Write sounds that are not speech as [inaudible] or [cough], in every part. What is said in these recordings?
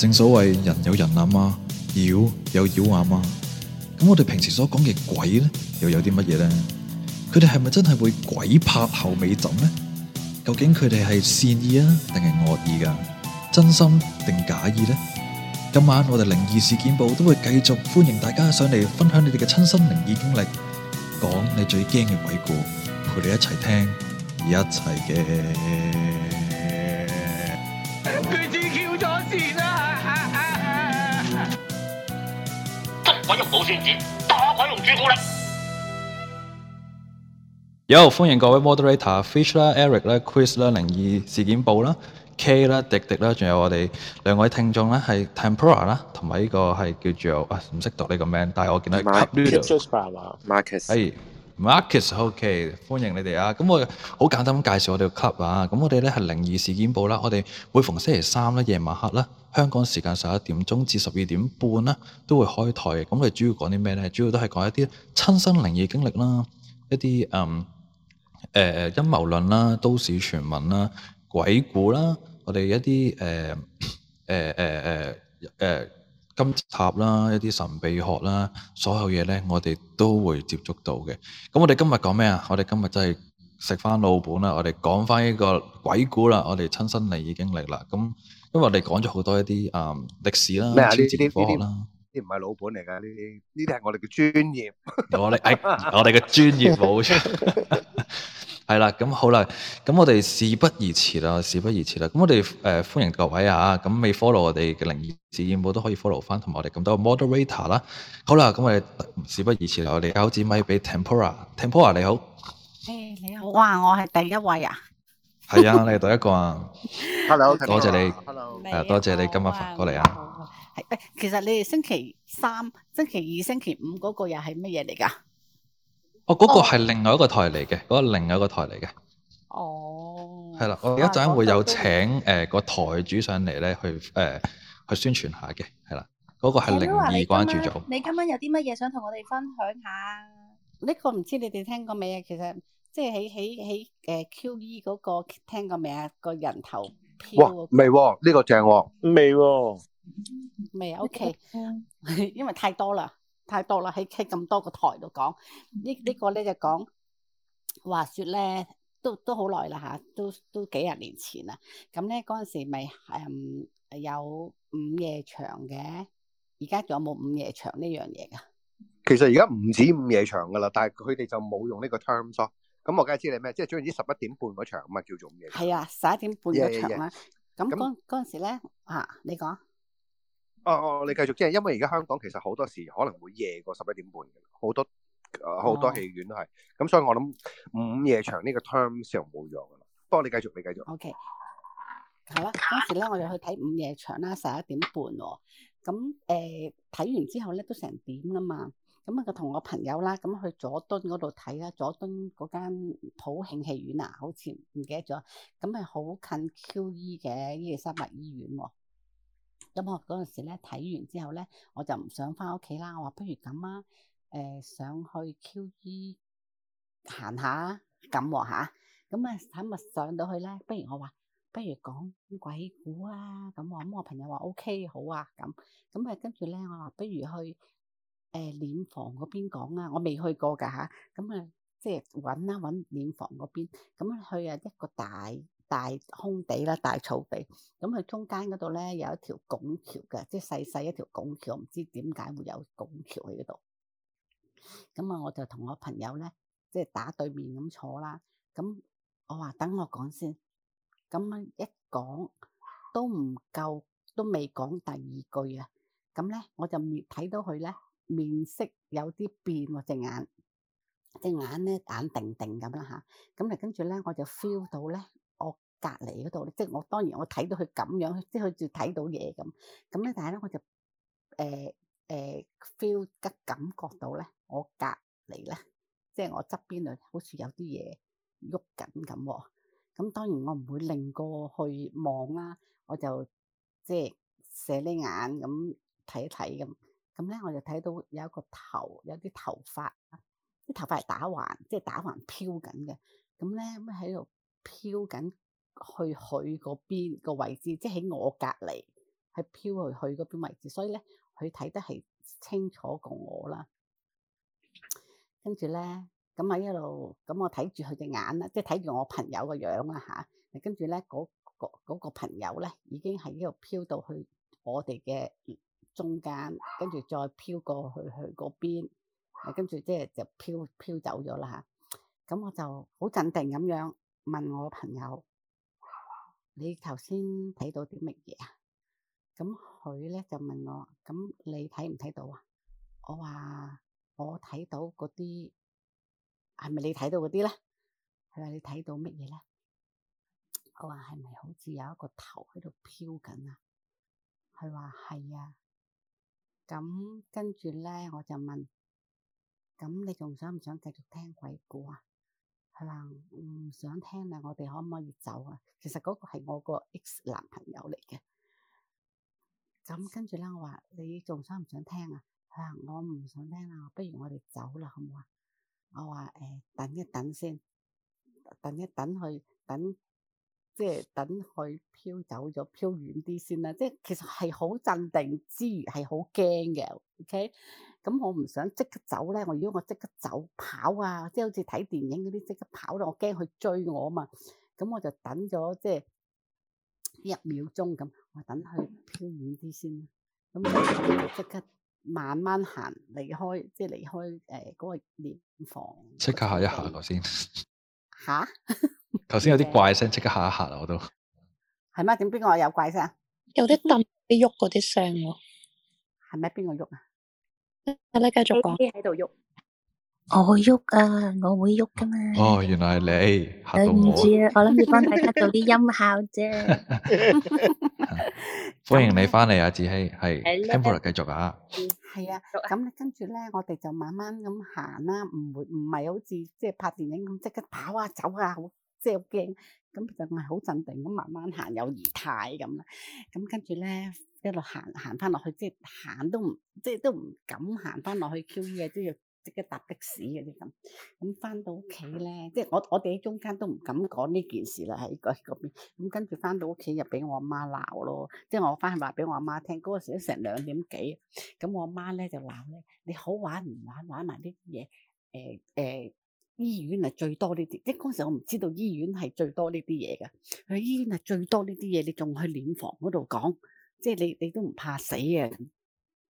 正所謂，人有人阿媽，妖有妖呀媽。咁我哋平時所講嘅鬼咧，又有啲乜嘢咧？佢哋係咪真係會鬼拍後尾枕呢？究竟佢哋係善意啊，定係惡意噶？真心定假意呢？今晚我哋靈異事件簿都會繼續歡迎大家上嚟分享你哋嘅親身靈異經歷，講你最驚嘅鬼故，陪你一齊聽，而一齊嘅。佢只翹咗線啦！鬼入保鮮紙，打鬼用朱古力。有，歡迎各位 moderator，Fish 啦，Eric 啦，Chris 啦，靈異事件簿啦 Kay 啦，迪迪啦，仲有我哋兩位聽眾啦，係 Tempura 啦，同埋呢個係叫做，啊，唔識讀呢個名，但係我見到係 Cup。Pictures 吧 Marcus 係 Marcus、Hey, o、okay, k 歡迎你哋啊！咁我好簡單咁介紹我哋個 club 啊！咁我哋咧係靈異事件簿啦，我哋每逢星期三咧夜晚黑啦。香港時間十一點鐘至十二點半啦，都會開台嘅。咁我哋主要講啲咩咧？主要都係講一啲親身靈異經歷啦，一啲嗯誒誒、呃、陰謀論啦、都市傳聞啦、鬼故啦，我哋一啲誒誒誒誒誒金字塔啦、一啲神秘學啦，所有嘢咧，我哋都會接觸到嘅。咁我哋今日講咩啊？我哋今日真係食翻老本啦！我哋講翻呢個鬼故啦，我哋親身靈異經歷啦。咁因為我哋講咗好多一啲誒歷史啦、科學啦，呢啲唔係老本嚟噶，呢啲呢啲係我哋嘅專業。好，我哋誒，我哋嘅專業冇錯。係啦，咁好啦，咁我哋事不宜遲啦，事不宜遲啦。咁我哋誒、呃、歡迎各位啊，咁未 follow 我哋嘅靈異節目都可以 follow 翻，同埋我哋咁多 moderator 啦。好啦，咁我哋事不宜遲，我哋交支咪俾 Tempura，Tempura 你好。誒、哎，你好。哇，我係第一位啊！係 [laughs] 啊，你係第一個啊，hello，多謝你，hello，多謝你今日過嚟啊。係，誒，其實你哋星期三、星期二、星期五嗰個又係乜嘢嚟噶？哦，嗰、那個係另外一個台嚟嘅，嗰、哦、個另外一個台嚟嘅。哦。係啦、啊，我一陣會有請誒、呃那個台主上嚟咧，去誒、呃、去宣傳下嘅，係啦、啊，嗰、那個係靈異關注組。你今晚有啲乜嘢想同我哋分享下呢、這個唔知你哋聽過未啊？其實。即係喺喺喺誒 Q.E. 嗰個聽過未啊？個人頭哇，未？呢、這個正喎，未喎，未？O.K.，因為太多啦，太多啦，喺傾咁多個台度講呢呢個咧、這個、就講，話說咧都都好耐啦吓，都都，都，都幾廿年前啦。咁咧嗰陣時咪係有午夜場嘅，而家仲有冇午夜場呢樣嘢噶？其實而家唔止午夜場噶啦，但係佢哋就冇用呢個 term。咁我梗係知你咩？即、就、係、是、總之十一點半嗰場咁啊，叫做咩？嘢。係啊，十一點半嘅場啦。咁嗰嗰陣時咧啊，你講。哦哦，你繼續即係，因為而家香港其實好多時可能會夜過十一點半嘅，好多好、呃哦、多戲院都係。咁所以我諗午夜場呢個 term 上冇咗噶啦。 [laughs] 不過你繼續，你繼續。O K，好啦，嗰時咧，我哋去睇午夜場啦，十一點半喎。咁誒，睇、呃、完之後咧都成點啦嘛。咁啊，佢同我朋友啦，咁去佐敦嗰度睇啦，佐敦嗰間普慶戲院啊，好似唔記得咗。咁啊，好近 QE 嘅，呢個生物醫院。咁我嗰陣時咧睇完之後咧，我就唔想翻屋企啦。我話不如咁啊，誒、呃，想去 QE 行下咁吓。咁啊，咪上到去咧，不如我話，不如講鬼故啊。咁我咁我朋友話 OK 好啊咁。咁啊，跟住咧，我話不如去。誒，殮、呃、房嗰邊講啊，我未去過噶吓，咁啊，即係搵啦，搵殮房嗰邊，咁、嗯、去啊一個大大空地啦，大草地，咁、嗯、佢中間嗰度咧有一條拱橋嘅，即係細細一條拱橋，唔知點解會有拱橋喺嗰度。咁、嗯、啊，我就同我朋友咧，即係打對面咁坐啦。咁、嗯、我話等我講先，咁、嗯、一講都唔夠，都未講第二句啊。咁、嗯、咧我就睇到佢咧。面色有啲變喎，隻眼，隻眼咧，眼定定咁啦吓，咁嚟，跟住咧，我就 feel 到咧，我隔離嗰度咧，即係我當然我睇到佢咁樣，即係好似睇到嘢咁，咁咧，但係咧，我就誒誒 feel 得感覺到咧，就是、我隔離咧，即係我側邊度好似有啲嘢喐緊咁喎，咁當然我唔會擰過去望啦，我就即係斜啲眼咁睇一睇咁。咁咧，我就睇到有一個頭，有啲頭髮，啲頭髮係打橫，即係打橫飄緊嘅。咁咧，咁喺度飄緊去佢嗰邊個位置，即係喺我隔離，係飄去佢嗰邊位置。所以咧，佢睇得係清楚過我啦。跟住咧，咁喺一路，咁我睇住佢隻眼啦，即係睇住我朋友個樣啦吓，跟住咧，嗰個嗰個朋友咧，已經喺呢度飄到去我哋嘅。中間，跟住再飄過去，去嗰邊，跟住即係就飄飄走咗啦。咁我就好鎮定咁樣問我朋友：你頭先睇到啲乜嘢啊？咁佢咧就問我：咁你睇唔睇到啊？我話：我睇到嗰啲係咪你睇到嗰啲咧？佢話：你睇到乜嘢咧？我話：係咪好似有一個頭喺度飄緊啊？佢話：係啊。咁跟住咧，我就問：咁你仲想唔想繼續聽鬼故啊？係嘛？唔、嗯、想聽啦，我哋可唔可以走啊？其實嗰個係我個 ex 男朋友嚟嘅。咁跟住咧，我話你仲想唔想聽啊？係啊，我唔想聽啦，不如我哋走啦，好唔好啊？我話誒，等一等先，等一等去等。即係等佢飄走咗，飄遠啲先啦。即係其實係好鎮定之餘係好驚嘅，O K。咁、okay? 嗯、我唔想即刻走咧。我如果我即刻走跑啊，即係好似睇電影嗰啲即刻跑咯，我驚佢追我啊嘛。咁、嗯、我就等咗即係一秒鐘咁、嗯，我等佢飄遠啲先啦。咁我即刻慢慢行離開，即係離開誒嗰、呃那個殮房。即、那個、刻吓一下我先。.吓？頭先哈 [laughs] 有啲怪聲，即刻嚇一嚇我，都係咩？點，邊個有怪聲？有啲揼啲喐嗰啲聲喎，係咪邊個喐啊？得啦，繼續講。喺度喐。我會喐啊！我會喐噶嘛！哦，原來係你吓到我。對唔住啊，我諗住幫大家做啲音效啫。歡迎你翻嚟啊，志希係係啦繼續啊。係啊，咁跟住咧，我哋就慢慢咁行啦，唔會唔係好似即係拍電影咁即刻跑啊走啊，好即係好驚。咁就係好鎮定咁慢慢行，有儀態咁啦。咁跟住咧一路行行翻落去，即係行都唔即係都唔敢行翻落去 QE 啊，都要。即刻搭的士嗰啲咁，咁翻到屋企咧，嗯、即係我我哋喺中間都唔敢講呢件事啦喺嗰邊，咁跟住翻到屋企又俾我阿媽鬧咯，即係我翻去話俾我阿媽聽，嗰、嗰個時都成兩點幾，咁我阿媽咧就鬧咧，你好玩唔玩，玩埋呢啲嘢，誒、呃、誒、呃，醫院係最多呢啲，即係嗰時我唔知道醫院係最多呢啲嘢嘅，去醫院係最多呢啲嘢，你仲去殮房嗰度講，即係你你都唔怕死啊。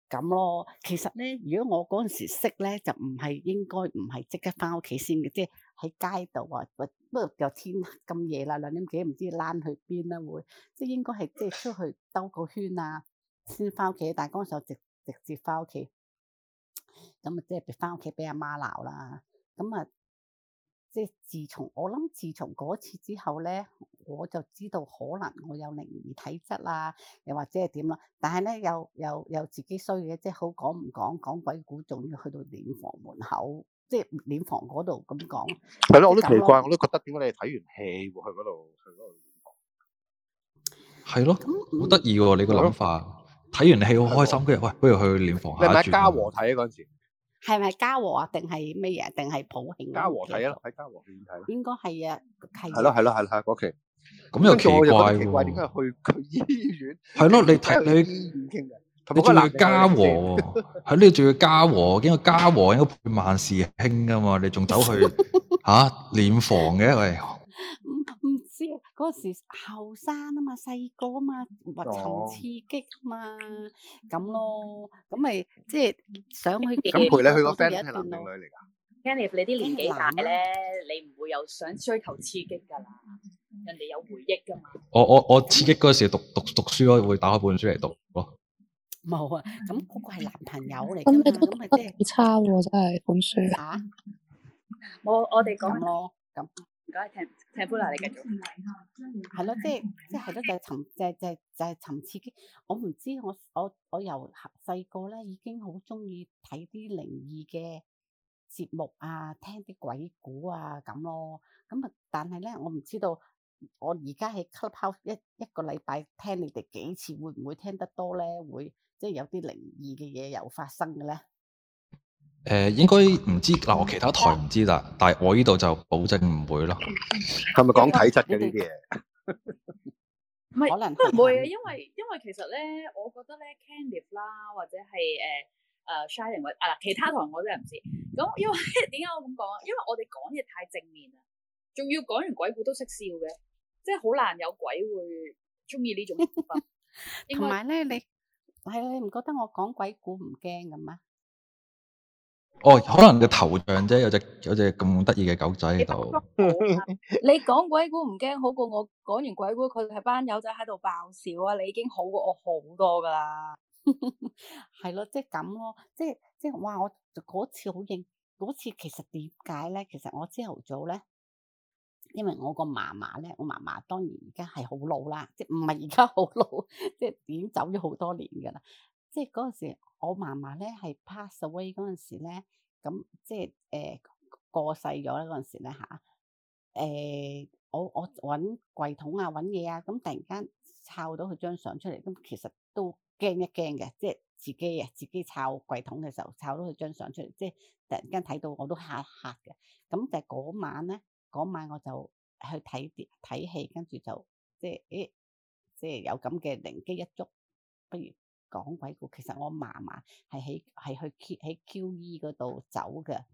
咁咯，其實咧，如果我嗰陣時識咧，就唔係應該唔係即刻翻屋企先嘅，即係喺街度啊，不過又天咁夜啦，兩點幾唔知躝去邊啦，會即係應該係即係出去兜個圈啊，先翻屋企，但嗰陣時候直直接翻屋企，咁啊即係翻屋企俾阿媽鬧啦，咁啊。即係自從我諗自從嗰次之後咧，我就知道可能我有靈異體質啊，又或者係點咯。但係咧，又又又自己衰嘅，即係好講唔講講鬼故，仲要去到殮房門口，即係殮房嗰度咁講。係咯了，我都奇怪，我都覺得點解你睇完戲會去嗰度去嗰度殮房？係咯了，好得意喎！你個諗法，睇了完戲好開心跟住喂，了不如去殮房下。係咪喺嘉禾睇啊？嗰陣時。係咪家和，家和，家和啊？定係咩嘢？定係普慶？家和睇啊，喺家和院睇。應該係啊，係啊。係咯係咯係咯，嗰期，咁又奇怪，啊、奇怪點解去醫，啊、去醫院？係咯，你睇你傾嘅，你仲要家和喺呢？仲要家和？因為家和應該會萬事興噶嘛，你仲走去吓，殮房嘅喂？嗰時後生啊嘛，細個啊嘛，尋刺激嘛，咁咯，咁咪即係想去咁陪你去個 friend 係男定女嚟㗎 Jennifer 你啲年紀大咧，你唔會又想追求刺激㗎啦。人哋有回憶㗎嘛。我我我刺激嗰時讀讀讀書咯，會打開本書嚟讀咯。冇啊，咁嗰個係男朋友嚟嘅，咁你都得幾差喎，真係。本書啊，我我哋講咯，咁。唔該，聽聽波啦，你繼續。係咯，即係即係好多就層就就就係層次嘅。我唔知我我我由細個咧已經好鍾意睇啲靈異嘅節目啊，聽啲鬼故啊咁咯。咁啊，但係咧，我唔知道我而家喺 Clubhouse 一一個禮拜聽你哋幾次，會唔會聽得多咧？會即係、就是、有啲靈異嘅嘢又發生嘅咧。誒、呃，應該唔知嗱、啊，我其他台唔知啦，但係我呢度就保證唔會咯。係咪講體質嘅呢啲嘢？唔係 Okay. [laughs] 是，唔會啊，因為因為其實咧，我覺得咧，Candle 啦， [laughs] 或者係誒誒、uh, Shining 或者啊，其他台我都係唔知。咁因為點解我咁講？因為我哋講嘢太正面啦，仲要講完鬼故都識笑嘅，即係好難有鬼會中意 [laughs] 該呢種。同埋咧，你係你唔覺得我講鬼故唔驚㗎咩？哦，可能個頭像啫，有隻有隻咁得意嘅狗仔喺度。你講鬼故唔驚，好過我講完鬼故，佢哋班友仔喺度爆笑啊！你已經好過我好多噶啦，係咯、 [laughs] 就是啊，即係咁咯，即係即係哇！我嗰次好勁，嗰次其實點解咧？其實我朝頭早咧，因為我個嫲嫲咧，我嫲嫲當然而家係好老啦，即係唔係而家好老，即係已經走咗好多年噶啦。即係嗰陣時，我嫲嫲咧係 pass away 嗰陣時咧，咁即係誒、呃、過世咗啦嗰陣時咧吓，誒、啊欸、我我揾櫃桶啊揾嘢啊，咁、嗯、突然間抄到佢張相出嚟，咁其實都驚一驚嘅，即係自己啊自己抄櫃桶嘅時候抄到佢張相出嚟，即係突然間睇到我都嚇嚇嘅。咁就嗰晚咧，嗰晚我就去睇睇戲，跟住就即係誒，即係、欸、有咁嘅靈機一觸，不如～講鬼故，其實我嫲嫲係喺係去喺 QE 嗰度走嘅。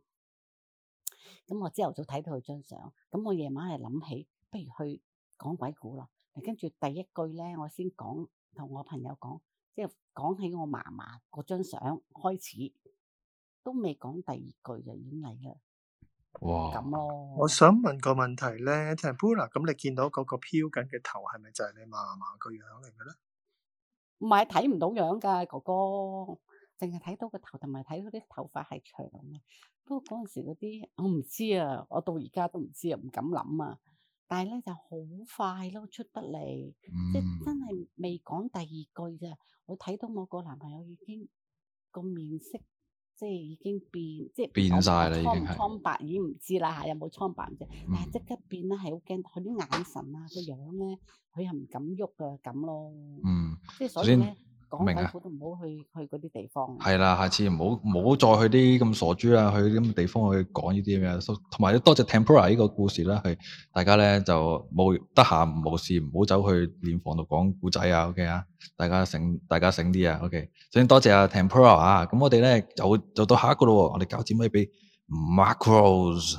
咁我朝頭早睇到佢張相，咁我夜晚係諗起，不如去講鬼故啦。跟住第一句咧，我先講同我朋友講，即係講起我嫲嫲嗰張相開始，都未講第二句就已經嚟啦。哇！咁咯，我想問個問題咧，陳 b p u l a，咁你見到嗰個飄緊嘅頭係咪就係你嫲嫲個樣嚟嘅咧？唔係睇唔到樣㗎，哥哥，淨係睇到個頭同埋睇到啲頭髮係長嘅。不過嗰陣時嗰啲，我唔知啊，我到而家都唔知啊，唔敢諗啊。但係咧就好快咯，出得嚟，嗯、即係真係未講第二句咋。我睇到我個男朋友已經個面色。即係已經變，即係蒼白蒼白，已經唔知啦吓，有冇蒼白唔知，嗯、但係即刻變啦，係好驚，佢啲眼神啊、個樣咧，佢係唔敢喐噶咁咯，嗯、即係所以咧。講明啊，都唔好去去嗰啲地方。係啦、啊，下次唔好唔好再去啲咁傻豬啊，去啲咁嘅地方去講呢啲咁嘅。同埋多謝 Tempura 呢個故事啦、啊，係大家咧就冇得閒冇事唔好走去殮房度講故仔啊。OK 啊，大家醒，大家醒啲啊。OK，首先多謝啊 Tempura 啊，咁我哋咧就就到下一個咯。我哋交支咪俾 Marcus，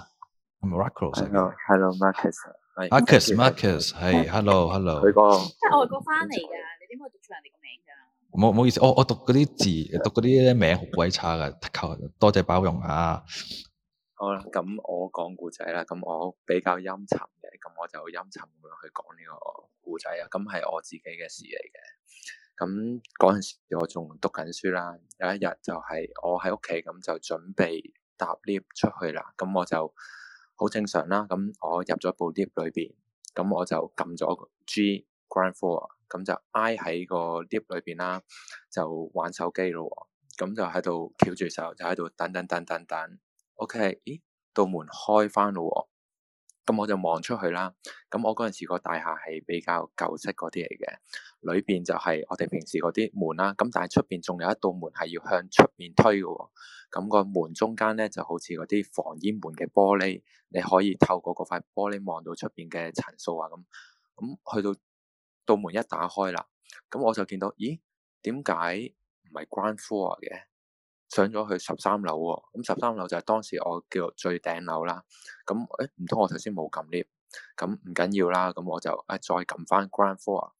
Hello, Hello Marcus，Hello Marcus，Hello Marcus 係 Hello，Hello。佢個係外國翻嚟㗎，你點解讀出人哋個名㗎？唔好唔好意思，我、哦、我讀嗰啲字， [laughs] 讀嗰啲名好鬼差噶，踢多謝包容啊！好啦，咁我講故仔啦，咁我比較陰沉嘅，咁我就陰沉咁樣去講呢個故仔啊，咁係我自己嘅事嚟嘅。咁嗰陣時我仲讀緊書啦，有一日就係我喺屋企咁就準備搭 lift 出去啦，咁我就好正常啦，咁我入咗部 lift 裏邊，咁我就撳咗 G ground floor。咁、嗯、就挨喺個 lift 裏邊啦，就玩手機咯、哦。咁就喺度翹住手，就喺度等等等等等。OK，、嗯、咦？道、嗯、門開翻咯、哦。咁、嗯、我就望出去啦。咁、嗯、我嗰陣時個大廈係比較舊式嗰啲嚟嘅，裏邊就係我哋平時嗰啲門啦。咁、嗯、但係出邊仲有一道門係要向出面推嘅。咁、嗯、個門中間咧就好似嗰啲防煙門嘅玻璃，你可以透過嗰塊玻璃望到出邊嘅層數啊。咁、嗯、咁、嗯、去到。道門一打開啦，咁我就見到，咦，點解唔係 Ground Floor 嘅？上咗去十三樓喎，咁十三樓就係當時我叫做最頂樓啦。咁誒，唔通我頭先冇撳 lift？咁唔緊要啦，咁我就啊再撳翻 Ground Floor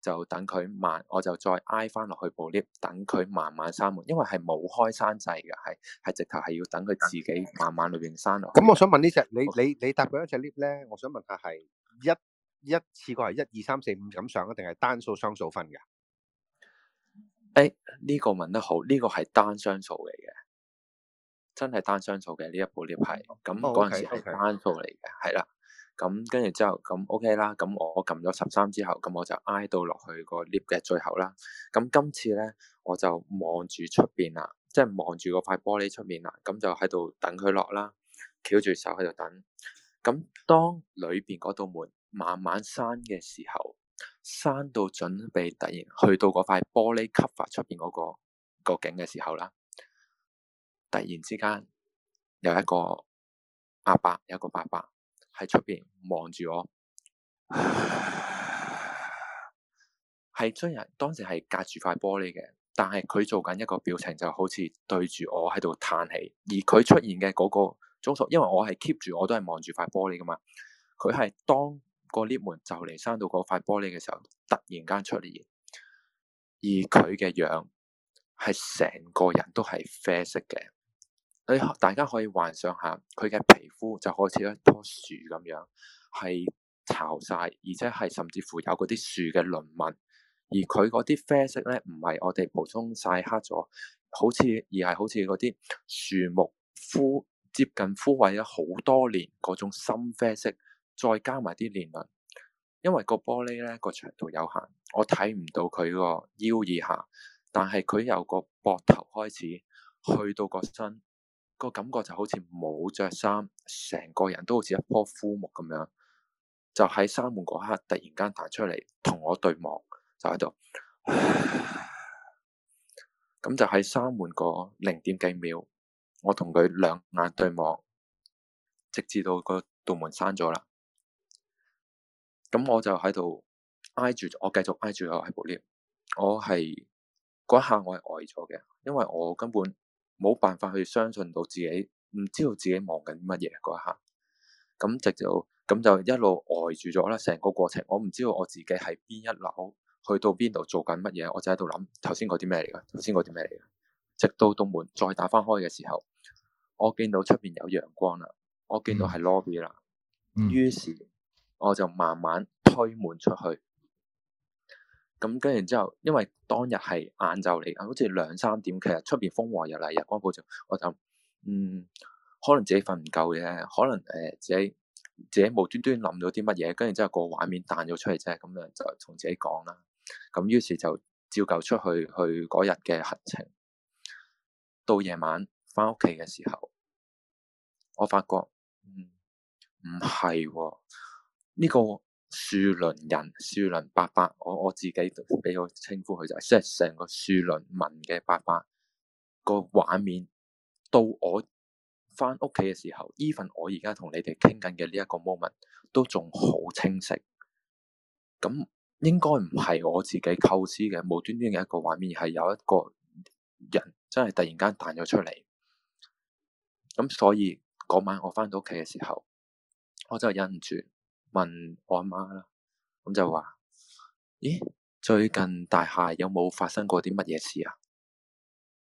就等佢慢，我就再挨翻落去部 lift，等佢慢慢閂門。因為係冇開閂掣嘅，係係直頭係要等佢自己慢慢裏邊閂落去。咁我想問呢隻，你 Okay. 你你，你搭嗰一隻 lift 咧，我想問下係一。一次過係一二三四五咁上，一定係單數雙數分嘅？誒、欸、呢、這個問得好，呢、這個係單雙數嚟嘅，真係單雙數嘅呢一部 lift 係。咁嗰陣時係單數嚟嘅，係啦。咁跟住之後咁、嗯、OK 啦。咁我撳咗十三之後，咁、嗯、我就挨到落去個 lift 嘅最後啦。咁、嗯、今次咧，我就望住出邊啦，即係望住嗰塊玻璃出面啦。咁、嗯、就喺度等佢落啦，翹住手喺度等。咁、嗯、當裏邊嗰道門。慢慢山嘅時候，山到準備突然去到嗰塊玻璃吸 o 出邊嗰個、那個景嘅時候啦，突然之間有一個阿伯，有一個伯伯喺出邊望住我，係雖 [laughs] 人當時係隔住塊玻璃嘅，但係佢做緊一個表情，就好似對住我喺度嘆氣，而佢出現嘅嗰、那個中途，因為我係 keep 住我都係望住塊玻璃噶嘛，佢係當。個 lift 門就嚟閂到嗰塊玻璃嘅時候，突然間出現，而佢嘅樣係成個人都係啡色嘅。你大家可以幻想下，佢嘅皮膚就好似一棵樹咁樣，係巢晒，而且係甚至乎有嗰啲樹嘅輪紋。而佢嗰啲啡色咧，唔係我哋普通曬黑咗，好似而係好似嗰啲樹木枯接近枯萎咗好多年嗰種深啡色。再加埋啲年輪，因為個玻璃咧個長度有限，我睇唔到佢個腰以下，但係佢由個膊頭開始去到個身，個感覺就好似冇着衫，成個人都好似一棵枯木咁樣。就喺閂門嗰刻，突然間彈出嚟，同我對望，就喺度。咁就喺閂門個零點幾秒，我同佢兩眼對望，直至到個道門閂咗啦。咁我就喺度挨住，咗，我繼續挨住喺部 lift。我係嗰一刻，我係呆咗嘅，因為我根本冇辦法去相信到自己，唔知道自己望緊乜嘢嗰一刻。咁直到咁就一路呆住咗啦，成個過程，我唔知道我自己喺邊一樓，去到邊度做緊乜嘢，我就喺度諗頭先嗰啲咩嚟㗎？頭先嗰啲咩嚟㗎？直到到門再打翻開嘅時候，我見到出邊有陽光啦，我見到係 lobby 啦，於、嗯、是。我就慢慢推門出去，咁跟然之後，因為當日係晏晝嚟，啊，好似兩三點，其實出邊風和日麗，日光普照。我就嗯，可能自己瞓唔夠嘅，可能誒、呃、自己自己無端端諗到啲乜嘢，跟住之後個畫面彈咗出嚟啫，咁樣就同自己講啦。咁於是就照舊出去去嗰日嘅行程，到夜晚翻屋企嘅時候，我發覺，嗯，唔係喎。呢個樹輪人樹輪伯伯，我我自己俾我稱呼佢就，即係成個樹輪文嘅伯伯個畫面，到我翻屋企嘅時候，even 我而家同你哋傾緊嘅呢一個 moment 都仲好清晰，咁應該唔係我自己構思嘅，無端端嘅一個畫面係有一個人真係突然間彈咗出嚟。咁所以嗰晚我翻到屋企嘅時候，我真係忍唔住。問我阿媽啦，咁就話：咦，最近大廈有冇發生過啲乜嘢事啊？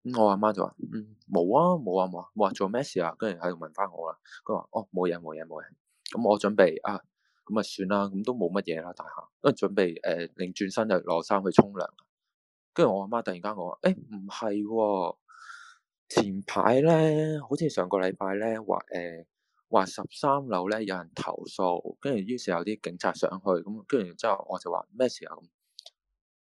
咁我阿媽就話：嗯，冇啊，冇啊，冇啊，冇啊，做咩事啊？跟住喺度問翻我啦。佢話：哦，冇嘢，冇嘢，冇嘢。咁我準備啊，咁啊算啦，咁都冇乜嘢啦，大廈。跟住準備誒，擰、呃、轉身就攞衫去沖涼。跟住我阿媽突然間我話：誒，唔係，哦，前排咧，好似上個禮拜咧，話誒。呃話十三樓咧有人投訴，跟住於是有啲警察上去，咁跟住之後我就話咩時候，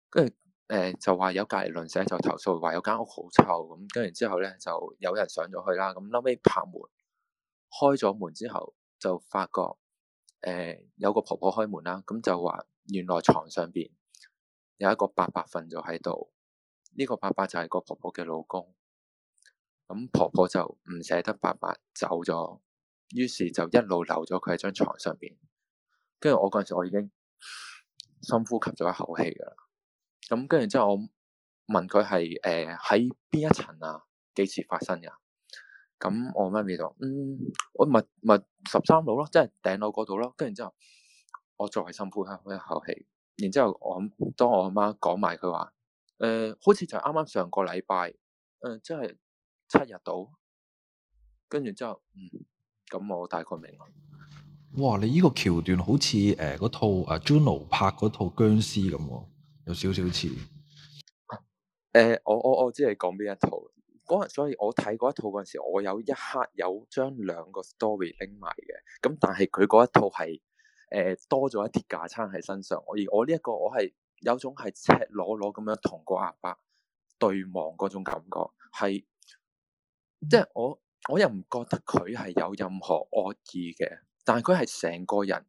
跟住誒就話有隔籬鄰舍就投訴話有間屋好臭，咁跟住之後咧就有人上咗去啦，咁後尾拍門，開咗門之後就發覺誒、呃、有個婆婆開門啦，咁就話原來床上邊有一個伯伯瞓咗喺度，呢、呢個伯伯就係個婆婆嘅老公，咁婆婆就唔捨得伯伯走咗。於是就一路留咗佢喺張床上面，跟住我嗰陣時，我已經深呼吸咗一口氣㗎啦。咁跟住之後，我問佢係誒喺邊一層啊？幾時發生噶？咁我媽咪就嗯，我咪咪十三樓咯，即係頂樓嗰度咯。跟住之後，我再深呼吸一口氣。然之後我當我阿媽講埋佢話誒，好似就啱啱上個禮拜誒，即係七日到。跟住之後嗯。咁我大概明。哇！你呢個橋段好似誒嗰套啊 Juno 拍嗰套僵屍》咁喎，有少少似。誒、呃，我我我知你講邊一套。嗰陣所以我睇嗰一套嗰陣時，我有一刻有將兩個 story 拎埋嘅。咁但係佢嗰一套係誒、呃、多咗一啲架撐喺身上。而我呢一個，我係有種係赤裸裸咁樣同個阿伯對望嗰種感覺，係即係我。我又唔覺得佢係有任何惡意嘅，但係佢係成個人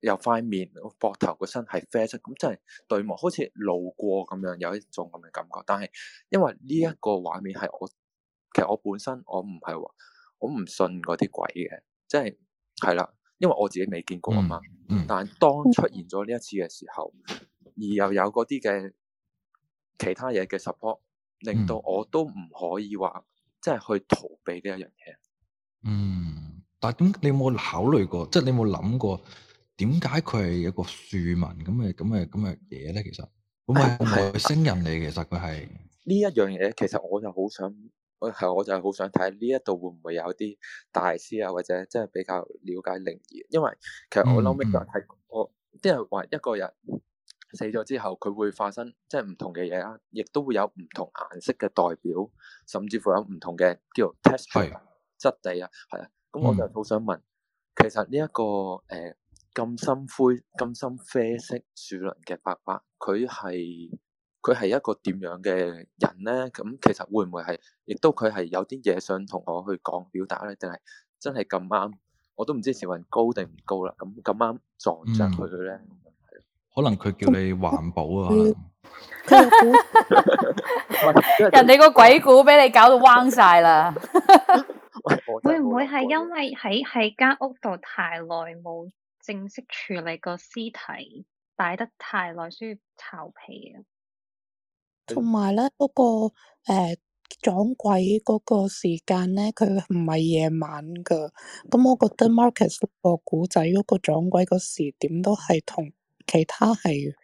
由塊面，個膊頭，個身係啡色，咁真係對望，好似路過咁樣，有一種咁嘅感覺。但係因為呢一個畫面係我，其實我本身我唔係話我唔信嗰啲鬼嘅，即係係啦，因為我自己未見過啊嘛。嗯嗯，但係當出現咗呢一次嘅時候，而又有嗰啲嘅其他嘢嘅 support，令到我都唔可以話。即係去逃避呢一樣嘢。嗯，但係點？你有冇考慮過？即係你有冇諗過點解佢係一個庶民咁嘅咁嘅咁嘅嘢咧？其實，咁係外星人嚟，其實佢係呢一樣嘢。其實我就好想，係我就係好想睇呢一度會唔會有啲大師啊，或者即係比較了解靈異，因為其實我諗尾、嗯嗯、就係我即係話一個人。死咗之後，佢會化身，即係唔同嘅嘢啦，亦都會有唔同顏色嘅代表，甚至乎有唔同嘅叫做 texture 質地啊，係啊。咁我就好想問，其實呢、這個呃、一個誒咁深灰、咁深啡色樹輪嘅伯伯，佢係佢係一個點樣嘅人咧？咁其實會唔會係，亦都佢係有啲嘢想同我去講表達咧，定係真係咁啱？我都唔知時運高定唔高啦。咁咁啱撞着佢佢咧。嗯可能佢叫你環保啊，可能人哋個鬼故俾你搞到彎晒啦， [laughs] 會唔會係因為喺喺間屋度太耐冇正式處理個屍體擺得太耐，需要臭皮？啊、那個？同埋咧，嗰個誒撞鬼嗰個時間咧，佢唔係夜晚噶，咁我覺得 Marcus 個古仔嗰，那個撞鬼嗰時點都係同。其他係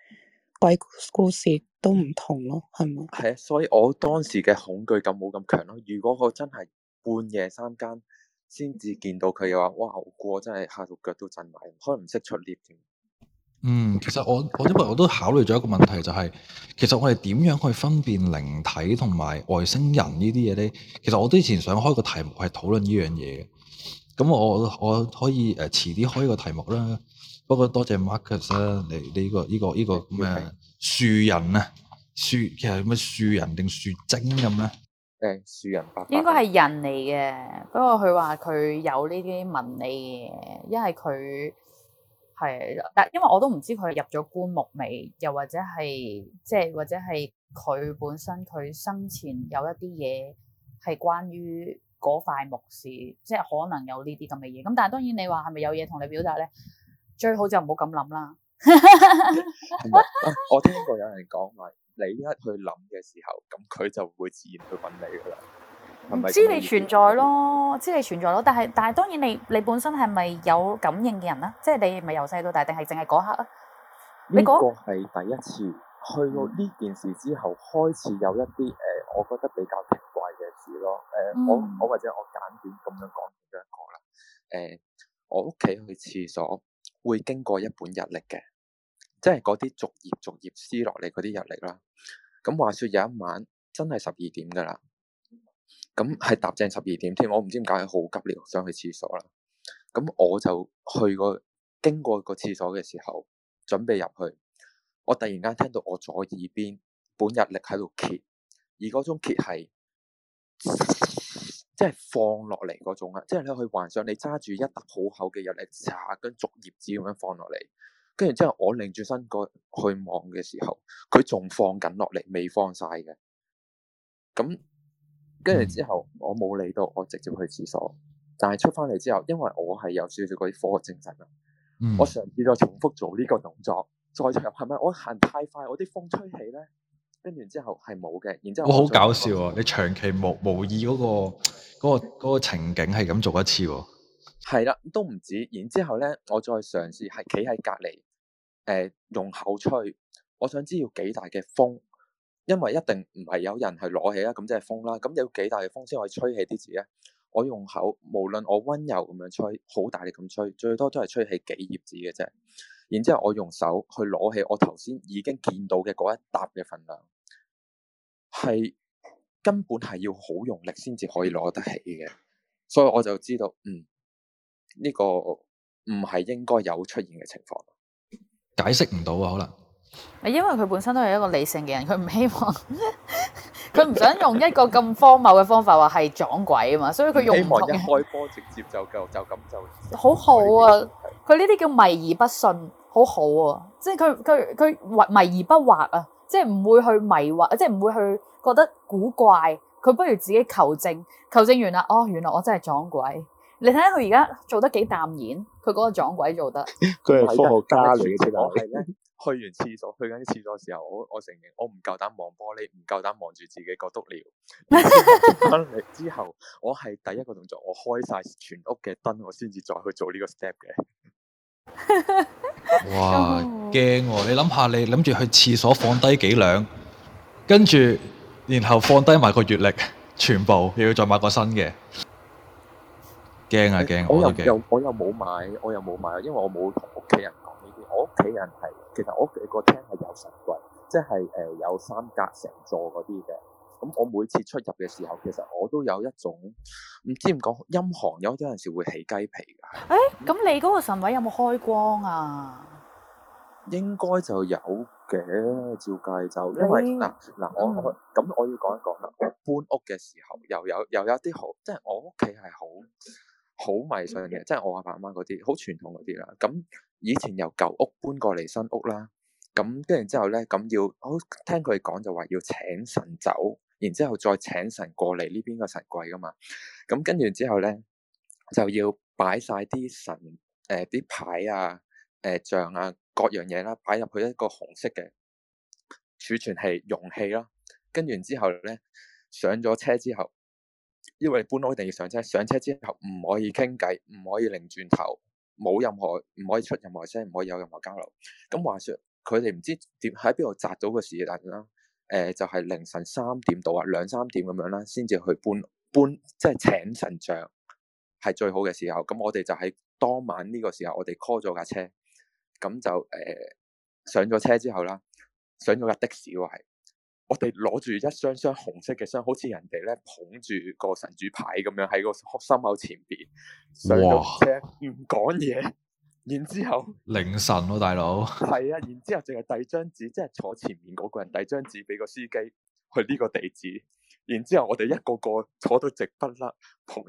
鬼故事都唔同咯，係咪？係啊，所以我當時嘅恐懼感冇咁強咯。如果我真係半夜三更先至見到佢嘅話，哇！我，我真係嚇到腳都震埋，可能唔識出獵添。嗯，其實我我因為我都考慮咗一個問題，就係、是、其實我哋點樣去分辨靈體同埋外星人呢啲嘢咧？其實我之前想開個題目係討論呢樣嘢嘅，咁我我可以誒遲啲開個題目啦。不過多謝 Marcus 啦、啊，你你呢個呢、這個呢、這個咁嘅樹人啊，樹其實咩樹人定樹精咁咧？樹人應該係人嚟嘅，不過佢話佢有呢啲文理嘅，因為佢係但因為我都唔知佢入咗棺木未，又或者係即係或者係佢本身佢生前有一啲嘢係關於嗰塊木事，即係可能有呢啲咁嘅嘢。咁但係當然你話係咪有嘢同你表達咧？最好就唔好咁諗啦。我聽過有人講話，你一去諗嘅時候，咁佢就會自然去揾你噶啦。唔知你存在咯，嗯、知你存在咯，但係但係當然你你本身係咪有感應嘅人啦、啊？即、就、係、是、你係咪由細到大，定係淨係嗰刻啊？呢個係第一次去到呢件事之後，嗯、開始有一啲誒、呃，我覺得比較奇怪嘅事咯。誒、呃，嗯、我我或者我簡短咁樣講咗一個啦。誒、呃，我屋企去廁所。會經過一本日曆嘅，即係嗰啲逐頁逐頁撕落嚟嗰啲日曆啦。咁話說有一晚真係十二點噶啦，咁係搭正十二點添，我唔知點解好急尿想去廁所啦。咁我就去過經過個廁所嘅時候，準備入去，我突然間聽到我左耳邊本日曆喺度揭，而嗰種揭係。即係放落嚟嗰種啊！即係你去幻想你揸住一疊好厚嘅日曆，嚓，跟竹葉子咁樣放落嚟，跟住之後我擰轉身過去望嘅時候，佢仲放緊落嚟，未放晒嘅。咁跟住之後，我冇理到，我直接去廁所。但係出翻嚟之後，因為我係有少少嗰啲科學精神啦，嗯、我嘗試咗重複做呢個動作，再入係咪我行太快，我啲風吹起咧？跟住之後係冇嘅，然之後我好搞笑啊！哦、你長期無無意嗰、那個嗰、 [laughs] 那個那個、情景係咁做一次喎，係啦，都唔止。然之後咧，我再嘗試係企喺隔離，誒、呃、用口吹。我想知要幾大嘅風，因為一定唔係有人係攞起啦，咁即係風啦。咁要幾大嘅風先可以吹起啲紙咧？我用口，無論我溫柔咁樣吹，好大力咁吹，最多都係吹起幾頁紙嘅啫。然之後我用手去攞起我頭先已經見到嘅嗰一沓嘅份量。係根本係要好用力先至可以攞得起嘅，所以我就知道，嗯，呢個唔係應該有出現嘅情況，解釋唔到啊，可能。因為佢本身都係一個理性嘅人，佢唔希望，佢 [laughs] 唔想用一個咁荒謬嘅方法話係撞鬼啊嘛，所以佢用唔到嘅。一開波直接就就就咁就。好好啊，佢呢啲叫迷而不信，好好啊，即係佢佢佢畫迷而不惑啊，即係唔會去迷惑，即係唔會去。覺得古怪，佢不如自己求證。求證完啦，哦，原來我真係撞鬼。你睇下佢而家做得幾淡然，佢嗰個撞鬼做得。佢係 [laughs] 科學家嚟嘅，時候，其實。去完廁所，去緊啲廁所時候，我我承認我唔夠膽望玻璃，唔夠膽望住自己個篤尿。 [laughs] [laughs] 之後，我係第一個動作，我開晒全屋嘅燈，我先至再去做呢個 step 嘅。 [laughs] 哇！驚喎、嗯哦，你諗下，你諗住去廁所放低幾兩，跟住。然後放低埋個月曆，全部又要再買個新嘅，驚啊驚，我又驚！我又又我又冇買，我又冇買，因為我冇同屋企人講呢啲。我屋企人係，其實我屋企個廳係有神櫃，即係誒、呃、有三格成座嗰啲嘅。咁我每次出入嘅時候，其實我都有一種唔知點講陰寒，有啲陣時會起雞皮噶。誒、哎，咁你嗰個神位有冇開光啊？應該就有。嘅，照計就因為嗱嗱你、啊啊、我咁、嗯、我要講一講啦。我搬屋嘅時候又有又有啲好，即係我屋企係好好迷信嘅，即係我阿爸阿媽嗰啲好傳統嗰啲啦。咁、嗯、以前由舊屋搬過嚟新屋啦，咁跟住之後咧，咁要我聽佢講就話要請神走，然之後再請神過嚟呢邊個神櫃噶嘛。咁跟住之後咧，就要擺晒啲神誒啲、呃、牌啊、誒、呃、像啊。各樣嘢啦，擺入去一個紅色嘅儲存器容器啦。跟完之後咧，上咗車之後，因為搬屋一定要上車，上車之後唔可以傾偈，唔可以擰轉頭，冇任何唔可以出任何聲，唔可以有任何交流。咁話說，佢哋唔知點喺邊度紮到個事例啦，誒、呃，就係、是、凌晨三點到啊，兩三點咁樣啦，先至去搬搬，即、就、係、是、請神像係最好嘅時候。咁我哋就喺當晚呢個時候，我哋 call 咗架車。咁就誒、呃，上咗車之後啦，上咗架的士喎，係我哋攞住一箱箱紅色嘅箱，好似人哋咧捧住個神主牌咁樣喺個心口前邊上到車，唔講嘢。然之後凌晨咯、啊，大佬係啊。然之後淨係遞張紙，即係坐前面嗰個人遞張紙俾個司機去呢個地址。然之後我哋一個個坐到直不甩，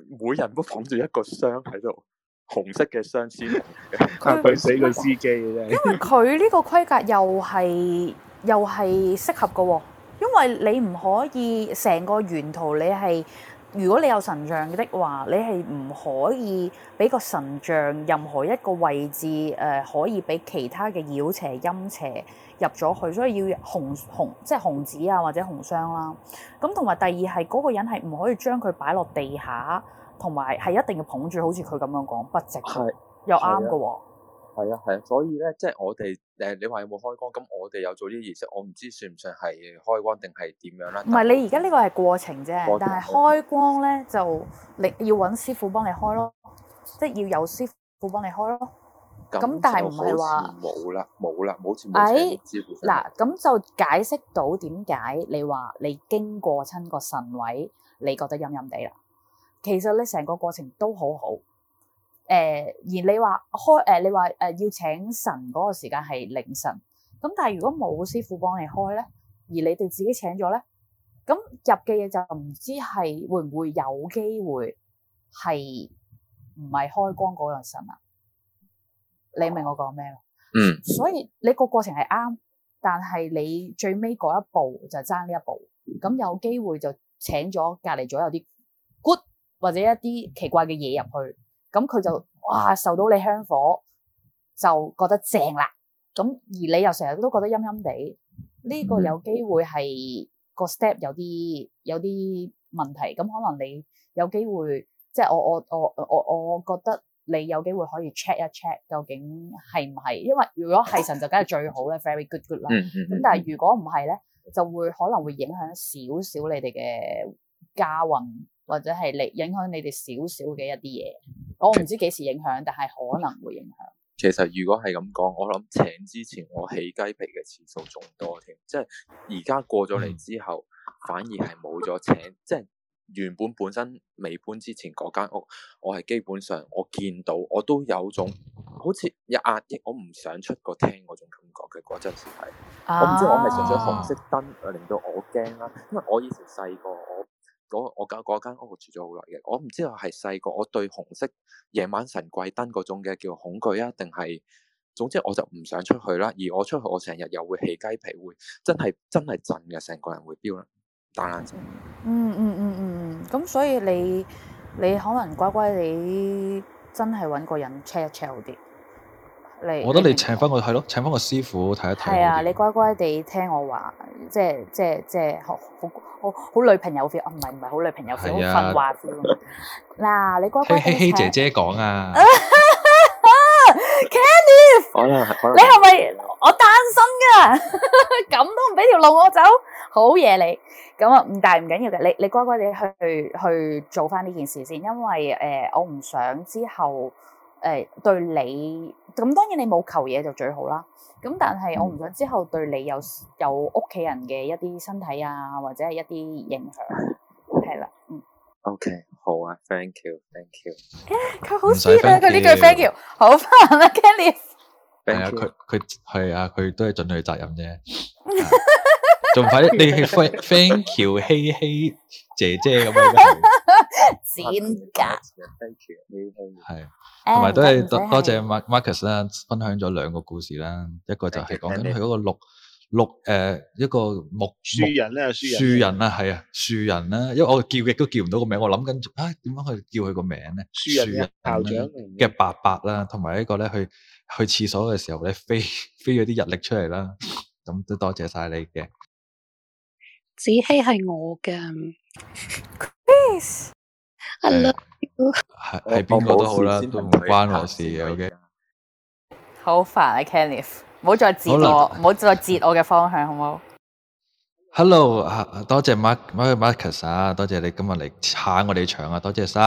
每人都捧住一個箱喺度。紅色嘅雙子，佢 [laughs] 他、啊、死嘅司機嘅啫。因為佢呢個規格又係又係適合嘅、哦，因為你唔可以成個沿途，你係，如果你有神像的話，你係唔可以俾個神像任何一個位置誒、呃，可以俾其他嘅妖邪陰邪入咗去，所以要紅紅即係紅紙啊或者紅箱啦、啊。咁同埋第二係嗰、那個人係唔可以將佢擺落地下。同埋係一定要捧住，好似佢咁樣講，不值係又啱嘅喎。係啊係啊，啊，所以咧，即係我哋誒，你話有冇開光？咁我哋有做啲儀式，我唔知算唔算係開光定係點樣啦。唔係你而家呢個係過程啫，但係開光咧、嗯、就你要揾師傅幫你開咯，即係、嗯、要有師傅幫你開咯。咁但係唔係話冇啦冇啦冇錢冇錢唔嗱，咁係就解釋到點解你話你經過親個神位，你覺得陰陰地啦。其實咧，成個過程都好好。誒、呃，而你話開誒、呃，你話誒要請神嗰個時間係凌晨。咁但係如果冇師傅幫你開咧，而你哋自己請咗咧，咁入嘅嘢就唔知係會唔會有機會係唔係開光嗰樣神啊？你明我講咩啦？嗯。所以你個過程係啱，但係你最尾嗰一步就爭呢一步。咁有機會就請咗隔離左右啲。或者一啲奇怪嘅嘢入去，咁佢就哇，受到你香火就覺得正啦。咁而你又成日都覺得陰陰地，呢個有機會係個 step 有啲有啲問題，咁可能你有機會即係我我我我我覺得你有機會可以 check 一 check 究竟係唔係，因為如果係神就梗係最好咧 [laughs] ，very good good 啦。咁 [laughs] 但係如果唔係咧，就會可能會影響少少你哋嘅家運。或者係你影響你哋少少嘅一啲嘢，我唔知幾時影響，但係可能會影響。其實如果係咁講，我諗請之前我起雞皮嘅次數仲多添，即係而家過咗嚟之後，反而係冇咗請， [laughs] 即係原本本身未搬之前嗰間屋，我係基本上我見到我都有種好似有壓抑，我唔想出個廳嗰種感覺嘅嗰陣時係、啊，我唔知我係純粹紅色燈令到我驚啦，因為我以前細個我。我我間屋住咗好耐嘅，我唔知道係細個我對紅色夜晚神櫃燈嗰種嘅叫恐懼啊，定係總之我就唔想出去啦。而我出去，我成日又會起雞皮，會真係真係震嘅，成個人會飆啦，打冷戰。嗯嗯嗯嗯，嗯。咁、嗯嗯嗯嗯、所以你你可能乖乖你真係揾個人 check 一 check 好啲。我覺得你請翻個係咯，請翻個師傅睇一睇。係啊，你乖乖地聽我話，即係即係即係好好好好女朋友 feel，唔係唔係好女朋友 feel，好粉華 feel。嗱，你乖乖聽。聽希希姐姐講啊。Candice，你係咪我單身㗎？咁都唔俾條路我走，好嘢你。咁啊，唔大唔緊要嘅，你你乖乖地去去做翻呢件事先，因為誒我唔想之後。誒、哎、對你咁當然你冇求嘢就最好啦，咁但係我唔想之後對你有有屋企人嘅一啲身體啊或者係一啲影響，係啦，嗯，OK 好啊，thank you thank you，佢好啲啊，佢呢句 thank you 好翻啊，Kelly 係啊，佢佢係啊，佢都係盡佢責任啫。啊 [laughs] 仲快啲！你係 fan 喬希希姐姐咁樣。剪格。係假。同埋都係多多謝 Mark Marcus 啦，分享咗兩個故事啦。一個就係講緊佢嗰個綠綠誒一個木樹人咧、啊，樹人啦、啊，係啊樹人啦、啊。因為我叫亦都叫唔到個名，我諗緊啊，點樣去叫佢個名咧？樹人校長嘅伯伯啦，同埋、啊啊、一個咧去去廁所嘅時候咧，飛飛咗啲日曆出嚟啦。咁都多謝晒你嘅。子希係我嘅，Chris 係係邊個都好啦，都唔關我事嘅。OK? 好煩啊，Kenneth，唔好再指我，唔好了再指我嘅方向，好唔好？Hello，多謝 Mark Mark Cass 啊，多謝你今日嚟撐我哋場啊，多謝晒。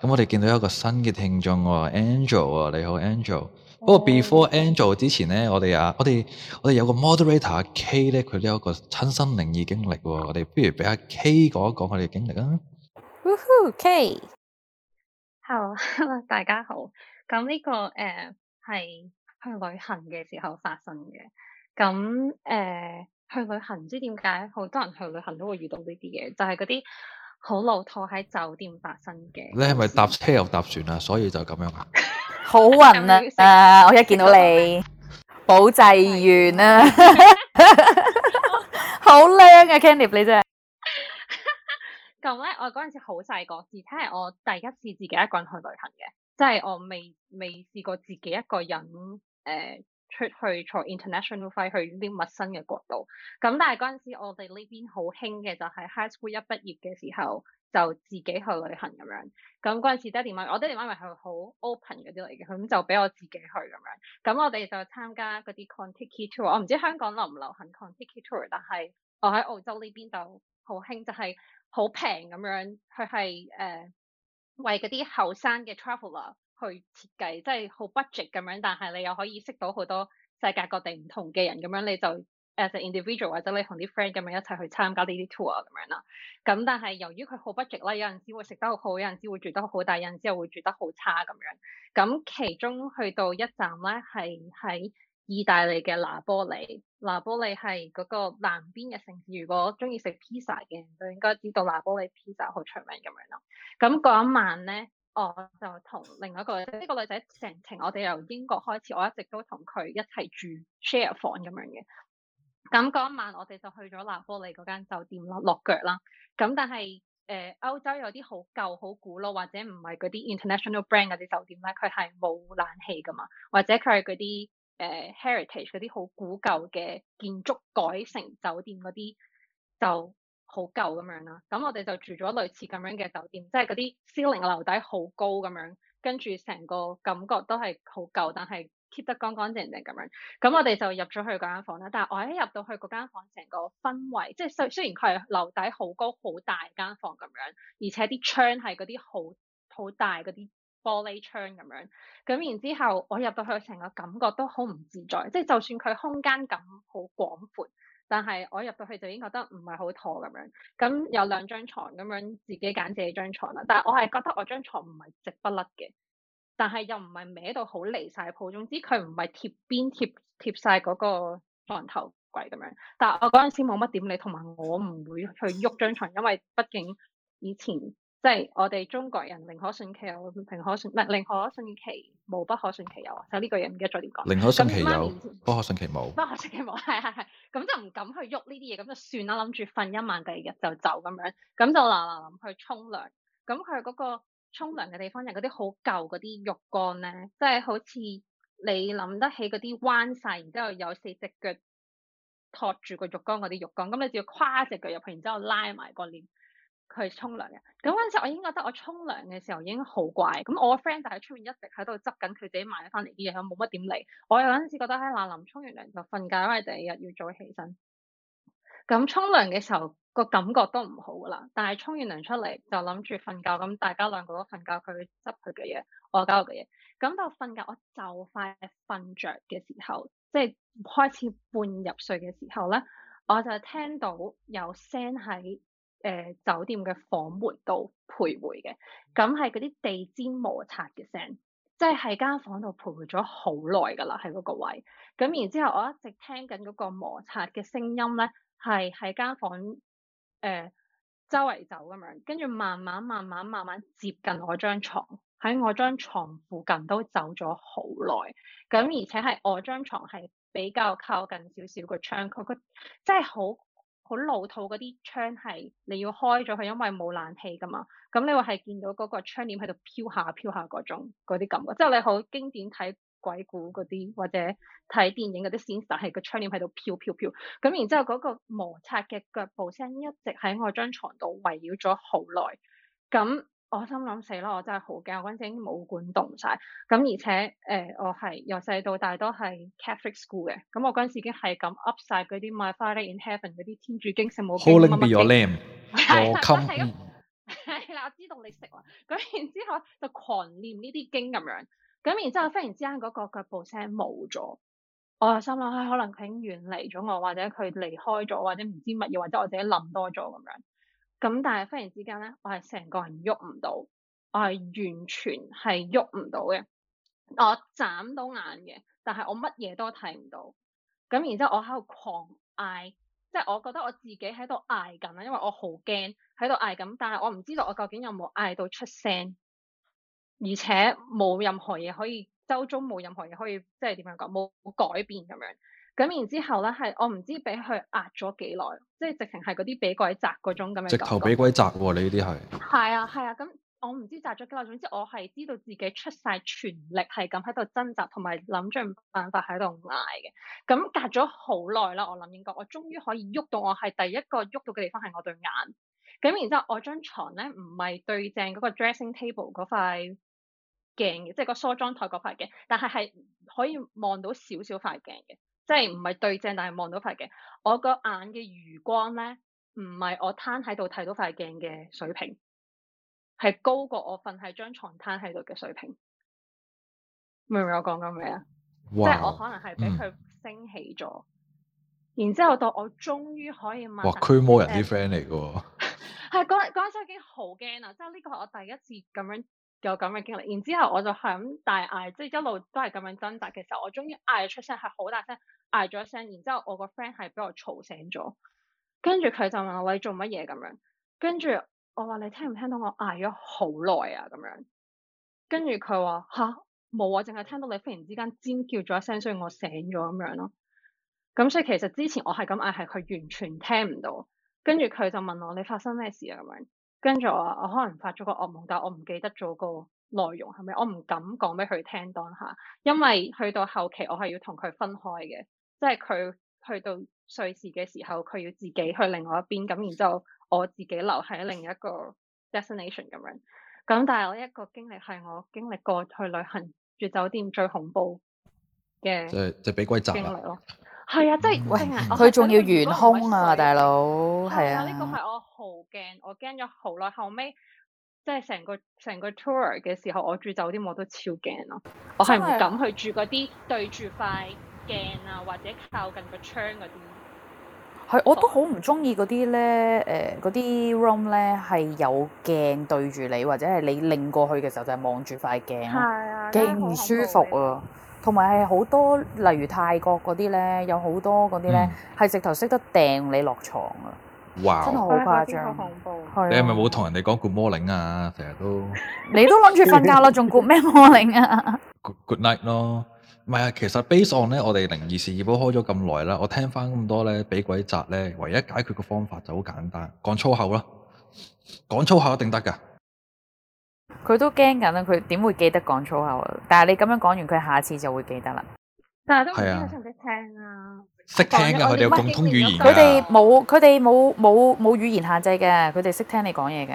咁我哋見到一個新嘅聽眾喎，Angel 啊，你好，Angel。Andrew 不過 Before Angel 之前咧，我哋啊，我哋我哋有個 moderator 阿 K 咧，佢都有一個親身靈異經歷喎。我哋不如俾阿 K 講一講佢哋嘅經歷啊。Hoo, K hello, hello，大家好。咁呢、呢個誒係、uh, 去旅行嘅時候發生嘅。咁誒、uh, 去旅行，唔知點解好多人去旅行都會遇到呢啲嘢，就係嗰啲。好老套喺酒店發生嘅。你係咪搭車又搭船啊？所以就咁樣 [laughs] 啊。好暈啊！啊，我一見到你保濟丸啊， [laughs] 好靚嘅、啊、Kenny 你真係。咁咧， [laughs] 我嗰陣時好細個時，真係我第一次自己一個人去旅行嘅，即係我未未試過自己一個人誒。呃出去坐 international 飛去啲陌生嘅國度，咁但係嗰陣時我哋呢邊好興嘅就係、是、high school 一畢業嘅時候就自己去旅行咁樣，咁嗰陣時爹哋媽，媽，我爹哋媽咪係好 open 嗰啲嚟嘅，咁就俾我自己去咁樣，咁我哋就參加嗰啲 Contiki tour，我唔知香港流唔流行 Contiki tour，但係我喺澳洲呢邊就好興，就係好平咁樣，佢係誒為嗰啲後生嘅 traveler。去設計，即係好 budget 咁樣，但係你又可以識到好多世界各地唔同嘅人樣，咁樣你就 as an individual 或者你同啲 friend 咁樣一齊去參加呢啲 tour 咁樣啦。咁但係由於佢好 budget 啦，有陣時會食得好，有陣時會住得好大，但係有陣時會住得好差咁樣。咁其中去到一站咧係喺意大利嘅拿波里。拿波里係嗰個南邊嘅城市，如果中意食 pizza 嘅人都應該知道拿波里 pizza 好出名咁樣咯。咁嗰一晚咧。我就同另外一個女仔呢、呢個女仔成程，我哋由英國開始，我一直都同佢一齊住 share 房咁樣嘅。咁嗰一晚我哋就去咗納波利嗰間酒店落腳啦。咁但係誒、呃、歐洲有啲好舊好古老或者唔係嗰啲 international brand 嗰啲酒店咧，佢係冇冷氣噶嘛，或者佢係嗰啲誒 heritage 嗰啲好古舊嘅建築改成酒店嗰啲就。好舊咁樣啦，咁我哋就住咗類似咁樣嘅酒店，即係嗰啲 ceiling 嘅樓底好高咁樣，跟住成個感覺都係好舊，但係 keep 得乾乾淨淨咁樣。咁我哋就入咗去嗰間房啦，但係我一入到去嗰間房，成個氛圍，即係雖雖然佢係樓底好高好大間房咁樣，而且啲窗係嗰啲好好大嗰啲玻璃窗咁樣，咁然之後我入到去，成個感覺都好唔自在，即係就算佢空間感好廣闊。但係我入到去就已經覺得唔係好妥咁樣，咁有兩張床，咁樣自己揀自己張床啦。但係我係覺得我張床唔係直不甩嘅，但係又唔係歪到好離晒譜。總之佢唔係貼邊貼貼曬嗰個床頭櫃咁樣。但係我嗰陣時冇乜點理，同埋我唔會去喐張床，因為畢竟以前。即係我哋中國人寧可信其有，寧可信唔係，寧可信其無，不可信其有啊！就呢句嘢唔記得再點講。寧可信其有，可其媽媽媽不可信其無，不可信其無，係係係，咁就唔敢去喐呢啲嘢，咁就算啦，諗住瞓一晚第二日就走咁樣，咁就嗱嗱淋去沖涼。咁佢嗰個沖涼嘅地方有嗰啲好舊嗰啲浴缸咧，即係好似你諗得起嗰啲彎晒，然之後有四隻腳托住個浴缸嗰啲浴缸，咁你就要跨隻腳入去，然之後拉埋個簾。佢係沖涼嘅，咁嗰陣時我已經覺得我沖涼嘅時候已經好怪，咁我個 friend 就喺出面一直喺度執緊佢自己買咗翻嚟啲嘢，我冇乜點理。我有嗰陣時覺得喺冷淋沖完涼就瞓覺，因為第二日要早起身。咁沖涼嘅時候個感覺都唔好啦，但係沖完涼出嚟就諗住瞓覺，咁大家兩個都瞓覺，佢執佢嘅嘢，我搞我嘅嘢。咁到瞓覺我就快瞓着嘅時候，即係開始半入睡嘅時候咧，我就聽到有聲喺，.誒、呃、酒店嘅房門度徘徊嘅，咁係嗰啲地氈摩擦嘅聲，即係喺間房度徘徊咗好耐噶啦，喺嗰個位。咁然之後，我一直聽緊嗰個摩擦嘅聲音咧，係喺間房誒、呃、周圍走咁樣，跟住慢慢慢慢慢慢接近我張床，喺我張床附近都走咗好耐。咁而且係我張床係比較靠近少少個窗，佢即係好。好老土嗰啲窗係你要開咗佢，因為冇冷氣噶嘛。咁你會係見到嗰個窗簾喺度飄下飄下嗰種嗰啲感覺，即係你好經典睇鬼故嗰啲或者睇電影嗰啲先。但係個窗簾喺度飄飄飄。咁然之後嗰個摩擦嘅腳步聲一直喺我張床度圍繞咗好耐。咁我心諗死咯！我真係好驚，我嗰陣時已經冇管動晒。咁而且，誒、呃，我係由細到大都係 Catholic school 嘅。咁我嗰陣時已經係咁噏晒嗰啲《My Father in Heaven》嗰啲天主經聖母經乜乜經。Holding be your name，係啦，知道你食啦。咁然之後就狂念呢啲經咁樣。咁然之後，忽然之間嗰個腳步聲冇咗，我又心諗、哎，可能佢已經遠離咗我，或者佢離開咗，或者唔知乜嘢，或者我自己諗多咗咁樣。咁但係忽然之間咧，我係成個人喐唔到，我係完全係喐唔到嘅。我眨到眼嘅，但係我乜嘢都睇唔到。咁然之後我喺度狂嗌，即係我覺得我自己喺度嗌緊啦，因為我好驚喺度嗌緊。但係我唔知道我究竟有冇嗌到出聲，而且冇任何嘢可以，周遭冇任何嘢可以，即係點樣講冇改變咁樣。咁然之後咧，係我唔知俾佢壓咗幾耐，即係直情係嗰啲俾鬼閘嗰種咁樣。直頭俾鬼閘喎、啊！你呢啲係。係啊係啊，咁、啊、我唔知閘咗幾耐，總之我係知道自己出晒全力係咁喺度掙扎，同埋諗盡辦法喺度挨嘅。咁隔咗好耐啦，我諗應該我終於可以喐到，我係第一個喐到嘅地方係我對眼。咁然之後我，我張床咧唔係對正嗰個 dressing table 嗰塊鏡嘅，即、就、係、是、個梳妝台嗰塊鏡，但係係可以望到少少塊鏡嘅。即係唔係對正，但係望到塊鏡。我個眼嘅餘光咧，唔係我攤喺度睇到塊鏡嘅水平，係高過我瞓喺張床攤喺度嘅水平。明唔明我講緊咩啊？哇即係我可能係俾佢升起咗，嗯、然之後到我終於可以問。哇！驅魔人啲 friend 嚟㗎喎。係嗰陣時已經好驚喇！即係呢個係我第一次咁樣。有咁嘅經歷，然之後我就係大嗌，即係一路都係咁樣掙扎嘅時候，我終於嗌出聲，係好大聲嗌咗一聲，然之後我個 friend 係俾我吵醒咗，跟住佢就問我你做乜嘢咁樣？跟住我話你聽唔聽到我嗌咗好耐啊咁樣？跟住佢話吓，冇啊，淨係聽到你忽然之間尖叫咗一聲，所以我醒咗咁樣咯。咁所以其實之前我係咁嗌，係佢完全聽唔到。跟住佢就問我你發生咩事啊咁樣？跟住我，我可能發咗個噩夢，但係我唔記得咗個內容係咪？我唔敢講俾佢聽當下，因為去到後期我係要同佢分開嘅，即係佢去到瑞士嘅時候，佢要自己去另外一邊，咁然之後我自己留喺另一個 destination 咁樣。咁但係我一個經歷係我經歷過去旅行住酒店最恐怖嘅，即係即係俾鬼襲啦。係啊，即係喂，佢仲要懸空啊，大佬，係啊。呢個係我好驚，我驚咗好耐。後尾，即係成個成個 tour 嘅時候，我住酒店我都超驚咯。我係唔敢去住嗰啲對住塊鏡啊，或者靠近個窗嗰啲。係、啊，嗯、我都好唔中意嗰啲咧，誒嗰啲 room 咧係有鏡對住你，或者係你擰過去嘅時候就係望住塊鏡，勁唔、啊、舒服啊！啊同埋係好多，例如泰國嗰啲咧，有好多嗰啲咧，係、嗯、直頭識得掟你落床。啊 Wow！哇，真係好誇張，哎、好恐怖！啊、你係咪冇同人哋講 good morning 啊？成日都 [laughs] 你都諗住瞓覺啦，仲 good 咩 morning 啊 [laughs] good？good night 咯，唔係啊，其實 based on 咧，我哋靈異事件簿都開咗咁耐啦，我聽翻咁多咧俾鬼壓咧，唯一解決嘅方法就好簡單，講粗口咯，講粗口一定得㗎。佢都驚緊啦，佢點會記得講粗口啊？但係你咁樣講完，佢下次就會記得啦。但係都唔知識唔識聽啊？識了聽噶，佢哋有共通語言。佢哋冇，佢哋冇冇冇語言限制嘅，佢哋識聽你講嘢噶。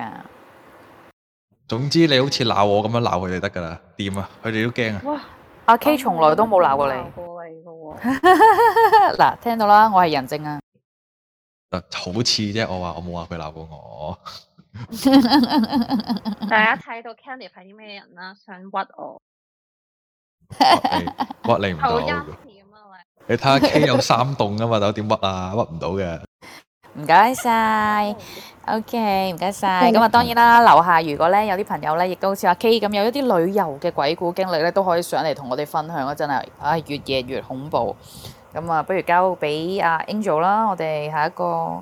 總之你好似鬧我咁樣鬧佢哋得噶啦，掂啊！佢哋都驚啊！哇！阿 K 從來都冇鬧過你。鬧過你噶喎！嗱，聽到啦，我係人證啊。嗱， [laughs] 好似啫，我話我冇話佢鬧過我。 [laughs] 大家睇到 Candy 係啲咩人啊？想屈我，屈你唔到。好陰險啊嘛！你睇下 [laughs] K 有三棟啊嘛，有啲屈啊，屈唔到嘅。唔該晒，OK，唔該晒。咁啊，當然啦，樓下如果咧有啲朋友咧，亦都好似阿 K 咁，有一啲旅遊嘅鬼故經歷咧，都可以上嚟同我哋分享啊！真係，唉、哎，越夜越恐怖。咁啊，不如交俾阿 Angel 啦，我哋下一個。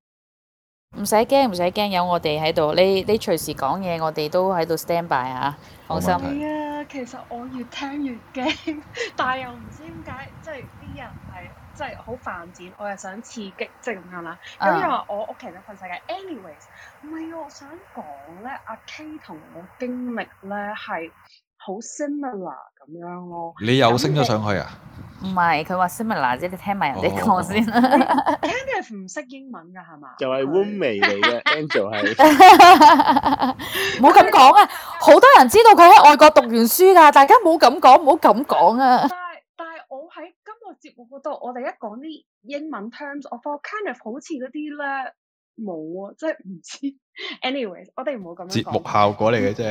唔使驚，唔使驚，有我哋喺度。你你隨時講嘢，我哋都喺度 stand by 吓，放心係啊，其實我越聽越驚，但係又唔知點解，即係啲人係即係好犯賤，我又想刺激症，即係點講咧？咁又話我屋企人呢瞓世界，anyways，唔係我想講咧，阿 K 同我經歷咧係好 similar 咁樣咯。你又升咗上去啊？唔係，佢話 similar 啫，similar，即你聽埋人哋講、哦、先啦。Kenneth 唔識英文噶係嘛？就係 woman 嚟嘅，Angel 係是。唔好咁講啊！好 [laughs] 多人知道佢喺外國讀完書噶，大家冇咁講，冇咁講啊！但係，但係我喺今個節目嗰度，我哋一講啲英文 terms，我發現 Kenneth 好似啲咧。冇啊，即係唔知。Anyways，我哋唔好咁樣講。節目效果嚟嘅啫。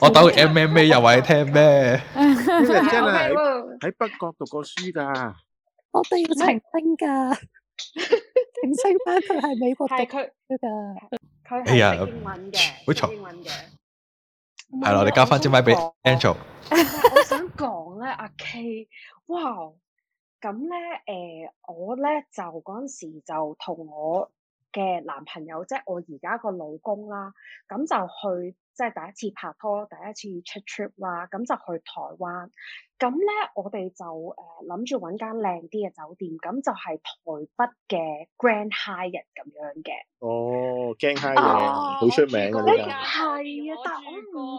我斗 MMA 又話你聽咩？呢人真係喺北國讀過書噶。我哋要澄清噶，澄清翻佢係美國地區噶。佢係英文嘅，好嘈。係咯，你交翻支麥俾 Angel。我想講咧，阿 K，哇！咁咧，誒、呃、我咧就嗰陣時就同我嘅男朋友，即、就、係、是、我而家個老公啦，咁就去即係、就是、第一次拍拖，第一次出 trip 啦，咁就去台灣。咁咧，我哋就誒諗住揾間靚啲嘅酒店，咁就係台北嘅 Grand Hyatt 咁樣嘅。哦，Grand Hyatt，好出名㗎呢間。係啊，但係我唔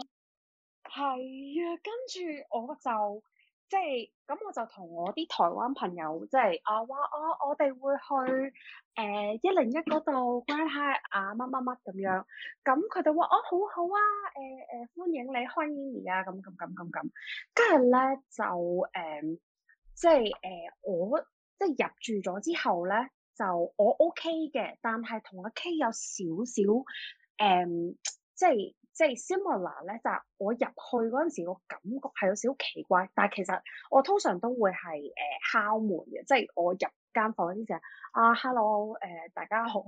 係啊，跟住我就。即係咁，我就同我啲台灣朋友即係啊話、哦、我我哋會去誒一零一嗰度逛下啊乜乜乜咁樣，咁佢哋話哦好好啊誒誒、呃、歡迎你歡迎而家咁咁咁咁咁，跟住咧就誒、呃、即係誒、呃、我即係入住咗之後咧就我 OK 嘅，但係同阿 K 有少少誒、呃、即係。即係 similar 咧，就係、是、我入去嗰陣時個感覺係有少少奇怪，但係其實我通常都會係誒、呃、敲門嘅，即係我入間房嗰時啊，hello，誒、呃、大家好。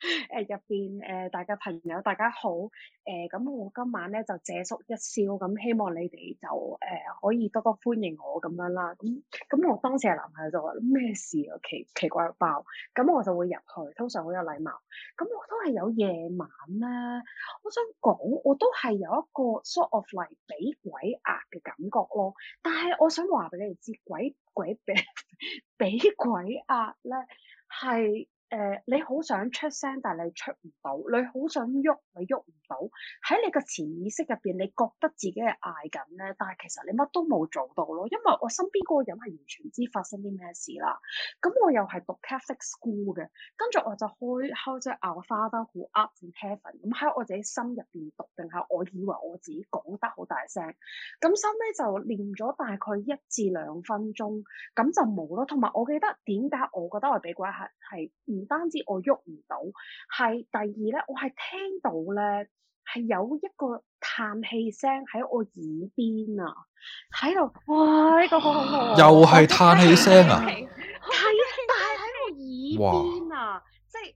誒，入邊誒，大家朋友，大家好。誒、呃，咁我今晚咧就借宿一宵，咁希望你哋就誒、呃、可以多多歡迎我咁樣啦。咁、嗯、咁、嗯嗯、我當時係男朋友就話咩事啊，奇奇怪爆。咁、嗯、我就會入去，通常好有禮貌。咁、嗯、我都係有夜晚咧，我想講，我都係有一個 sort of 嚟、like, 俾鬼壓嘅感覺咯。但係我想話俾你哋知，鬼鬼俾俾鬼壓咧係。誒、呃，你好想出聲，但係你出唔到；你好想喐，你喐唔到。喺你個潛意識入邊，你覺得自己係嗌緊咧，但係其實你乜都冇做到咯。因為我身邊嗰個人係完全唔知發生啲咩事啦。咁我又係讀 Catholic school 嘅，跟住我就開口即係咬花得好 up in heaven。咁喺我自己心入邊讀，定係我以為我自己講得好大聲？咁收尾就練咗大概一至兩分鐘，咁就冇咯。同埋我記得點解我覺得我俾過一嚇係。唔單止我喐唔到，係第二咧，我係聽到咧係有一個嘆氣聲喺我耳邊啊，喺度，哇！呢個好好好，又係嘆氣聲啊，係，但係喺我耳邊啊。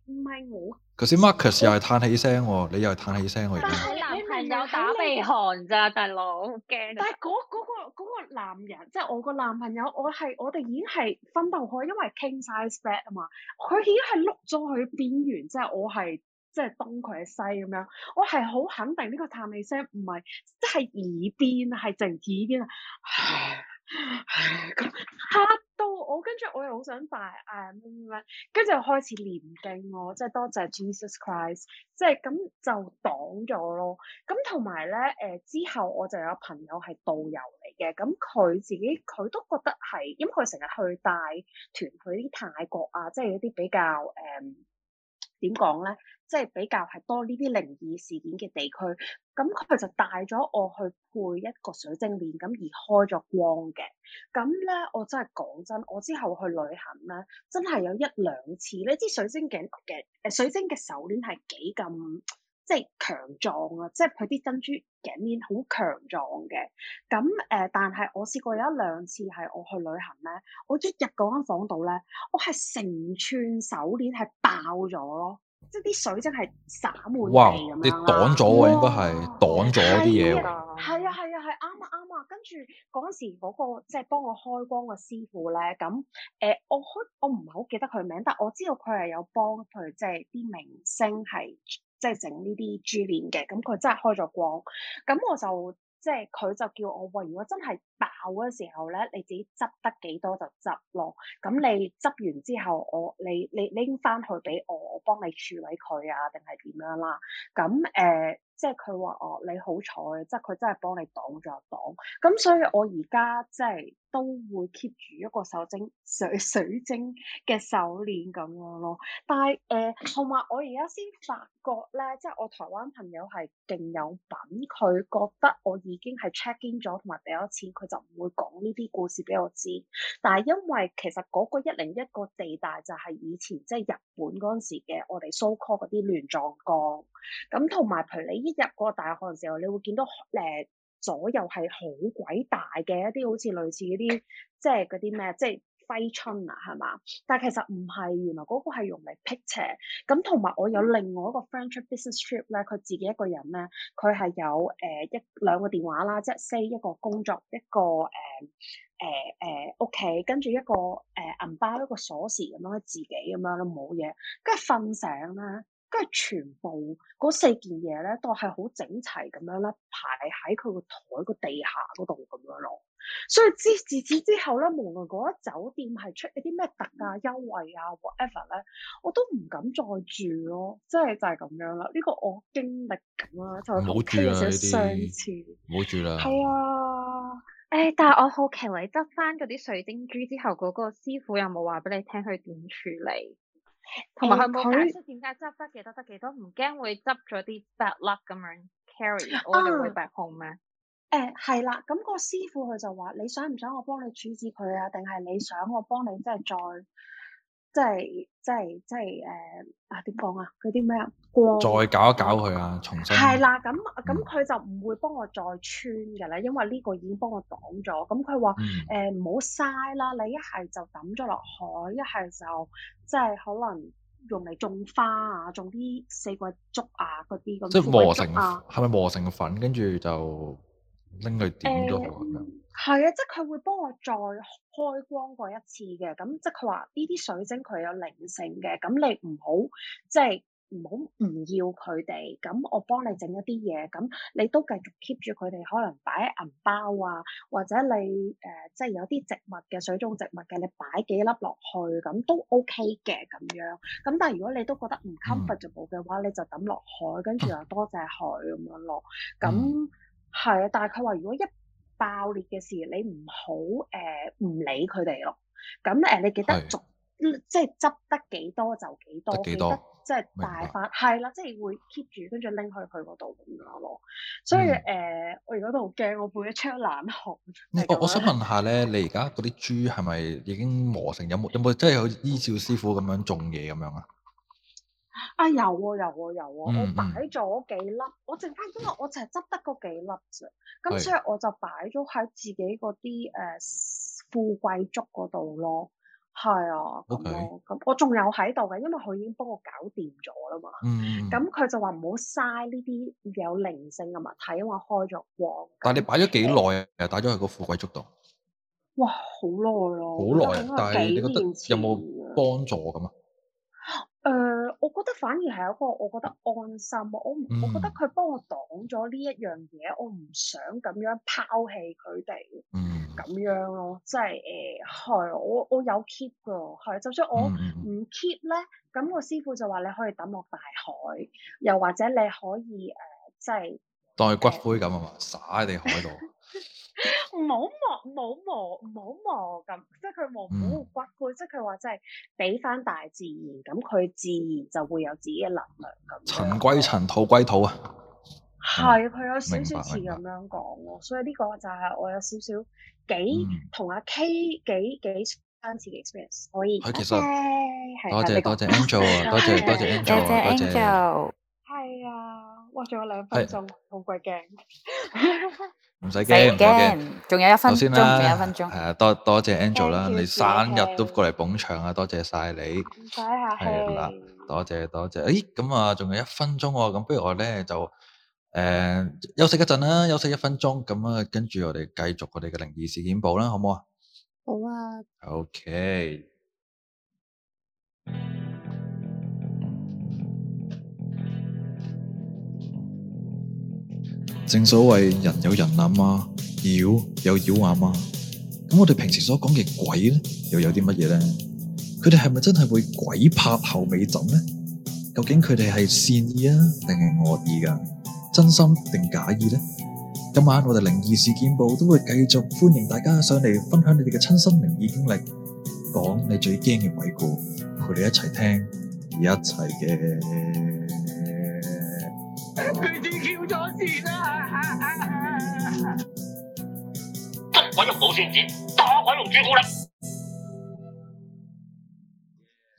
唔係我，頭先 Marcus 又係嘆氣聲，欸、你又係嘆氣聲。我而家男朋友打鼻鼾咋，大佬好驚。但係嗰嗰個嗰個男人，即係我個男朋友，我係我哋已經係分道開，因為傾晒 s p e 啊嘛，佢已經係碌咗佢邊緣，即係我係即係東佢係西咁樣，我係好肯定呢個嘆氣聲唔係，即係耳邊，係靜耳邊。嚇 [laughs] 到我，跟住我又好想拜，誒咩咩咩，跟、嗯、住開始念經我，即係多謝 Jesus Christ，即係咁就擋咗咯。咁同埋咧，誒、呃、之後我就有個朋友係導遊嚟嘅，咁佢自己佢都覺得係，因為佢成日去帶團去啲泰國啊，即係一啲比較誒。嗯點講咧，即係比較係多呢啲靈異事件嘅地區，咁佢就帶咗我去配一個水晶鏈，咁而開咗光嘅。咁咧我真係講真，我之後去旅行咧，真係有一兩次，你知水晶頸嘅誒，水晶嘅手鏈係幾咁。即係強壯啊！即係佢啲珍珠頸鏈好強壯嘅。咁誒、呃，但係我試過有一兩次係我去旅行咧，我一入嗰間房度咧，我係成串手鏈係爆咗咯。即係啲水晶係灑滿地咁樣，你擋咗喎，哦、應該係擋咗啲嘢。係啊係啊係，啱啊啱啊！跟住嗰陣時嗰個即係幫我開光嘅師傅咧，咁誒、呃、我開我唔係好記得佢名，但係我知道佢係有幫佢即係啲明星係。即係整呢啲珠鏈嘅，咁佢真係開咗光，咁我就即係佢就叫我，喂，如果真係爆嘅時候咧，你自己執得幾多就執咯，咁你執完之後，我你你拎翻去俾我，我幫你處理佢啊，定係點樣啦？咁誒，即係佢話哦，你好彩，即係佢真係幫你擋咗擋，咁所以我而家即係。都會 keep 住一個手晶水水晶嘅手鏈咁樣咯，但係誒同埋我而家先發覺咧，即係我台灣朋友係勁有品，佢覺得我已經係 check in 咗同埋俾咗錢，佢就唔會講呢啲故事俾我知。但係因為其實嗰個一零一個地帶就係以前即係、就是、日本嗰陣時嘅我哋 so call 嗰啲亂葬崗，咁同埋譬如你一入嗰個大學嘅時候，你會見到誒。左右係好鬼大嘅一啲，好似類似嗰啲，即係嗰啲咩，即係揮春啊，係嘛？但係其實唔係，原來嗰個係用嚟辟邪。咁同埋我有另外一個 Friendship business trip 咧，佢自己一個人咧，佢係有誒、呃、一兩個電話啦，即係 say 一個工作一個誒誒誒屋企，跟、呃、住、呃、一個誒、呃、銀包一個鎖匙咁樣自己咁樣都冇嘢，跟住瞓醒啦。即係全部嗰四件嘢咧，都係好整齊咁樣咧，排喺佢個台個地下嗰度咁樣咯。所以之自此之後咧，無論嗰一酒店係出一啲咩特價優惠啊，whatever 咧，我都唔敢再住咯。即係就係、是、咁樣啦。呢、這個我經歷咁啦，就係有少少相似。唔好住啦！係次啊，誒、哎，但係我好奇問你，執翻嗰啲水晶珠之後，嗰、那個師傅有冇話俾你聽佢點處理？同埋佢冇解釋點解執得幾多得幾多，唔驚會執咗啲 bad luck 咁樣 carry，我哋會 back home 咩？誒、啊，係、呃、啦，咁、個師傅佢就話，你想唔想我幫你處置佢啊？定係你想我幫你即係再？即係即係即係，誒、啊，點講啊？嗰啲咩啊光，再搞一搞佢啊，重新係啦，咁咁佢就唔會幫我再穿㗎啦，因為呢個已經幫我擋咗。咁佢話誒，唔好嘥啦，你一係就抌咗落海，一係、嗯、就即係可能用嚟種花種啊，種啲四季竹啊嗰啲咁。即係磨成係咪磨成粉，跟住、啊、就拎佢點咗落係啊，即係佢會幫我再開光過一次嘅，咁即係佢話呢啲水晶佢有靈性嘅，咁你唔好即係唔好唔要佢哋，咁我幫你整一啲嘢，咁你都繼續 keep 住佢哋，可能擺喺銀包啊，或者你誒、呃、即係有啲植物嘅水種植物嘅，你擺幾粒落去咁都 OK 嘅咁樣。咁但係如果你都覺得唔 comfortable 嘅話，你就抌落海，跟住又多謝佢咁樣咯。咁係啊，但係佢話如果一。爆裂嘅事，你唔好誒唔理佢哋咯。咁誒、呃，你記得執是即係執得幾多就幾多，得多記得即係大翻，係啦，即係白會 keep 住，跟住拎去佢嗰度咁樣咯。所以誒、嗯呃，我而家都好驚，我背一出冷汗。我、就是啊、我想問下咧，你而家嗰啲豬係咪已經磨成有冇有冇即係好依照師傅咁樣種嘢咁樣啊？哎、有啊有喎、啊、有喎有喎，嗯、我擺咗幾粒，嗯、我剩翻，今日我淨係執得嗰幾粒啫，咁是所以我就擺咗喺自己嗰啲誒富貴竹嗰度咯，係啊，咁咯 Okay,，咁我仲有喺度嘅，因為佢已經幫我搞掂咗啦嘛，咁佢、嗯、就話唔好嘥呢啲有靈性嘅物體，因為我開咗光。但係你擺咗幾耐啊？擺咗喺個富貴竹度？哇，好耐咯，好耐啊！但係你覺得有冇幫助咁啊？誒、呃，我覺得反而係一個我覺得安心，我我覺得佢幫我擋咗呢一樣嘢，我唔想咁樣拋棄佢哋，咁、嗯、樣咯，即係誒，係、呃、我我有 keep 嘅，係就算我唔 keep 咧，咁個、嗯、師傅就話你可以抌落大海，又或者你可以誒、呃，即係當佢骨灰咁啊嘛，撒喺你海度。 [laughs] 唔好磨，唔好磨，唔好磨咁，即係佢磨唔好骨灰，即係佢話即係俾翻大自然，咁佢自然就會有自己嘅能量咁。塵歸塵，土歸土啊，係佢有少少似咁樣講咯。所以呢個就係我有少少幾同阿 K 幾幾三次嘅 experience，所以多謝，多謝多謝 Angel，多謝多謝 Angel，多謝 Angel，係啊，哇，仲有兩分鐘，好鬼驚。唔使驚，唔驚，仲有一分鐘，仲有一分鐘，係啊，多多謝 Angel 啦，你生日都過嚟捧場 okay. 啊，多謝晒你。唔使下係啦，多謝多謝，誒，咁啊，仲有一分鐘喎、哦，咁不如我咧就誒、呃、休息一陣啦，休息一分鐘，咁啊，跟住我哋繼續我哋嘅靈異事件簿啦，好唔好，好啊？好啊 Okay.、嗯。OK 正所謂，人有人阿媽，妖有妖呀媽，咁我哋平時所講嘅鬼咧，又有啲乜嘢咧？佢哋係咪真係會鬼拍後尾枕咧？究竟佢哋係善意啊，定係惡意噶、啊？真心定假意咧？今晚我哋靈異事件簿都會繼續歡迎大家上嚟分享你哋嘅親身靈異經歷，講你最驚嘅鬼故，陪你一齊聽，一齊嘅。佢哋叫咗線啊！鬼用保鮮紙，打鬼用朱古力，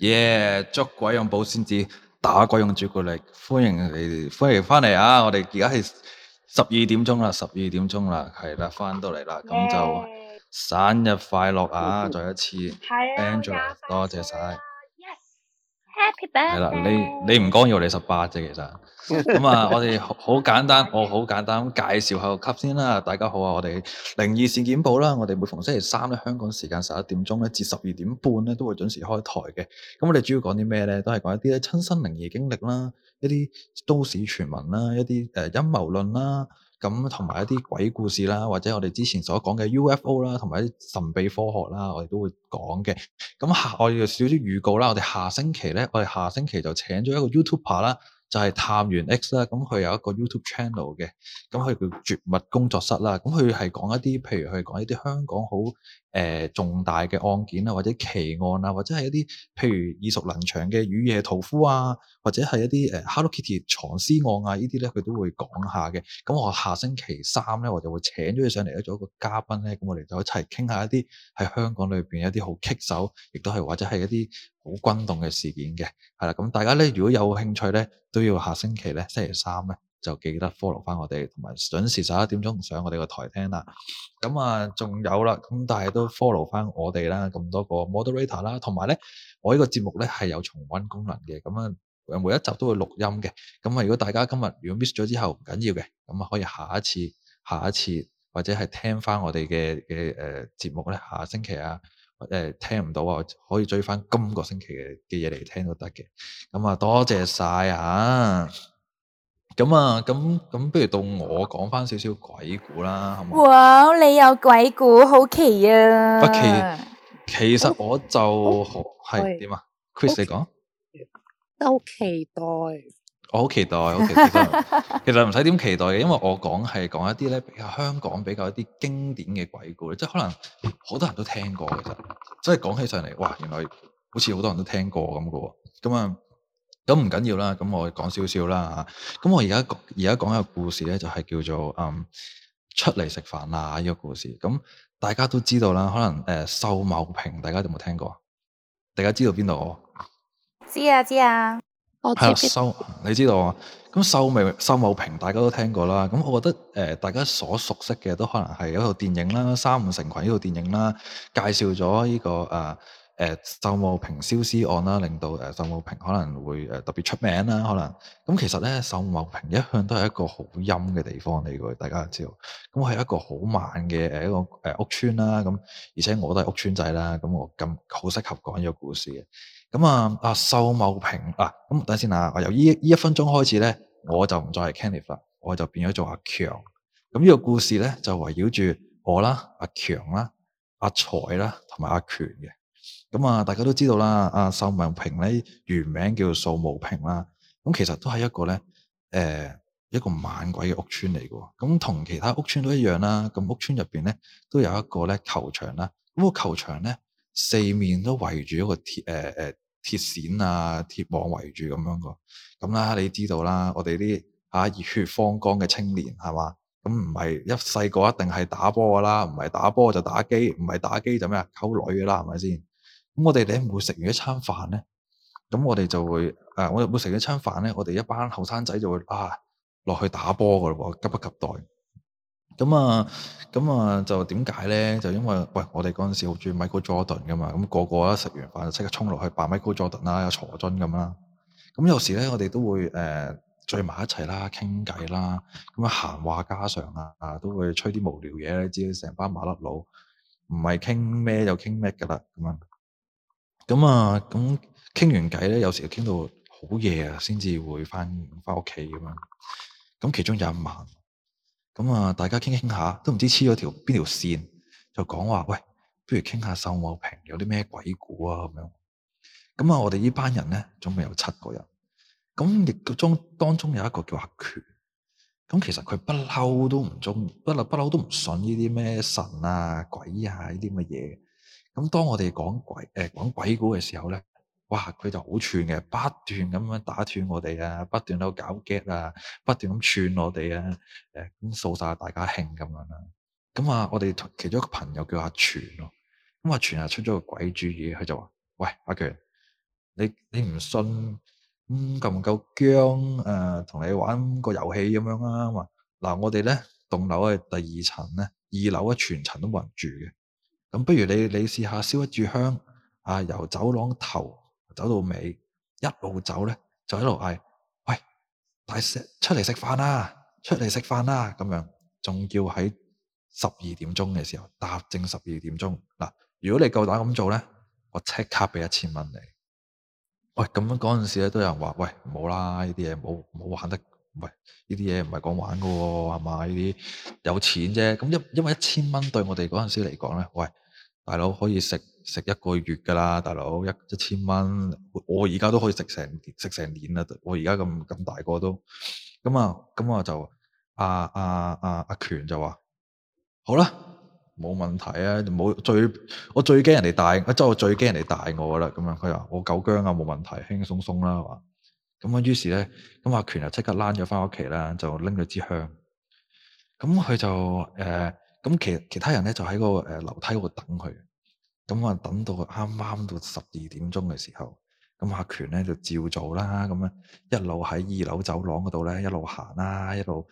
耶！Yeah, 捉鬼用保鮮紙，打鬼用朱古力，歡迎你哋，歡迎翻嚟啊！我哋而家係十二點鐘啦，十二點鐘啦，係啦，翻到嚟啦，咁 Yeah. 就生日快樂啊！Uh huh. 再一次，Angela，多謝晒，係啦，你你唔講要你十八啫，其實。咁 [laughs] 啊，我哋好簡單，我好簡單介紹下個級先啦。大家好啊，我哋靈異事件簿啦，我哋每逢星期三咧，香港時間十一點鐘咧至十二點半咧都會準時開台嘅。咁我哋主要講啲咩咧？都係講一啲咧親身靈異經歷啦，一啲都市傳聞啦，一啲誒陰謀論啦，咁同埋一啲鬼故事啦，或者我哋之前所講嘅 UFO 啦，同埋一啲神秘科學啦，我哋都會講嘅。咁下我要少啲預告啦，我哋下星期咧，我哋下星期就請咗一個 YouTuber 啦。就係探員 X 啦，咁佢有一個 YouTube channel 嘅，咁佢叫絕密工作室啦，咁佢係講一啲，譬如佢係講一啲香港好，誒、呃、重大嘅案件啊，或者奇案啊，或者係一啲譬如耳熟能詳嘅雨夜屠夫啊，或者係一啲誒 Hello Kitty 藏屍案啊，依啲咧佢都會講下嘅。咁我下星期三咧，我就會請咗佢上嚟咧做一個嘉賓咧。咁我哋就一齊傾下一啲喺香港裏邊一啲好棘手，亦都係或者係一啲好轟動嘅事件嘅。係啦，咁大家咧如果有興趣咧，都要下星期咧星期三咧。就記得 follow 翻我哋，同埋準時十一點鐘上我哋個台聽啦。咁啊，仲有啦，咁但係都 follow 翻我哋啦，咁多個 moderator 啦，同埋咧，我呢個節目咧係有重溫功能嘅。咁啊，每一集都會錄音嘅。咁啊，如果大家今日如果 miss 咗之後唔緊要嘅，咁啊可以下一次、下一次或者係聽翻我哋嘅嘅誒節目咧，下星期啊誒聽唔到啊，可以追翻今個星期嘅嘅嘢嚟聽都得嘅。咁啊，多謝晒嚇～咁啊，咁咁，不如到我講翻少少鬼故啦，好唔好？哇，wow, 你有鬼故，好奇啊！不奇，其實我就係點、oh. oh. 啊？Chris okay, 你講講，都好期,期待。我好期待，好 [laughs] 期待。其實唔使點期待嘅，因為我講係講一啲咧，比較香港比較一啲經典嘅鬼故，即係可能好多人都聽過其實，即係講起上嚟，哇，原來好似好多人都聽過咁嘅。咁啊。咁唔緊要啦，咁我講少少啦嚇。咁我而家而家講嘅故事咧，就係叫做嗯出嚟食飯啊，呢個故事。咁大家都知道啦，可能誒、呃、秀茂平，大家有冇聽過？大家知道邊度？知啊知啊，我知。秀，你知道啊？咁秀明秀茂平，大家都聽過啦。咁我覺得誒、呃，大家所熟悉嘅都可能係有一套電影啦，《三五成群》呢套電影啦，介紹咗呢個啊。呃誒秀茂坪消失案啦，令到誒秀茂坪可能會誒特別出名啦，可能咁其實咧秀茂坪一向都係一個好陰嘅地方嚟嘅，大家知道。咁係一個好慢嘅誒一個誒屋邨啦，咁而且我都係屋邨仔啦，咁我咁好適合講呢個故事嘅。咁啊啊秀茂坪啊，咁等先啊，我由呢呢一分鐘開始咧，我就唔再係 Kenneth 啦，我就變咗做阿強。咁呢個故事咧就圍繞住我啦、阿強啦、阿財啦同埋阿權嘅。咁啊、嗯，大家都知道啦，啊，秀茂坪咧原名叫蘇茅坪啦。咁、嗯、其實都係一個咧，誒、呃，一個猛鬼嘅屋邨嚟嘅。咁、嗯、同其他屋邨都一樣啦。咁、嗯、屋邨入邊咧都有一個咧球場啦。咁、那個球場咧四面都圍住一個鐵誒誒、呃、鐵線啊、鐵網圍住咁樣個。咁、嗯、啦、嗯，你知道、啊嗯嗯、啦，我哋啲啊熱血方剛嘅青年係嘛？咁唔係一世個一定係打波嘅啦，唔係打波就打機，唔係打機就咩啊？溝女嘅啦，係咪先？咁我哋咧唔會食完一餐飯咧，咁我哋就會，誒、啊，我哋會食完一餐飯咧，我哋一班後生仔就會啊，落去打波噶咯喎，急不及待。咁啊，咁啊，就點解咧？就因為，喂，我哋嗰陣時好中意 Michael Jordan 噶嘛，咁、那個個一食完飯就即刻衝落去扮 Michael Jordan、呃、啦，有坐樽咁啦。咁有時咧，我哋都會誒聚埋一齊啦，傾偈啦，咁啊，閒話家常啊，啊，都會吹啲無聊嘢咧，知唔知？成班麻甩佬唔係傾咩就傾咩噶啦，咁樣。咁啊，咁傾、嗯、完偈咧，有時又傾到好夜啊，先至會翻翻屋企咁樣。咁、嗯、其中有一晚，咁、嗯、啊、嗯，大家傾傾下，都唔知黐咗條邊條線，就講話喂，不如傾下秀茂坪有啲咩鬼故啊咁樣。咁、嗯、啊、嗯，我哋呢班人咧總共有七個人，咁亦中當中有一個叫阿權。咁、嗯嗯、其實佢不嬲都唔中，不不嬲都唔信呢啲咩神啊鬼啊呢啲咁嘅嘢。咁當我哋講鬼誒講、呃、鬼故嘅時候咧，哇佢就好串嘅，不斷咁樣打斷我哋啊，不斷喺度搞 get 啊，不斷咁串我哋啊，誒掃晒大家興咁樣啦。咁啊，我哋其中一個朋友叫阿全咯，咁阿全啊出咗個鬼主意，佢就話：，喂阿權，你你唔信咁夠唔夠驚？誒、嗯，同、呃、你玩個遊戲咁樣啊嘛。嗱，我哋咧棟樓嘅第二層咧，二樓啊全層都冇人住嘅。咁不如你你試下燒一炷香啊，由走廊頭走到尾，一路走咧就喺度嗌：，喂，大食出嚟食飯啦，出嚟食飯啦！咁樣，仲要喺十二點鐘嘅時候，搭正十二點鐘嗱。如果你夠膽咁做咧，我即刻俾一千蚊你。喂，咁樣嗰陣時咧都有人話：，喂，冇啦，呢啲嘢冇冇玩得，喂，呢啲嘢唔係講玩噶喎、哦，係嘛？呢啲有錢啫。咁一因，因為一千蚊對我哋嗰陣時嚟講咧，喂。大佬可以食食一個月噶啦，大佬一一千蚊，我而家都可以食成食成年啦。我而家咁咁大個都咁啊，咁啊，啊，啊，啊，啊就阿阿阿阿權就話：好啦，冇問題啊，冇最我最驚人哋帶，即係我最驚人哋帶我噶啦。咁樣佢話我夠薑啊，冇問題，輕輕鬆鬆啦。咁啊，於是咧，咁阿權就即刻攆咗返屋企啦，就拎咗支香，咁佢就誒。呃咁其其他人咧就喺嗰個誒、呃、樓梯嗰度等佢，咁、嗯、話等到啱啱到十二點鐘嘅時候，咁、嗯、阿、啊、權咧就照做啦，咁、嗯、樣一路喺二樓走廊嗰度咧一路行啦、啊，一路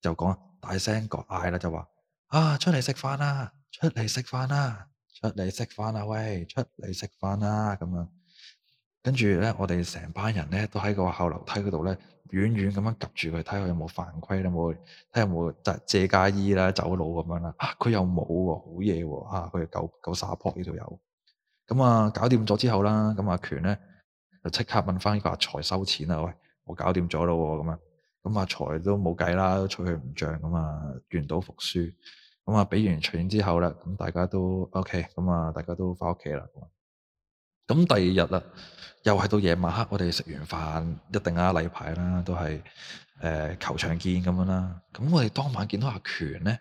就講大聲個嗌啦，就話啊出嚟食飯啦，出嚟食飯啦、啊，出嚟食飯啦、啊啊，喂，出嚟食飯啦、啊、咁樣。跟住咧，我哋成班人咧都喺個後樓梯嗰度咧，遠遠咁樣及住佢睇下有冇犯規，有冇睇有冇借借家衣啦、走佬咁樣啦。啊，佢又冇喎，好嘢喎！啊，佢又九夠沙坡呢度有。咁啊，搞掂咗之後啦，咁阿權咧就即刻問翻呢個阿財收錢啦。喂，我搞掂咗咯喎，咁啊，咁阿財都冇計啦，都吹佢唔漲咁啊，願賭服輸。咁啊，俾完錢之後啦，咁大家都 OK，咁啊，大家都翻屋企啦。咁第二日啦，又係到夜晚黑，我哋食完飯，一定啊禮牌啦，都係誒球場見咁樣啦。咁我哋當晚見到阿權咧，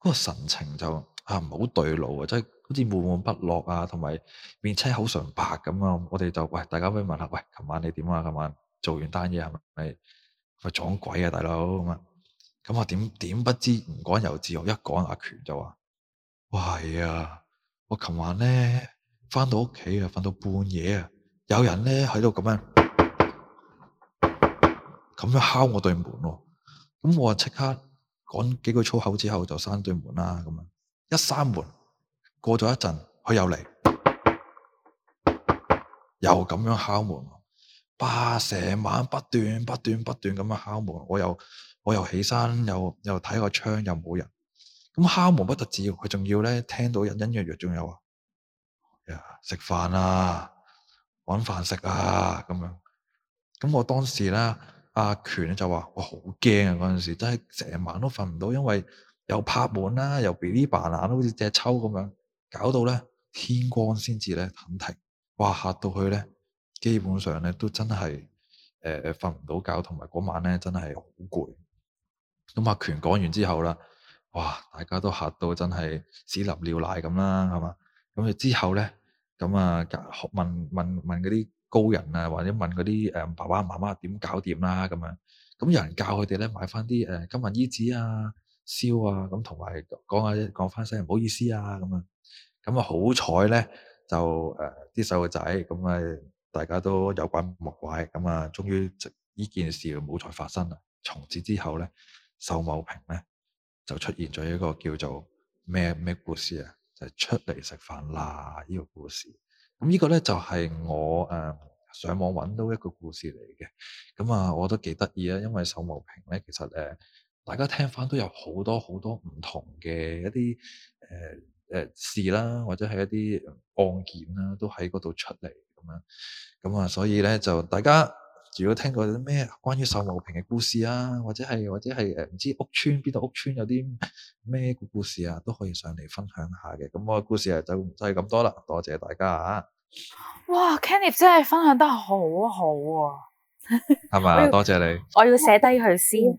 嗰個神情就啊唔好對路啊，即係好似悶悶不樂啊，同埋面青口唇白咁啊。我哋就喂，大家可以問下，喂，琴晚你點啊？琴晚做完單嘢係咪？係咪撞鬼啊，大佬咁啊？咁我點點不知？唔講猶自可，我一講阿權就話，喂啊，我琴晚咧。返到屋企啊，瞓到半夜啊，有人咧喺度咁樣咁樣敲我對門喎。咁我話即刻講幾句粗口之後就閂對門啦。咁樣一閂門，過咗一陣佢又嚟，又咁樣敲門，嘩成晚不斷不斷不斷咁樣敲門。我又我又起身又又睇個窗又冇人。咁敲門不特止，佢仲要咧聽到隱隱約約，仲有啊。啊！食飯啊，搵飯食啊，咁樣。咁我當時咧，阿權咧就話，哇！我好驚啊！嗰陣時真係成晚都瞓唔到，因為又拍門啦、啊，又俾啲白眼，好似只抽咁樣，搞到咧天光先至咧肯停。哇！吓到佢咧，基本上咧都真係誒誒瞓唔到覺，同埋嗰晚咧真係好攰。咁阿權講完之後啦，哇！大家都吓到真係屎立尿瀨咁啦，係嘛？咁佢之後咧，咁啊，問問問嗰啲高人啊，或者問嗰啲誒爸爸媽媽點搞掂啦？咁樣，咁有人教佢哋咧買翻啲誒金銀衣紙啊、燒啊，咁同埋講下講翻聲唔好意思啊，咁啊，咁啊好彩咧，就誒啲細路仔咁啊，大家都有怪莫怪，咁啊，終於呢件事冇再發生啦。從此之後咧，秀茂坪咧就出現咗一個叫做咩咩故事啊？就出嚟食飯啦！呢、這個故事，咁、嗯這個、呢個咧就係、是、我誒、呃、上網揾到一個故事嚟嘅，咁、嗯、啊，我覺得幾得意啊，因為手毛平咧，其實誒大家聽翻都有好多好多唔同嘅一啲誒誒事啦，或者係一啲案件啦，都喺嗰度出嚟咁樣，咁、嗯、啊、嗯，所以咧就大家。主要聽過啲咩關於秀茂坪嘅故事啊，或者係或者係誒唔知屋村邊度屋村有啲咩故事啊，都可以上嚟分享下嘅。咁我嘅故事就就係咁多啦，多謝大家嚇。哇，Kenny 真係分享得好好啊，係嘛吧？ [laughs] 要多謝你，我要寫低佢先。嗯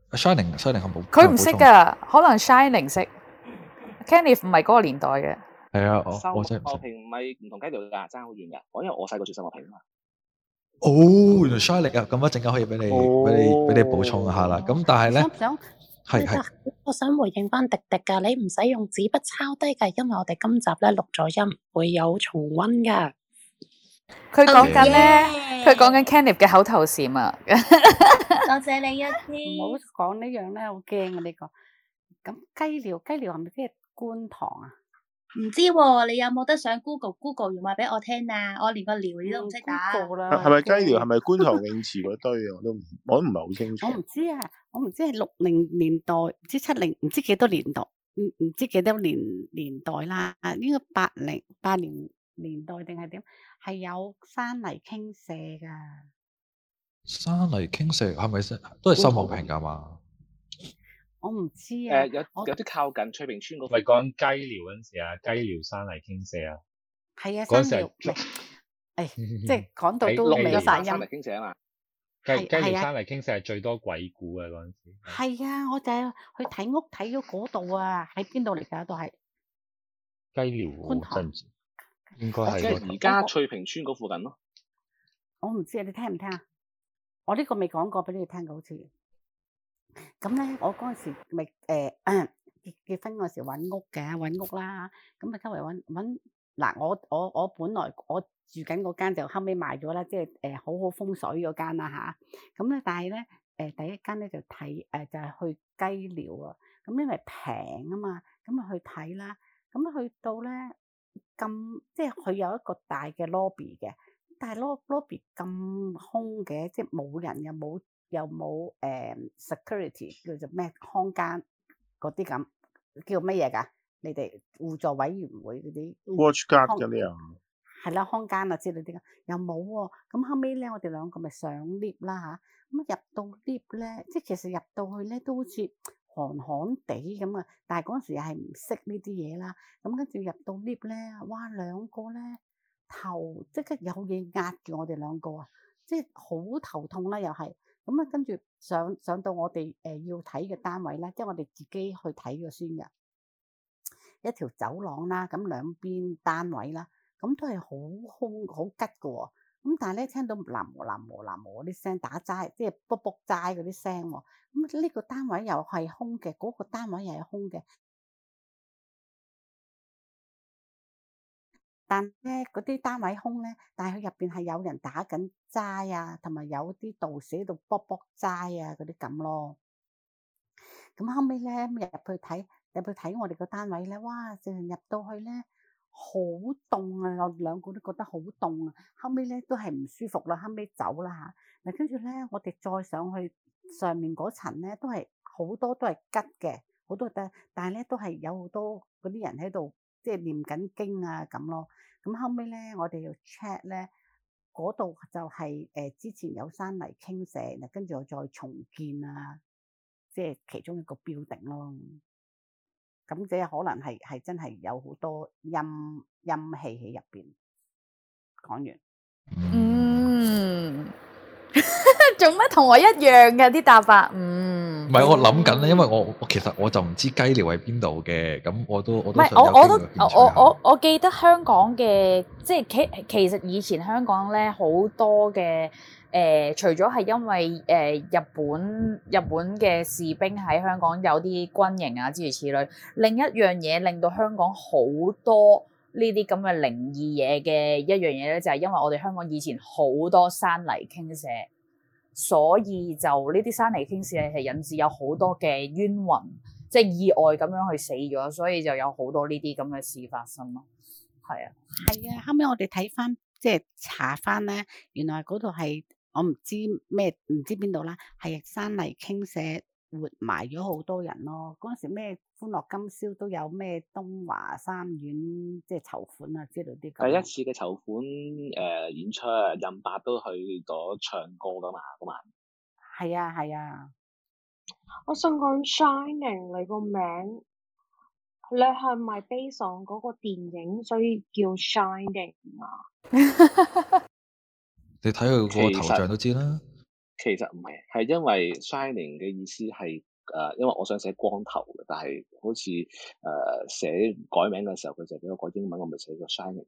Shining，Shining 我冇，佢唔識噶，可能 Shining 識 Kenny 唔係嗰個年代嘅。係啊，我我平唔係唔同階段爭好遠噶，我因為我細個住新和平嘛。哦，原來 Shining 啊，咁一陣間可以畀你俾，哦、你俾你，你補充一下啦。咁但係咧，我想，我想回應翻迪迪噶，你唔使用，用紙筆抄低嘅，因為我哋今集咧錄咗音，會有重温噶。佢講緊咧，佢講緊 k e n i v e 嘅口頭禪 [laughs] 啊！多謝你一啲，唔好講呢樣咧，好驚啊呢個。咁雞寮，雞寮係咪即係觀塘啊？唔知喎、啊，你有冇得上 Google？Google 完話俾我聽啊！我連個寮你都唔識打。係咪雞寮？係咪 [laughs] 觀塘泳池嗰堆啊？我都我都唔係好清楚。我唔知啊，我唔知係六零年代，唔知七零，唔知幾多年代，唔唔知幾多年年代啦。應該八零八年。年代定係點？係有山泥傾瀉噶。山泥傾瀉係咪都係秀茂坪㗎嘛？我唔知啊。有有啲靠近翠屏村嗰，咪講雞寮嗰陣時啊，雞寮山泥傾瀉啊。係啊，嗰陣時。誒，即係講到都未發音。山泥傾瀉啊嘛，雞雞寮山泥傾瀉係最多鬼故啊嗰陣時、啊。係啊，我就係去睇屋睇咗嗰度啊，喺邊度嚟㗎都係雞寮觀應該係而家翠屏村嗰附近咯，嗯，我唔知啊，你聽唔聽啊？我呢個未講過俾你聽過，好似咁咧，我嗰陣時咪誒結結婚嗰時揾屋嘅，揾屋、屋啦，咁啊周圍揾揾嗱，我我我本來我住緊嗰間就後尾賣咗啦，即係誒好好風水嗰間啦吓，咁、嗯、咧但係咧誒第一間咧就睇誒、呃、就係、是、去雞寮啊，咁、嗯、因為平啊嘛，咁、嗯、啊去睇啦，咁、嗯、去到咧。咁即係佢有一個大嘅 lobby 嘅，但係 lobby lobby 咁空嘅，即係冇人又冇又冇誒 security 叫做咩看更嗰啲咁叫乜嘢噶？你哋互助委員會嗰啲 watch guard 噶你啊，係啦看更啊，之類啲咁又冇喎。咁後尾咧我哋兩個咪上 lift 啦吓，咁入到 lift 咧，即係其實入到去咧都好似。憨憨地咁啊，但係嗰陣時又係唔識呢啲嘢啦，咁跟住入到 lift 咧，哇兩個咧頭即刻有嘢壓住我哋兩個啊，即係好頭痛啦又係，咁啊跟住上上到我哋誒要睇嘅單位啦，即係我哋自己去睇咗先嘅，一條走廊啦，咁兩邊單位啦，咁都係好空好吉嘅喎。咁、嗯、但係咧，聽到南無南無南無嗰啲聲打齋，即係卜卜齋嗰啲聲喎。咁、嗯、呢、這個單位又係空嘅，嗰、那個單位又係空嘅。但咧嗰啲單位空咧，但係佢入邊係有人打緊齋啊，同埋有啲道士喺度卜卜齋啊嗰啲咁咯。咁、嗯、後尾咧入去睇，入去睇我哋個單位咧，哇！入到去咧～好凍啊！我哋兩個都覺得好凍啊，後尾咧都係唔舒服啦，後尾走啦吓。嗱，跟住咧我哋再上去上面嗰層咧，都係好多都係吉嘅，好多得。但係咧都係有好多嗰啲人喺度即係念緊經啊咁咯。咁後尾咧我哋要 check 咧嗰度就係、是、誒、呃、之前有山泥傾瀉，嗱跟住我再重建啊，即係其中一個標頂咯。咁即係可能係係真係有好多陰陰氣喺入邊。講完，嗯，做乜同我一樣嘅啲答法？嗯，唔係我諗緊咧，因為我我其實我就唔知雞寮喺邊度嘅，咁我都我都我我都我我都我，我記得香港嘅，即係其其實以前香港咧好多嘅。誒、呃，除咗係因為誒、呃、日本日本嘅士兵喺香港有啲軍營啊諸如此類，另一樣嘢令到香港好多呢啲咁嘅靈異嘢嘅一樣嘢咧，就係因為我哋香港以前好多山泥傾瀉，所以就呢啲山泥傾瀉係引致有好多嘅冤魂，即、就、係、是、意外咁樣去死咗，所以就有好多呢啲咁嘅事發生咯。係啊，係啊，後尾我哋睇翻即係查翻咧，原來嗰度係。我唔知咩唔知邊度啦，係山泥傾瀉活埋咗好多人咯。嗰陣時咩歡樂今宵都有咩東華三院即係籌款啊，知道啲。第一次嘅籌款誒、呃、演出啊，任伯都去咗唱歌噶嘛，咁啊，係啊，係啊。我想講 shining，你個名，你係咪 based on 嗰個電影，所以叫 shining 啊？ [laughs] 你睇佢個頭像都知啦。其實唔係，係因為 shining 嘅意思係誒、呃，因為我想寫光頭嘅，但係好似誒寫改名嘅時候，佢就俾我改英文，我咪寫咗 shining。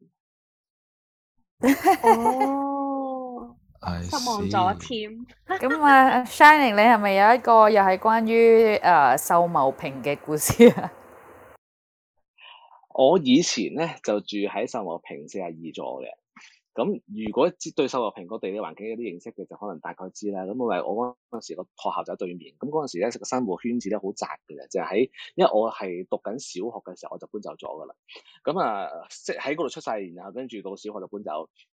哦，係。失望咗添。咁啊，shining，你係咪有一個又係關於誒、呃、秀茂坪嘅故事啊？ [laughs] 我以前咧就住喺秀茂坪四廿二座嘅。咁、嗯、如果知對秀茂坪個地理環境有啲認識嘅，就可能大概知啦。咁我係我嗰陣時個學校就喺對面。咁嗰陣時咧，成個生活圈子咧好窄嘅啫，就喺、是、因為我係讀緊小學嘅時候，我就搬走咗噶啦。咁、嗯、啊，即係喺嗰度出世，然後跟住到小學就搬走。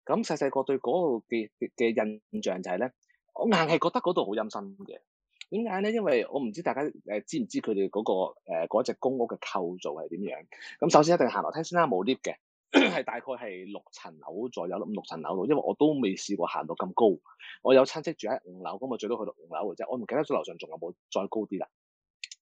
咁細細個對嗰度嘅嘅印象就係、是、咧，我硬係覺得嗰度好陰森嘅。點解咧？因為我唔知大家誒、呃、知唔知佢哋嗰個誒嗰隻公屋嘅構造係點樣。咁、嗯、首先一定行樓梯先啦，冇 lift 嘅。係大概係六層樓左右，六層樓度，因為我都未試過行到咁高。我有親戚住喺五樓，咁我最多去到五樓嘅啫。我唔記得咗樓上仲有冇再高啲啦。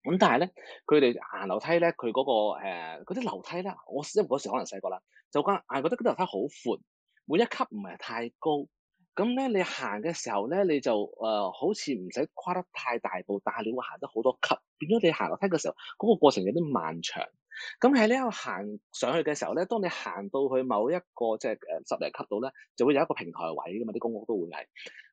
咁但係咧，佢哋行樓梯咧，佢嗰、嗰個誒啲、呃、樓梯咧，我因為嗰時可能細個啦，就關硬覺得嗰樓梯好闊，每一級唔係太高。咁咧你行嘅時候咧，你就誒、呃、好似唔使跨得太大步，但係你會行得好多級，變咗你行樓梯嘅時候，嗰、嗰個過程有啲漫長。咁喺呢度行上去嘅時候咧，當你行到去某一個即係誒十零級度咧，就會有一個平台位噶嘛，啲公屋都會係。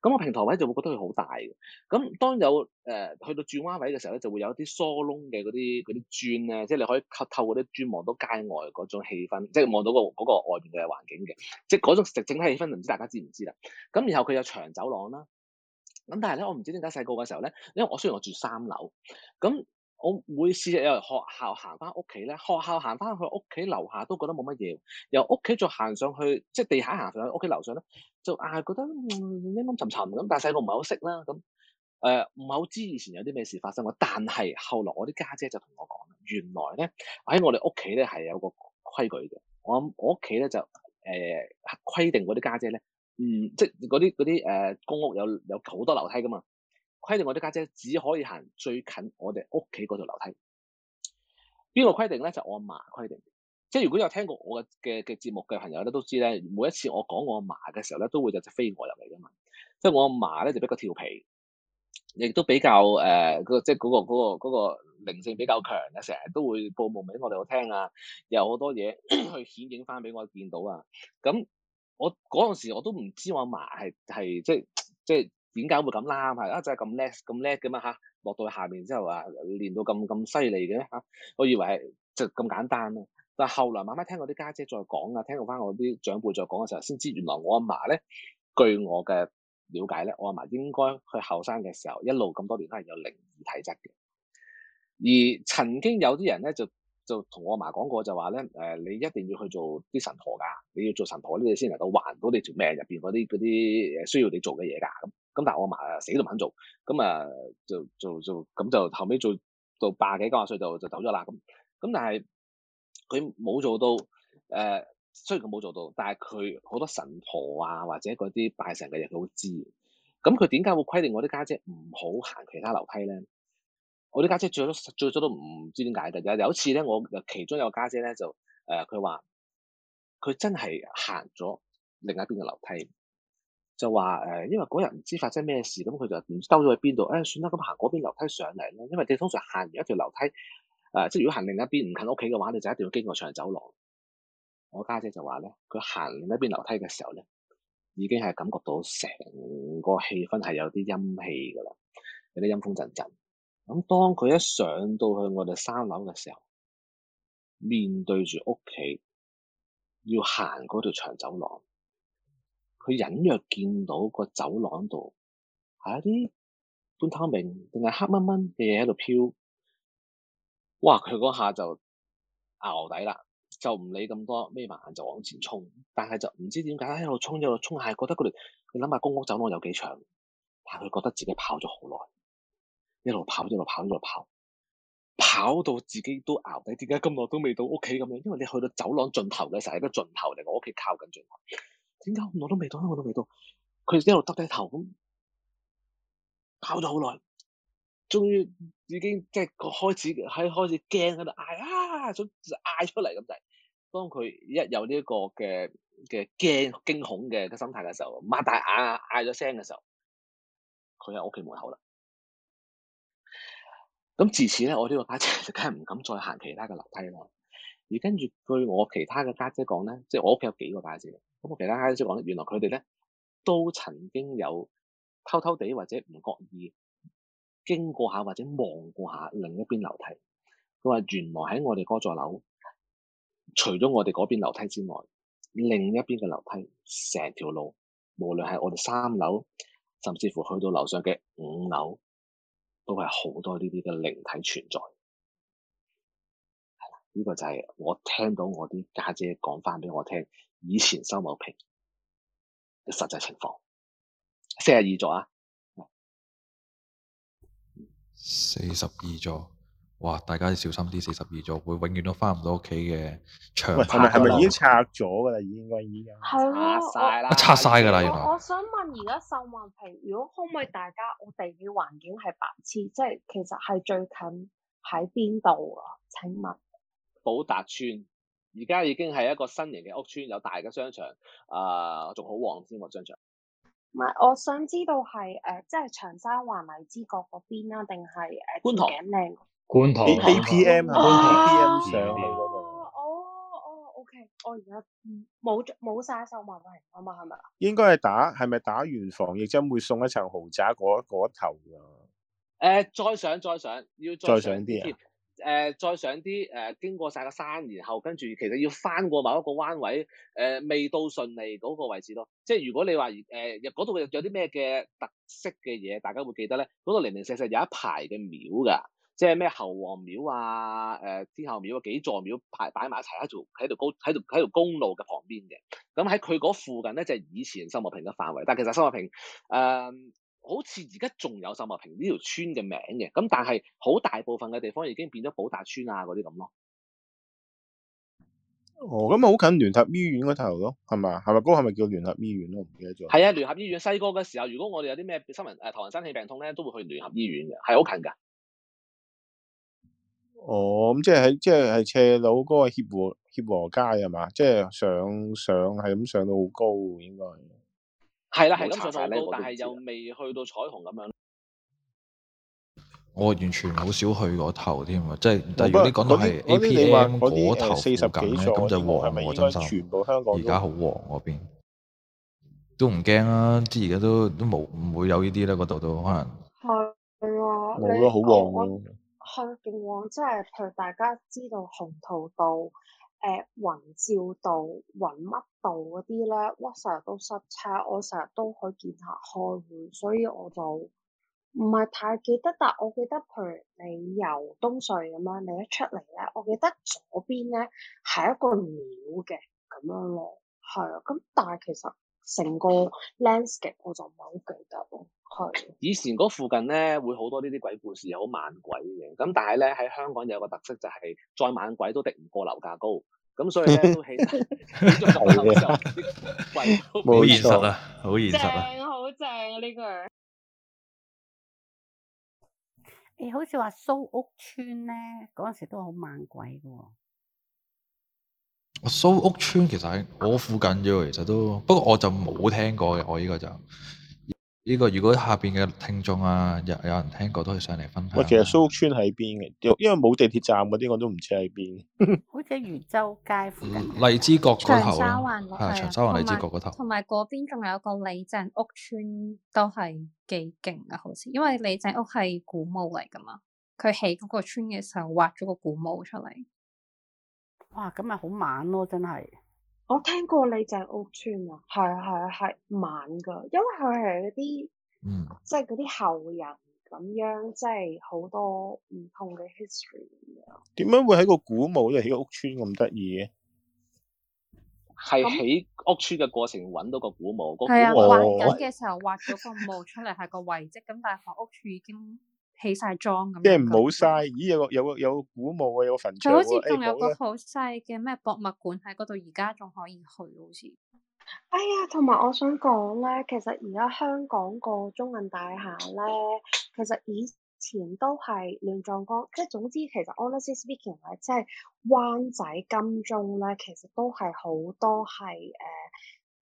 咁、個平台位就會覺得佢好大嘅。咁當有誒、呃、去到轉彎位嘅時候咧，就會有一啲疏窿嘅嗰啲嗰啲磚咧，即係你可以透透過啲磚望到街外嗰種氣氛，即係望到個嗰個外邊嘅環境嘅，即係嗰種整體氣氛，唔知大家知唔知啦？咁然後佢有長走廊啦。咁但係咧，我唔知點解細個嘅時候咧，因為我雖然我住三樓，咁。我每次由學校行翻屋企咧，學校行翻去屋企樓下都覺得冇乜嘢，由屋企就行上去，即係地下行上去屋企樓上咧，就硬係覺得陰陰沉沉咁。但係細個唔係好識啦，咁誒唔係好知以前有啲咩事發生過。但係後來我啲家姐，姐就同我講，原來咧喺我哋屋企咧係有個規矩嘅。我我屋企咧就誒、呃、規定嗰啲家姐咧，嗯，即係嗰啲嗰啲誒公屋有有好多樓梯噶嘛。規定我啲家姐，姐只可以行最近我哋屋企嗰座樓梯。邊個規定咧？就我阿嫲規定。即係如果有聽過我嘅嘅嘅節目嘅朋友咧，都知咧，每一次我講我阿嫲嘅時候咧，都會有隻飛蛾入嚟嘅嘛。即係我阿嫲咧就比較調皮，亦都比較誒，嗰、呃、即係嗰、嗰個嗰、嗰個、嗰個靈性、嗰個嗰個嗰個、比較強嘅，成日都會報夢俾我哋我聽啊，有好多嘢 [coughs] 去顯影翻俾我見到啊。咁我嗰陣、嗰個、時我都唔知我阿嫲係係即係即係。即點解會咁啱係啊？就係咁叻咁叻嘅嘛嚇！落到去下面之後啊，練到咁咁犀利嘅咩嚇？我以為係就咁簡單啦。但係後來慢慢聽我啲家姐再講啊，聽過翻我啲長輩再講嘅時候，先知原來我阿嫲咧，據我嘅了解咧，我阿嫲應該去後生嘅時候一路咁多年都係有靈異體質嘅。而曾經有啲人咧就。就同我阿嫲講過就話咧，誒、呃、你一定要去做啲神婆噶，你要做神婆，你先能夠還到你條命入邊嗰啲啲誒需要你做嘅嘢噶。咁、嗯、咁、嗯、但係我阿嫲死都唔肯做，咁、嗯、啊就就就咁就、嗯、就後尾做到八幾九十歲就就走咗啦。咁、嗯、咁、嗯、但係佢冇做到，誒、呃、雖然佢冇做到，但係佢好多神婆啊或者嗰啲拜神嘅嘢佢都知。咁佢點解會規定我啲家姐唔好行其他樓梯咧？我啲家姐最早最早都唔知點解嘅，有有一次咧，我其中有個家姐咧就誒，佢話佢真係行咗另一邊嘅樓梯，就話誒、呃，因為嗰日唔知發生咩事，咁佢就唔知兜咗去邊度。誒、哎，算啦，咁行嗰邊樓梯上嚟啦，因為你通常行完一條樓梯，誒、呃，即係如果行另一邊唔近屋企嘅話，你就一定要經過長走廊。我家姐就話咧，佢行另一邊樓梯嘅時候咧，已經係感覺到成個氣氛係有啲陰氣㗎啦，有啲陰風陣陣。咁當佢一上到去我哋三樓嘅時候，面對住屋企，要行嗰條長走廊，佢隱約見到個走廊度係一啲半透明定係黑蚊蚊嘅嘢喺度飄。哇！佢嗰下就咬底啦，就唔理咁多，咪埋眼就往前衝。但係就唔知點解喺度衝，一路衝，係覺得佢哋，你諗下公屋走廊有幾長，但係佢覺得自己跑咗好耐。一路跑，一路跑，一路跑，跑到自己都熬底。點解咁耐都未到屋企咁樣？因為你去到走廊盡頭嘅時候，實係一個盡頭嚟。我屋企靠近盡頭，點解我都未到？我都未到。佢一路耷低頭咁，跑咗好耐，終於已經即係開始喺開始驚喺度嗌啊，想嗌出嚟，咁就係。當佢一有呢一個嘅嘅驚驚恐嘅嘅心態嘅時候，擘大眼嗌咗聲嘅時候，佢喺屋企門口啦。咁自此咧，我呢個家姐就梗係唔敢再行其他嘅樓梯喇。而跟住，據我其他嘅家姐講咧，即係我屋企有幾個家姐，咁我其他家姐講咧，原來佢哋咧都曾經有偷偷地或者唔覺意經過下或者望過下另一邊樓梯。佢話原來喺我哋嗰座樓，除咗我哋嗰邊樓梯之外，另一邊嘅樓梯成條路，無論係我哋三樓，甚至乎去到樓上嘅五樓，都係好多呢啲嘅靈體存在，係啦，呢個就係我聽到我啲家姐講返畀我聽以前秀茂坪嘅實際情況，四十二座啊，四十二座。哇！大家要小心啲，四十二座會永遠都翻唔到屋企嘅牆。係咪係咪已經拆咗噶啦？已經，已經拆曬啦！啊、拆曬噶啦！我想問，而家秀茂坪，如果可唔可以大家我地嘅環境係白痴，即係其實係最近喺邊度啊？請問寶達村而家已經係一個新型嘅屋村，有大嘅商場，啊、呃，仲好旺添個商場。唔係，我想知道係誒、呃，即係長沙華美之閣嗰邊啊，定係誒觀塘？堂觀塘 A P M 啊，觀塘 P 上嚟度。哦，哦，O K，我而家冇冇曬收埋翻嚟，我問係咪啊？應該係打，係咪打完防疫針會送一層豪宅嗰一頭㗎？誒、呃，再上再上，要再上啲。誒、啊呃，再上啲誒、呃，經過晒個山，然後跟住其實要翻過某一個彎位，誒、呃，未到順利嗰個位置咯。即、呃、係如果你話誒，嗰、呃、度有啲咩嘅特色嘅嘢，大家會記得咧。嗰度零零舍舍有一排嘅廟㗎。即係咩猴王廟啊？誒、呃、天后廟啊，幾座廟排擺埋一齊喺度，喺度高，喺度喺條公路嘅旁邊嘅。咁喺佢嗰附近咧，就係、是、以前新華平嘅範圍。但係其實新華平誒、呃，好似而家仲有新華平呢條村嘅名嘅。咁但係好大部分嘅地方已經變咗寶達村啊嗰啲咁咯。哦，咁啊好近聯合醫院嗰頭咯，係咪啊？係咪嗰個係咪叫聯合醫院咯？我唔記得咗。係啊，聯合醫院細個嘅時候，如果我哋有啲咩新聞誒頭暈身㷫病痛咧，都會去聯合醫院嘅，係好近㗎。哦，咁、嗯、即係喺即係係斜路嗰個協和協和街係嘛？即係上上係咁上到好高、那個、高，應該係啦，係咁上上但係又未去到彩虹咁樣。 [laughs] 我完全好少去嗰頭添啊！即、就、係、是，但係如果你講到係 A P M 嗰頭四十咁幾座，係咪全部香港而家好旺嗰邊？都唔驚啦，即係而家都都冇唔會有呢啲啦。嗰度都可能係啊，冇咯，好旺去勁旺，即係、嗯就是、譬如大家知道紅桃道、誒、呃、雲照道、雲乜道嗰啲咧，我成日都塞車，我成日都可以見下開會，所以我就唔係太記得，但我記得譬如你由東隧咁樣，你一出嚟咧，我記得左邊咧係一個廟嘅咁樣咯，係啊，咁但係其實。成個 landscape 我就唔係好記得咯。係以前嗰附近咧會好多呢啲鬼故事，又好猛鬼嘅，咁但係咧喺香港有個特色就係、是、再猛鬼都敵唔過樓價高，咁所以咧都起起咗樓嘅時候冇現實，現實啊，好現實啊，好正啊呢句。誒，好似話蘇屋村咧嗰陣時都好猛鬼嘅喎。我蘇、so, 屋村其實喺我附近啫，其實都不過我就冇聽過嘅。我呢個就呢、呢個，如果下邊嘅聽眾啊，有有人聽過都可以上嚟分享、啊。我其實蘇屋村喺邊嘅？因為冇地鐵站嗰啲，我都唔知喺邊。 [laughs] 好似喺漁洲街附近， [laughs] 荔枝角嗰頭長沙灣、啊。長沙灣係長沙灣荔枝角嗰頭。同埋嗰邊仲有一個李鄭屋村，都係幾勁嘅，好似因為李鄭屋係古墓嚟噶嘛，佢起嗰個村嘅時候挖咗個古墓出嚟。哇，咁咪好猛咯，真係！我聽過李鄭屋村啊，係啊係啊係晚噶，因為佢係嗰啲，嗯，即係嗰啲後人咁樣，即係好多唔同嘅 history 咁樣。點樣會喺個古墓即係起屋村咁得意嘅？係起屋村嘅過程揾到個古墓，個古墓挖緊嘅時候挖咗個墓出嚟係個遺跡，咁但係屋村已經。起晒裝咁，即係唔好晒。咦，有個有個有古墓啊，有個墳場。佢好似仲有個好細嘅咩博物館喺嗰度，而家仲可以去。好似，哎呀，同埋我想講咧，其實而家香港個中銀大廈咧，其實以前都係亂葬崗。即係總之，其實 Honestly Speaking 咧，即係灣仔金鐘咧，其實都係好多係誒、呃、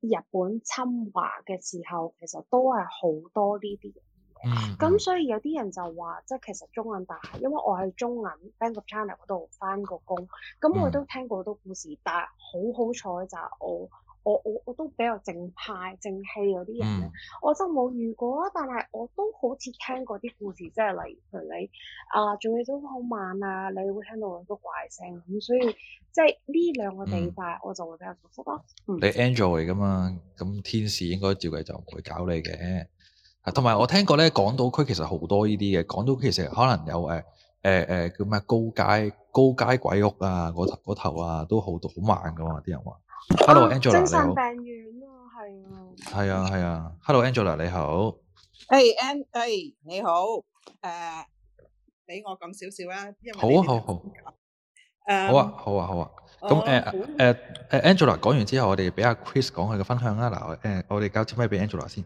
日本侵華嘅時候，其實都係好多呢啲。咁、嗯、所以有啲人就話，即係其實中銀大廈，因為我喺中銀 Bank of China 嗰度翻過工，咁我都聽過好多故事，嗯、但係好好彩就係我我我我都比較正派正氣嗰啲人，嗯、我就冇遇過啦。但係我都好似聽過啲故事，即係例如你啊做嘢都好慢啊，你會聽到好多怪聲咁，所以即係呢兩個地方、嗯、我就會比較熟悉啦。你 Angel 嚟噶嘛？咁天使應該照計就唔會搞你嘅。同埋我聽過咧，港島區其實好多呢啲嘅。港島區其實可能有誒誒誒叫咩高街高街鬼屋啊，嗰嗰頭，頭啊，都好多好猛噶嘛，啲人話、啊啊啊啊。Hello Angela，你好。精神病院啊，係啊。係啊係啊 Hello Angela，你好。誒 Ang，誒你好，誒俾我講少少啊，好好、啊、好。誒好啊好啊好啊。咁誒誒誒 Angela 講完之後，我哋俾阿 Chris 講佢嘅分享啦。嗱誒，我哋交支咪俾 Angela 先？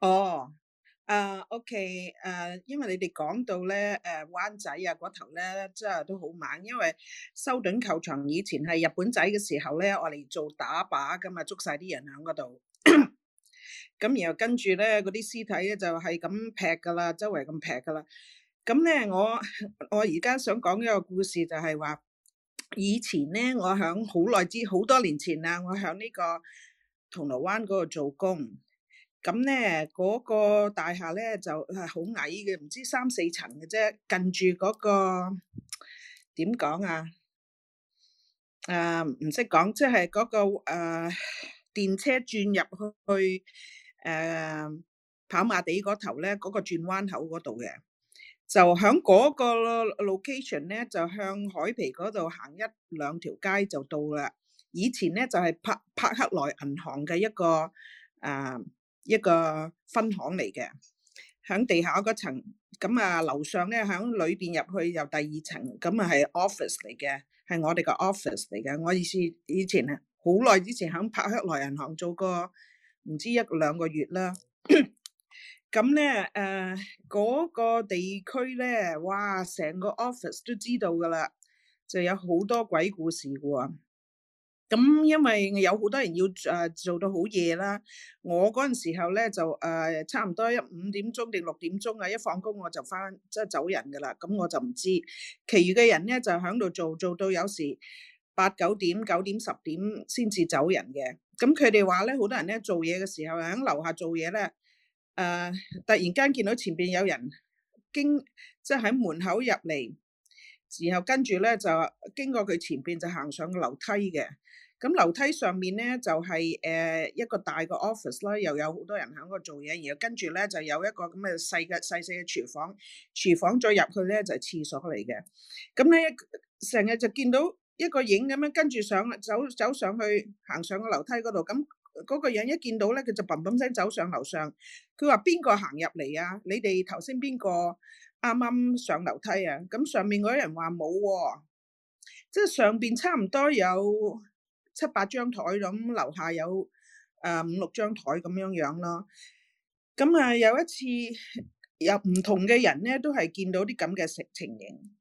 哦，誒、oh, uh,，OK，誒、uh,，因為你哋講到咧，誒、啊，灣仔啊嗰、那個、頭咧，即係都好猛，因為修頓球場以前係日本仔嘅時候咧，我嚟做打靶噶嘛，捉晒啲人喺嗰度，咁、 [coughs] 嗯、然後跟住咧，嗰啲屍體咧就係、是、咁劈噶啦，周圍咁劈噶啦，咁、嗯、咧我我而家想講一個故事就，就係話以前咧，我響好耐之好多年前啦，我響呢個銅鑼灣嗰度做工。咁咧，嗰個大廈咧就係好矮嘅，唔知三四層嘅啫。近住嗰、那個點講啊？誒、uh,，唔識講，即係嗰個誒電車轉入去誒、uh, 跑馬地嗰頭咧，嗰、那個轉彎口嗰度嘅，就響嗰個 location 咧，就向海皮嗰度行一兩條街就到啦。以前咧就係柏柏克萊銀行嘅一個誒。Uh, 一個分行嚟嘅，響地下嗰層，咁啊樓上咧響裏邊入去有第二層，咁啊係 office 嚟嘅，係我哋個 office 嚟嘅。我意思以前啊，好耐之前喺柏克萊銀行做過，唔知一兩個月啦。咁咧誒，嗰、 [coughs] 呃那個地區咧，哇，成個 office 都知道噶啦，就有好多鬼故事喎。咁、嗯、因為有好多人要誒、呃、做到好夜啦，我嗰陣時候咧就誒、呃、差唔多一五點鐘定六點鐘啊，一放工我就返即係走人嘅啦。咁、嗯、我就唔知，其餘嘅人咧就喺度做，做到有時八九點、九點、十點先至走人嘅。咁佢哋話咧，好多人咧做嘢嘅時候喺樓下做嘢咧，誒、呃、突然間見到前邊有人經即係喺門口入嚟。然後跟住咧就經過佢前邊，就行上個樓梯嘅。咁樓梯上面咧就係、是、誒一個大個 office 啦，又有好多人喺嗰度做嘢。然後跟住咧就有一個咁嘅細嘅細細嘅廚房，廚房再入去咧就係廁所嚟嘅。咁咧成日就見到一個影咁樣跟住上走走上去行上個樓梯嗰度，咁嗰個樣一見到咧佢就砰砰聲走上樓上，佢話邊個行入嚟啊？你哋頭先邊個？啱啱上樓梯啊，咁上面嗰啲人話冇、哦，即係上邊差唔多有七八張台咁，樓下有誒、呃、五六張台咁樣樣咯。咁啊，有一次有唔同嘅人咧，都係見到啲咁嘅情形。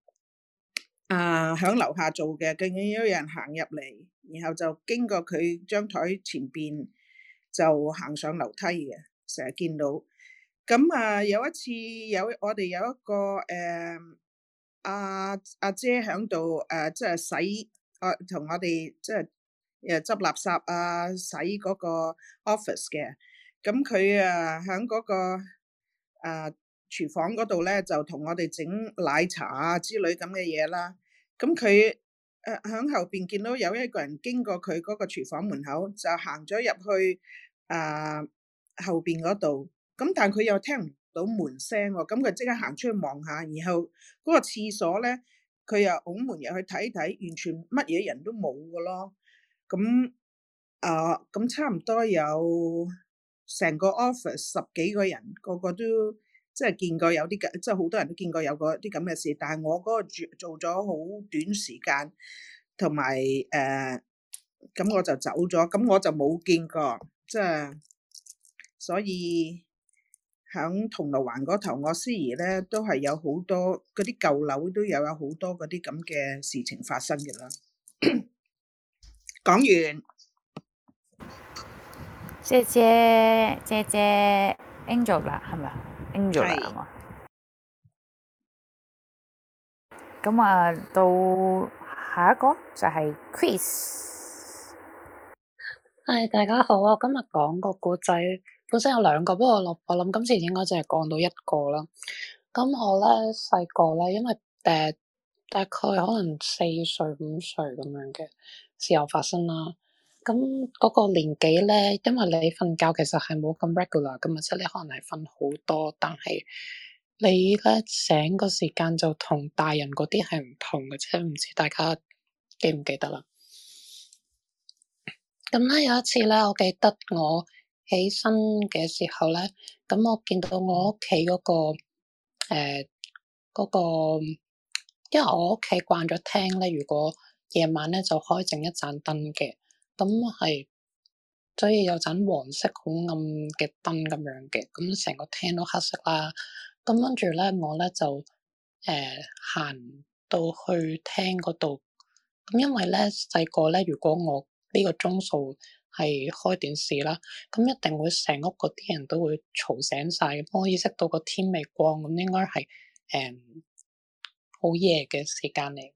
啊，響樓下做嘅，竟然有人行入嚟，然後就經過佢張台前邊就行上樓梯嘅，成日見到。咁啊，有一次有我哋有一個誒阿阿姐喺度誒，即、啊、係、係、洗、啊、我同我哋即係誒執垃圾啊、洗嗰個 office 嘅。咁佢啊喺嗰、嗰個啊廚房嗰度咧，就同我哋整奶茶啊之類咁嘅嘢啦。咁佢誒喺後邊見到有一個人經過佢嗰個廚房門口，就行咗入去啊後邊嗰度。咁但係佢又聽唔到門聲喎，咁佢即刻行出去望下，然後嗰個廁所咧，佢又拱門入去睇睇，完全乜嘢人都冇㗎囉。咁啊，咁、呃、差唔多有成個 office 十幾個人，個個都即係見過有啲即係好多人都見過有啲咁嘅事，但係我嗰個做咗好短時間，同埋誒，咁、呃、我就走咗，咁我就冇見過，即係所以。響銅鑼灣嗰頭，我師爺咧都係有好多嗰啲舊樓，都有都有好多嗰啲咁嘅事情發生嘅啦。講 [coughs] 完，謝謝謝謝 Angel 啦，係咪 Angel 啊？咁啊，到下一個就係、是、Chris。唉、哎，大家好，啊，我今日講個古仔。本身有兩個，不過我諗，我諗今次應該淨係降到一個啦。咁我咧細個咧，因為誒大概可能四歲五歲咁樣嘅時候發生啦。咁嗰個年紀咧，因為你瞓覺其實係冇咁 regular 㗎嘛，即係你可能係瞓好多，但係你咧醒個時間就同大人嗰啲係唔同嘅啫。唔知大家記唔記得啦。咁咧有一次咧，我記得我，起身嘅時候咧，咁我見到我屋企嗰個誒嗰、欸嗰個，因為我屋企慣咗廳咧，如果夜晚咧就開整一盞燈嘅，咁係所以有盞黃色好暗嘅燈咁樣嘅，咁成個廳都黑色啦。咁跟住咧，我咧就誒行、欸、到去廳嗰度，咁因為咧細個咧，如果我呢個鐘數。係開電視啦，咁一定會成屋嗰啲人都會嘈醒晒。咁我意識到個天未光，咁應該係誒好夜嘅時間嚟。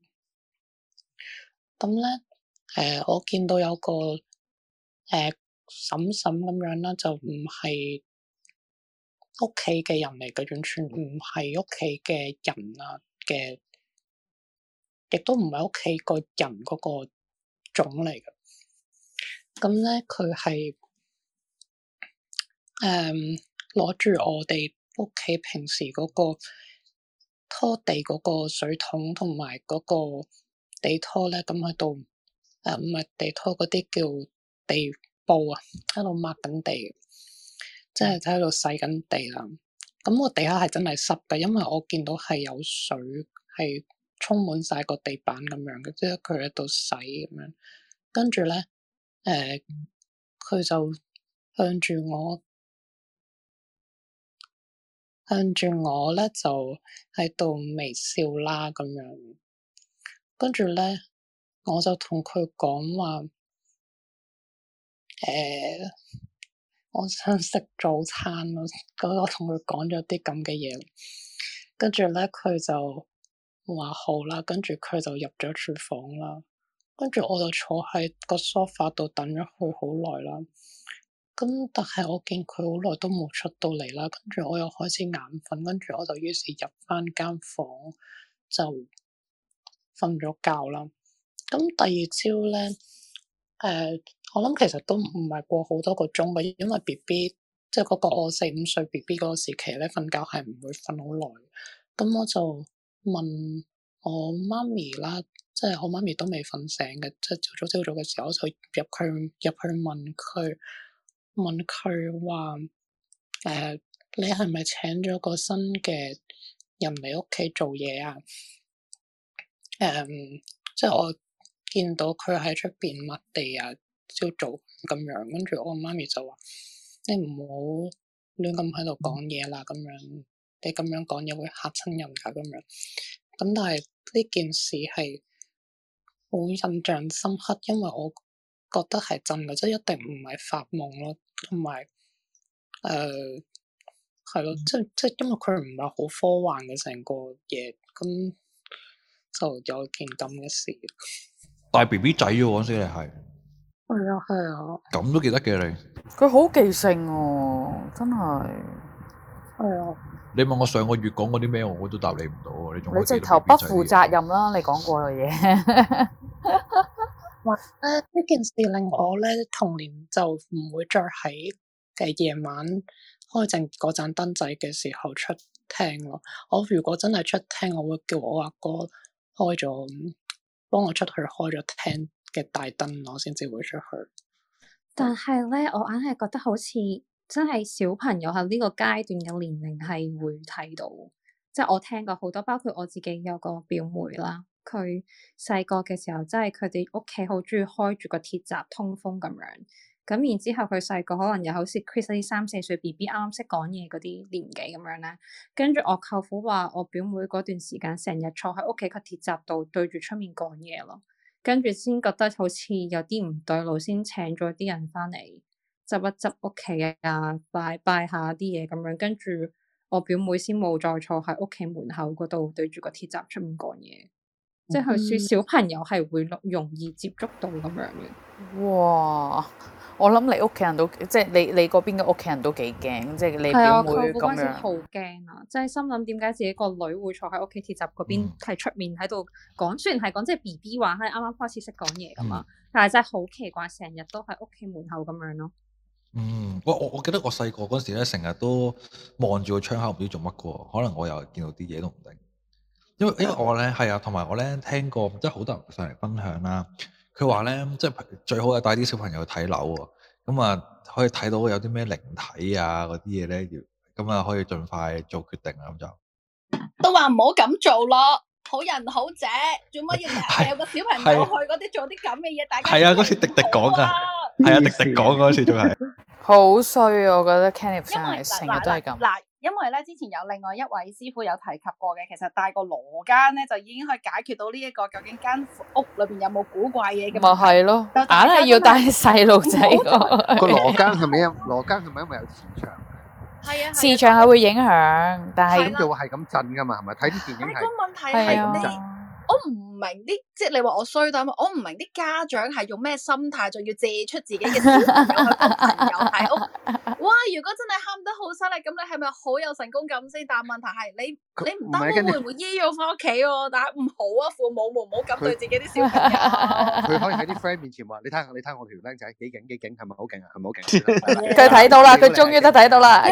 咁咧，誒、嗯、我見到有個誒嬸嬸咁樣啦，就唔係屋企嘅人嚟嘅，完全唔係屋企嘅人呀嘅，亦都唔係屋企個人嗰個種嚟嘅。咁咧，佢係誒攞住我哋屋企平時嗰個拖地嗰個水桶，同埋嗰個地拖咧，咁喺度誒唔係地拖，嗰啲叫地布啊，喺度抹緊地，即係喺度洗緊地啦。咁個地下係真係濕嘅，因為我見到係有水，係充滿晒個地板咁樣嘅，即係佢喺度洗咁樣，跟住咧。誒，佢、欸、就向住我，向住我咧就喺度微笑啦咁樣。跟住咧，我就同佢講話：，誒、欸，我想食早餐咯。咁我同佢講咗啲咁嘅嘢。跟住咧，佢就話好啦。跟住佢就，就入咗廚房啦。跟住我就坐喺個梳化度等咗佢好耐啦，咁但係我見佢好耐都冇出到嚟啦，跟住我又開始眼瞓，跟住我就於是入翻間房就瞓咗覺啦。咁第二朝咧，誒、呃，我諗其實都唔係過好多個鐘嘅，因為 B B 即係嗰個我四五歲 B B 嗰個時期咧，瞓覺係唔會瞓好耐，咁我就問。我媽咪啦，即係我媽咪都未瞓醒嘅，即係朝早朝早嘅時候，我就入去入去問佢問佢話：誒、呃，你係咪請咗個新嘅人嚟屋企做嘢啊？誒、嗯，即係我見到佢喺出邊抹地啊，朝早咁樣，跟住我媽咪就話：你唔好亂咁喺度講嘢啦，咁樣你咁樣講嘢會嚇親人㗎、啊，咁樣。咁但係。呢件事係好印象深刻，因為我覺得係真嘅，即係一定唔係發夢咯，同埋誒係咯，即係即係因為佢唔係好科幻嘅成個嘢，咁就有件咁嘅事。大 B B 仔咗嗰陣時係。係啊係啊。咁都記得嘅你。佢好記性哦，真係。係啊。你問我上個月講過啲咩，我都答你唔到啊！你仲你直頭不負責任啦！你講過嘅嘢，哇、 [laughs] 啊！呢件事令我咧，童年就唔會再喺嘅夜晚開正嗰盞燈仔嘅時候出廳咯。我如果真係出廳，我會叫我阿哥，哥開咗，幫我出去開咗廳嘅大燈，我先至會出去。但係咧，我硬係覺得好似。真係小朋友喺呢個階段嘅年齡係會睇到，即係我聽過好多，包括我自己有個表妹啦，佢細個嘅時候，真係佢哋屋企好中意開住個鐵閘通風咁樣，咁然之後佢細個可能又好似 Chris 啲三四歲 BB 啱識講嘢嗰啲年紀咁樣咧，跟住我舅父話我表妹嗰段時間成日坐喺屋企個鐵閘度對住出面講嘢咯，跟住先覺得好似有啲唔對路，先請咗啲人翻嚟。執一執屋企啊，拜拜下啲嘢咁樣，跟住我表妹先冇再坐喺屋企門口嗰度對住個鐵閘出面講嘢，即係佢說小朋友係會容易接觸到咁樣嘅、嗯。哇！我諗你屋企人都即係你你嗰邊嘅屋企人都幾驚，即係你表妹咁樣。好驚啊！即係心諗點解自己個女會坐喺屋企鐵閘嗰邊喺出面喺度講，雖然係講即係 B B 話係啱啱開始識講嘢噶嘛，嗎但係真係好奇怪，成日都喺屋企門口咁樣咯。嗯，我我我記得我細個嗰時咧，成日都望住個窗口唔知做乜嘅，可能我又見到啲嘢都唔定。因為因為我咧，係啊，同埋我咧聽過，即係好多人上嚟分享啦。佢話咧，即係最好係帶啲小朋友去睇樓，咁啊可以睇到有啲咩靈體啊嗰啲嘢咧，要咁啊可以盡快做決定啊咁就。都話唔好咁做咯，好人好姐，做乜要帶個小朋友去嗰啲，啊啊啊、做啲咁嘅嘢？大家係啊，嗰次迪迪講噶。 [laughs] 係啊，滴滴講嗰時仲係 [laughs] [laughs] 好衰，啊。我覺得，Kenny 成日都係咁，因為嗱嗱，因為咧之前有另外一位師傅有提及過嘅，其實帶個羅庚咧就已經可以解決到呢、這、一個究竟間屋裏邊有冇古怪嘢嘅。咪係咯，硬係要帶細路仔個個羅庚係咪啊？羅庚係咪因為有磁場？係啊，磁、啊啊、場係會影響，但係就係咁震噶嘛，係咪、啊？睇啲電影係咁震。啊我唔明啲，即係你話我衰得我唔明啲家長係用咩心態，仲要借出自己嘅小朋友去幫朋友喺屋。哇！如果真係喊得好犀利，咁你係咪好有成功感先？但係問題係你你唔打會唔會依樣翻屋企哦？但係唔好啊，父母唔好咁對自己啲小朋友。佢可以喺啲 friend 面前話：你睇下，你睇我條僆仔幾勁幾勁，係咪好勁啊？係咪好勁？佢睇到啦，佢終於都睇到啦，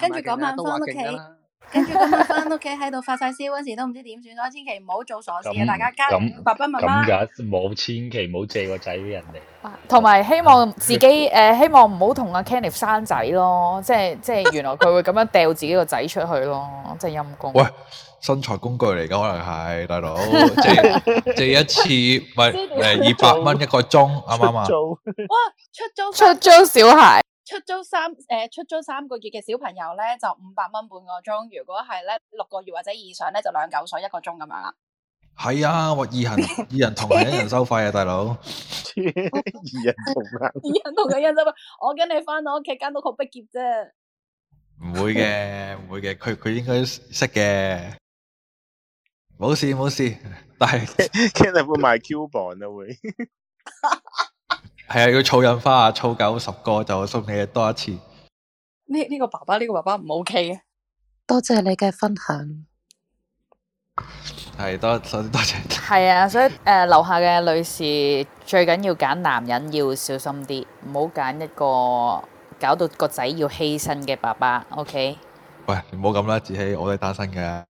跟住嗰晚翻屋企。跟住佢翻屋企喺度發晒燒嗰時都唔知點算，所以千祈唔好做傻事啊！大家，加爸爸媽媽，冇千祈唔好借個仔俾人哋。同埋希望自己誒，希望唔好同阿 Kenneth 生仔咯，即係即係原來佢會咁樣掉自己個仔出去咯，即係陰功。喂，身材工具嚟噶，可能係大佬借借一次，咪誒二百蚊一個鐘啱啱啊？哇，出租出租小孩。出租三誒、呃，出租三個月嘅小朋友咧就五百蚊半個鐘。如果係咧六個月或者以上咧就兩嚿水一個鐘咁樣啦。係啊，二人 [laughs] 二人同人一人收費啊，大佬。二人同二人同一人啫嘛。 [laughs] 我跟你翻到屋企，跟到好逼結啫。唔會嘅，唔會嘅，佢佢應該識嘅。冇事冇事、事，但係今日會賣 Q 磅啦會。係啊，要儲印花啊，儲夠十個就送你多一次。呢呢個爸爸呢個爸爸唔 OK 嘅，多謝你嘅分享。係多首先多謝。係啊，所以誒樓、呃、下嘅女士最緊要揀男人要小心啲，唔好揀一個搞到個仔要犧牲嘅爸爸。OK？喂，唔好咁啦，子希，我哋係單身嘅。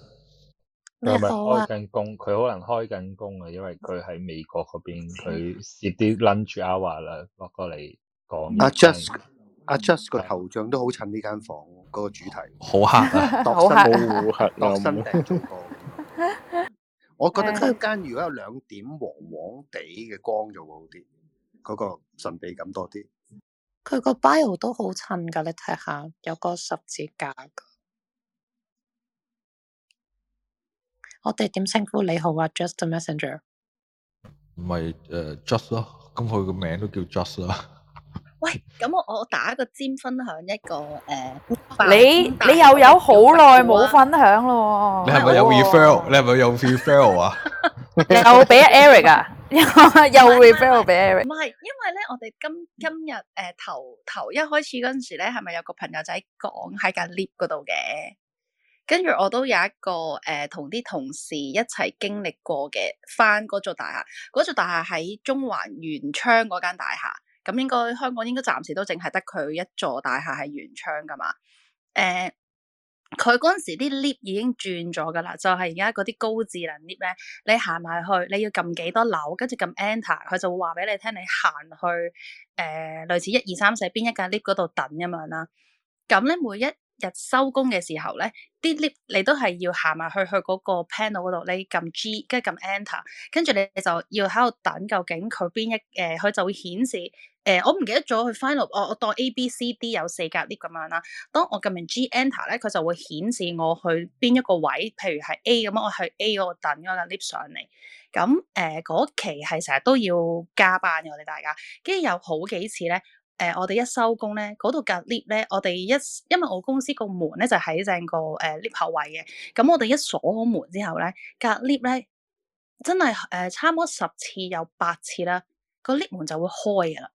唔係開緊工，佢可能開緊工啊，因為佢喺美國嗰邊，佢攝啲 lunch hour 啦，落過嚟講。阿 just 阿 just 個頭像都好襯呢間房嗰、嗰個主題，黑好黑啊，好黑啊。 [laughs] 我覺得佢間如果有兩點黃黃地嘅光就會好啲，嗰、嗰個神秘感多啲。佢個 bio 都好襯噶，你睇下有個十字架。我哋點稱呼你好啊？Just a messenger，唔係誒，Just 咯，咁佢個名都叫 Just 啦。喂，咁、嗯、我我打個尖分享一個誒，呃啊、你你又有好耐冇分享咯？你係咪有 referral？你係咪有 referral 啊？又俾 Eric 啊？ [laughs] 又 referral 俾 Eric？唔係，因為咧，我哋今今日誒頭頭一開始嗰陣時咧，係咪有個朋友仔講喺個 link 嗰度嘅？跟住我都有一個誒，同、呃、啲同事一齊經歷過嘅翻嗰座大廈，嗰座大廈喺中環圓窗嗰間大廈，咁應該香港應該暫時都淨係得佢一座大廈係圓窗噶嘛？誒、呃，佢嗰陣時啲 lift 已經轉咗噶啦，就係而家嗰啲高智能 lift 咧，你行埋去，你要撳幾多樓，跟住撳 Enter，佢就會話俾你聽你行去誒、呃、類似一二三四邊一間 lift 嗰度等咁樣啦。咁咧每一日收工嘅時候咧，啲 lift 你都係要行埋去去嗰個 panel 嗰度，你撳 G 跟住撳 Enter，跟住你就要喺度等究竟佢邊一誒，佢、呃、就會顯示誒、呃，我唔記得咗佢 final，我、哦、我當 A B C D 有四格 lift 咁樣啦。當我撳完 G Enter 咧，佢就會顯示我去邊一個位，譬如係 A 咁樣，我去 A 嗰度等嗰個 lift 上嚟。咁誒嗰期係成日都要加班嘅我哋大家，跟住有好幾次咧。誒、呃，我哋一收工咧，嗰度隔 lift 咧，我哋一因為我公司門呢、就係、個門咧就喺正個誒 lift 後位嘅，咁我哋一鎖好門之後咧，隔 lift 咧真係誒、呃、差唔多十次有八次啦，個 lift 門就會開嘅啦。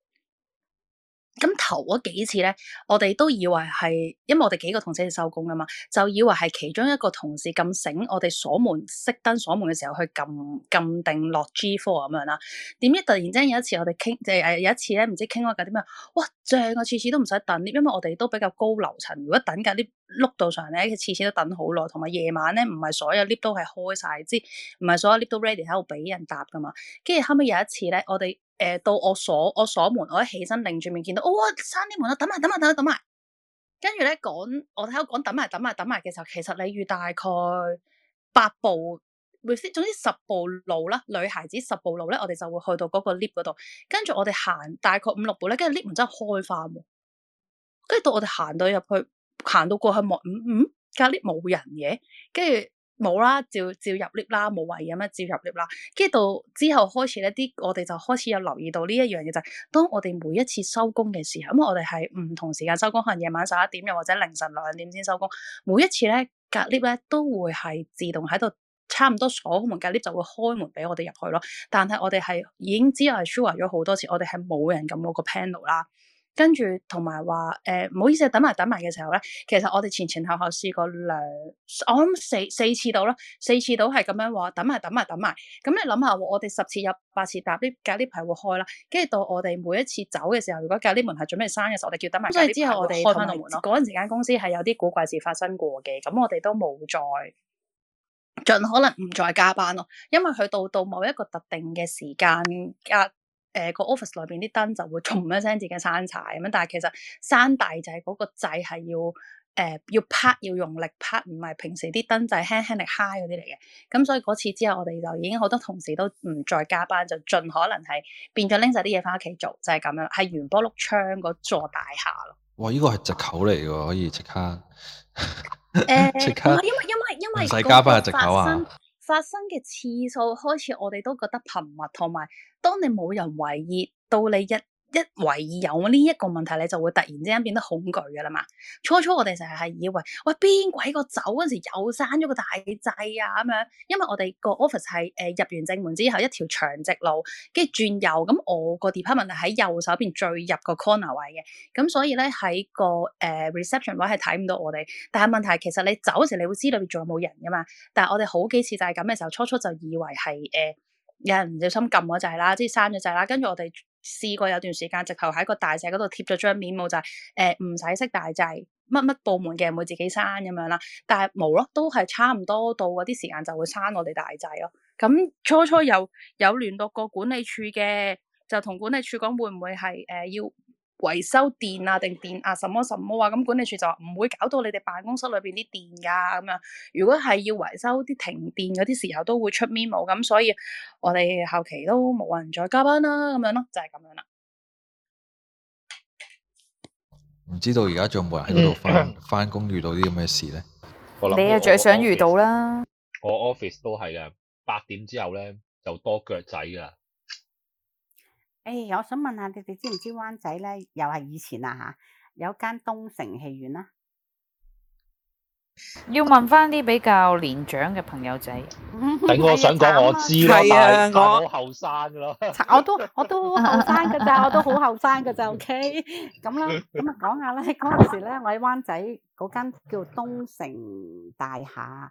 咁頭嗰幾次咧，我哋都以為係，因為我哋幾個同事係收工噶嘛，就以為係其中一個同事咁醒，我哋鎖門熄燈鎖門嘅時候去撳撳定落 G four 咁樣啦。點知突然間有一次我哋傾，即係、呃、有一次咧，唔知傾嗰個啲咩，哇正啊！次次都唔使等，因為我哋都比較高樓層，如果等緊啲碌到上咧，佢次次都等好耐。同埋夜晚咧，唔係所有 lift 都係開晒，即係唔係所有 lift 都 ready 喺度俾人搭噶嘛。跟住後尾有一次咧，我哋。誒、呃，到我鎖我鎖門，我一起身擰住面見到，哇、哦！閂啲門啦，等埋等埋等埋，跟住咧講，我喺度講等埋等埋等埋嘅時候，其實你預大概八步，總之十步路啦，女孩子十步路咧，我哋就會去到嗰個 lift 嗰度，跟住我哋行大概五六步咧，跟住 lift 門真係開翻，跟住到我哋行到入去，行到過去望，嗯嗯，隔 lift 冇人嘅，跟住。冇啦，照照入 lift 啦，冇懷疑咁樣照入 lift 啦。跟住到之後開始咧，啲我哋就開始有留意到呢一樣嘢，就係當我哋每一次收工嘅時候，咁我哋係唔同時間收工，可能夜晚十一點又，又或者凌晨兩兩點先收工。每一次咧，隔 lift 咧都會係自動喺度差唔多鎖門，隔 lift 就會開門俾我哋入去咯。但係我哋係已經知係 show 咗好多次，我哋係冇人撳嗰個 panel 啦。跟住同埋話，誒，唔好意思，等埋等埋嘅時候咧，其實我哋前前後後試過兩，我諗四四次到啦，四次到係咁樣話，等埋等埋等埋。咁你諗下，我哋十次入，八次搭，啲隔 lift 係會開啦。跟住到我哋每一次走嘅時候，如果隔 lift 門係準備閂嘅時候，我哋叫等埋，所以之後我哋開翻個門咯。嗰陣時間公司係有啲古怪事發生過嘅，咁我哋都冇再盡可能唔再加班咯，因為佢到到某一個特定嘅時間隔。啊誒個、呃、office 內邊啲燈就會重一聲自己山柴咁樣，但係其實山大就係嗰個掣係要誒、呃、要拍要用力拍，唔係平時啲燈就係、是、輕輕力嗨嗰啲嚟嘅。咁所以嗰次之後，我哋就已經好多同事都唔再加班，就盡可能係變咗拎晒啲嘢翻屋企做，就係、是、咁樣。係原波碌窗嗰座大廈咯。哇！依個係藉口嚟㗎，可以即刻誒 [laughs] 立即、呃， [laughs] 因為因為因為個藉口啊。發生嘅次數開始，我哋都覺得頻密，同埋當你冇人懷疑到你一。一唯有呢一個問題，你就會突然之間變得恐懼噶啦嘛。初初我哋成日係以為，喂，邊鬼個走嗰時又閂咗個大掣啊，咁樣。因為我哋個 office 係誒入完正門之後一條長直路，跟住轉右，咁我個 department 係喺右手邊最入個 corner 位嘅，咁所以咧喺、個誒、呃、reception 位係睇唔到我哋。但係問題，其實你走嗰時你會知道入面仲有冇人噶嘛。但係我哋好幾次就係咁嘅時候，初初就以為係誒、呃、有人唔小心撳咗掣啦，即係閂咗掣啦，跟住我哋。試過有段時間，直頭喺個大社嗰度貼咗張面冇，就係誒，唔使識大掣乜乜部門嘅唔會自己刪咁樣啦，但係冇咯，都係差唔多到嗰啲時間就會刪我哋大掣咯。咁初初有有聯絡過管理處嘅，就同管理處講會唔會係誒、呃、要。維修電啊定電啊什麼什麼啊，咁管理處就唔會搞到你哋辦公室裏邊啲電噶、啊、咁樣。如果係要維修啲停電嗰啲時候都會出面 e m 咁，所以我哋後期都冇人再加班啦咁樣咯，就係、是、咁樣啦。唔知道而家仲有冇人喺嗰度翻翻工、嗯、遇到啲咁嘅事咧？我我你啊，最想遇到啦！我 office 都係啊，八點之後咧就多腳仔噶。誒，我想問下你哋知唔知灣仔咧，又係以前啊吓，有間東城戲院啦。要問翻啲比較年長嘅朋友仔。等我想講，我知啦，但係我好後生咯。我都我都後生噶咋，我都好後生噶咋，OK。咁啦，咁啊講下啦，嗰陣時咧，我喺灣仔嗰間叫東城大廈。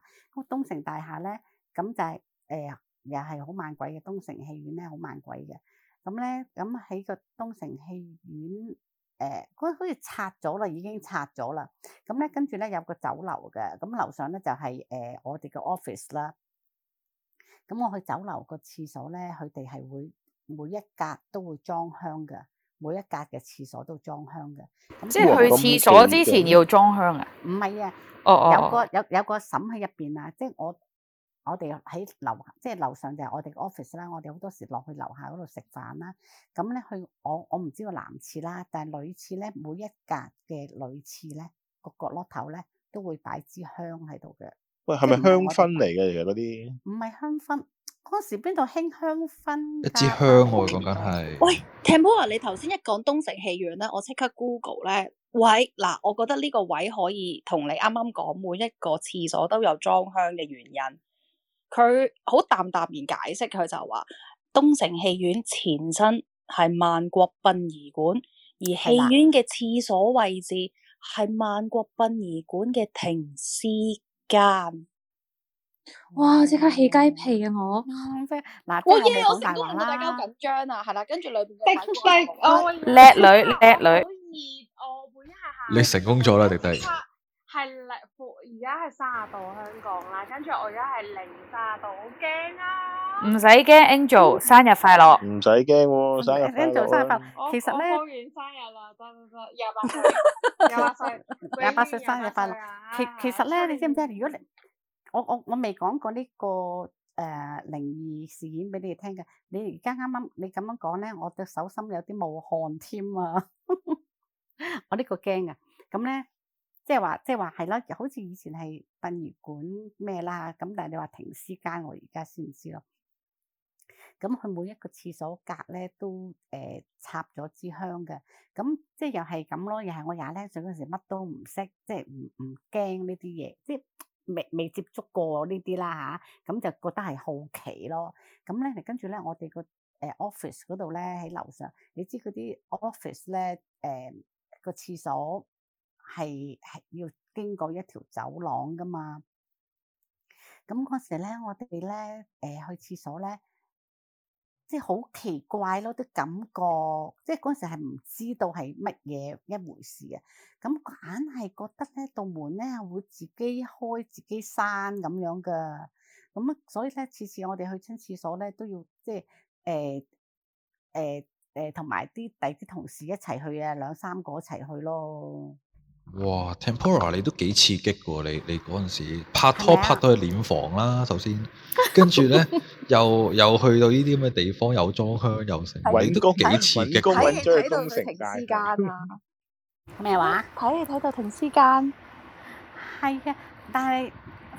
東城大廈咧，咁就係誒，又係好猛鬼嘅東城戲院咧，好猛鬼嘅。咁咧，咁喺個東城戲院，誒，佢好似拆咗啦，已經拆咗啦。咁咧，跟住咧有個酒樓嘅，咁樓上咧就係誒我哋嘅 office 啦。咁我去酒樓個廁所咧，佢哋係會每一格都會裝香嘅，每一格嘅廁所都裝香嘅。咁即係去廁所之前要裝香啊？唔係啊，有個有有個嬸喺入邊啊，即係我。我哋喺樓即係、就是、樓上就係我哋 office 啦，我哋好多時落去樓下嗰度食飯啦。咁咧，去我我唔知個男廁啦，但係女廁咧，每一格嘅女廁咧，個角落頭咧都會擺支香喺度嘅。喂，係咪香薰嚟嘅？其實嗰啲唔係香薰，嗰時邊度興香薰？一支香我講緊係。喂，Temple 啊，你頭先一講東城戲院咧，我即刻 Google 咧，喂，嗱，我覺得呢個位可以同你啱啱講每一個廁所都有裝香嘅原因。佢好淡淡然解釋，佢就話：東城戲院前身係萬國殯儀館，而戲院嘅廁所位置係萬國殯儀館嘅停屍間。吧哇！即刻起雞皮哇啊！我即係嗱，yeah, 我嘢我成功啦！大家好緊張啊，係啦，跟住裏邊嘅弟弟叻女叻女，你成功咗啦，弟弟是。係叻。而家係卅度香港啦，跟住我而家係零卅度，好驚啊！唔使驚，Angel 生日快樂！唔使驚，生日、啊、，Angel 生日快樂。我其實咧生日啦，得廿八，廿八歲，廿八歲生日快樂。其、 [laughs] 啊、其實咧，你知唔知如果你，我我我未講過呢個誒靈異事件俾你哋聽嘅，你而家啱啱你咁樣講咧，我隻手心有啲冒汗添 [laughs] 啊！我呢個驚啊，咁咧。即係話，即係話係咯，好似以前係殯儀館咩啦，咁但係你話停屍間，我而家先知咯。咁佢每一個廁所隔咧都誒、呃、插咗支香嘅，咁即係又係咁咯，又係我廿零歲嗰陣時乜都唔識，即係唔唔驚呢啲嘢，即係未未接觸過呢啲啦嚇，咁、啊啊嗯、就覺得係好奇咯。咁咧，跟住咧，我哋個誒 office 嗰度咧喺樓上，你知嗰啲 office 咧誒、呃嗰個廁所。係係要經過一條走廊噶嘛？咁嗰時咧，我哋咧，誒、呃、去廁所咧，即係好奇怪咯啲感覺，即係嗰時係唔知道係乜嘢一回事嘅。咁硬係覺得呢道門咧會自己開自己閂咁樣噶。咁啊，所以咧，次次我哋去親廁所咧，都要即係誒誒誒，同埋啲第啲同事一齊去啊，兩三個一齊去咯。哇 Tempora 你都幾刺激噶喎！你你嗰陣時拍拖是是拍到去殮房啦，首先，跟住咧 [laughs] 又又去到呢啲咁嘅地方，又裝香又成，的你都講幾刺激，公允將去停屍間啊？咩話？睇嚟睇到停屍間，係嘅，但係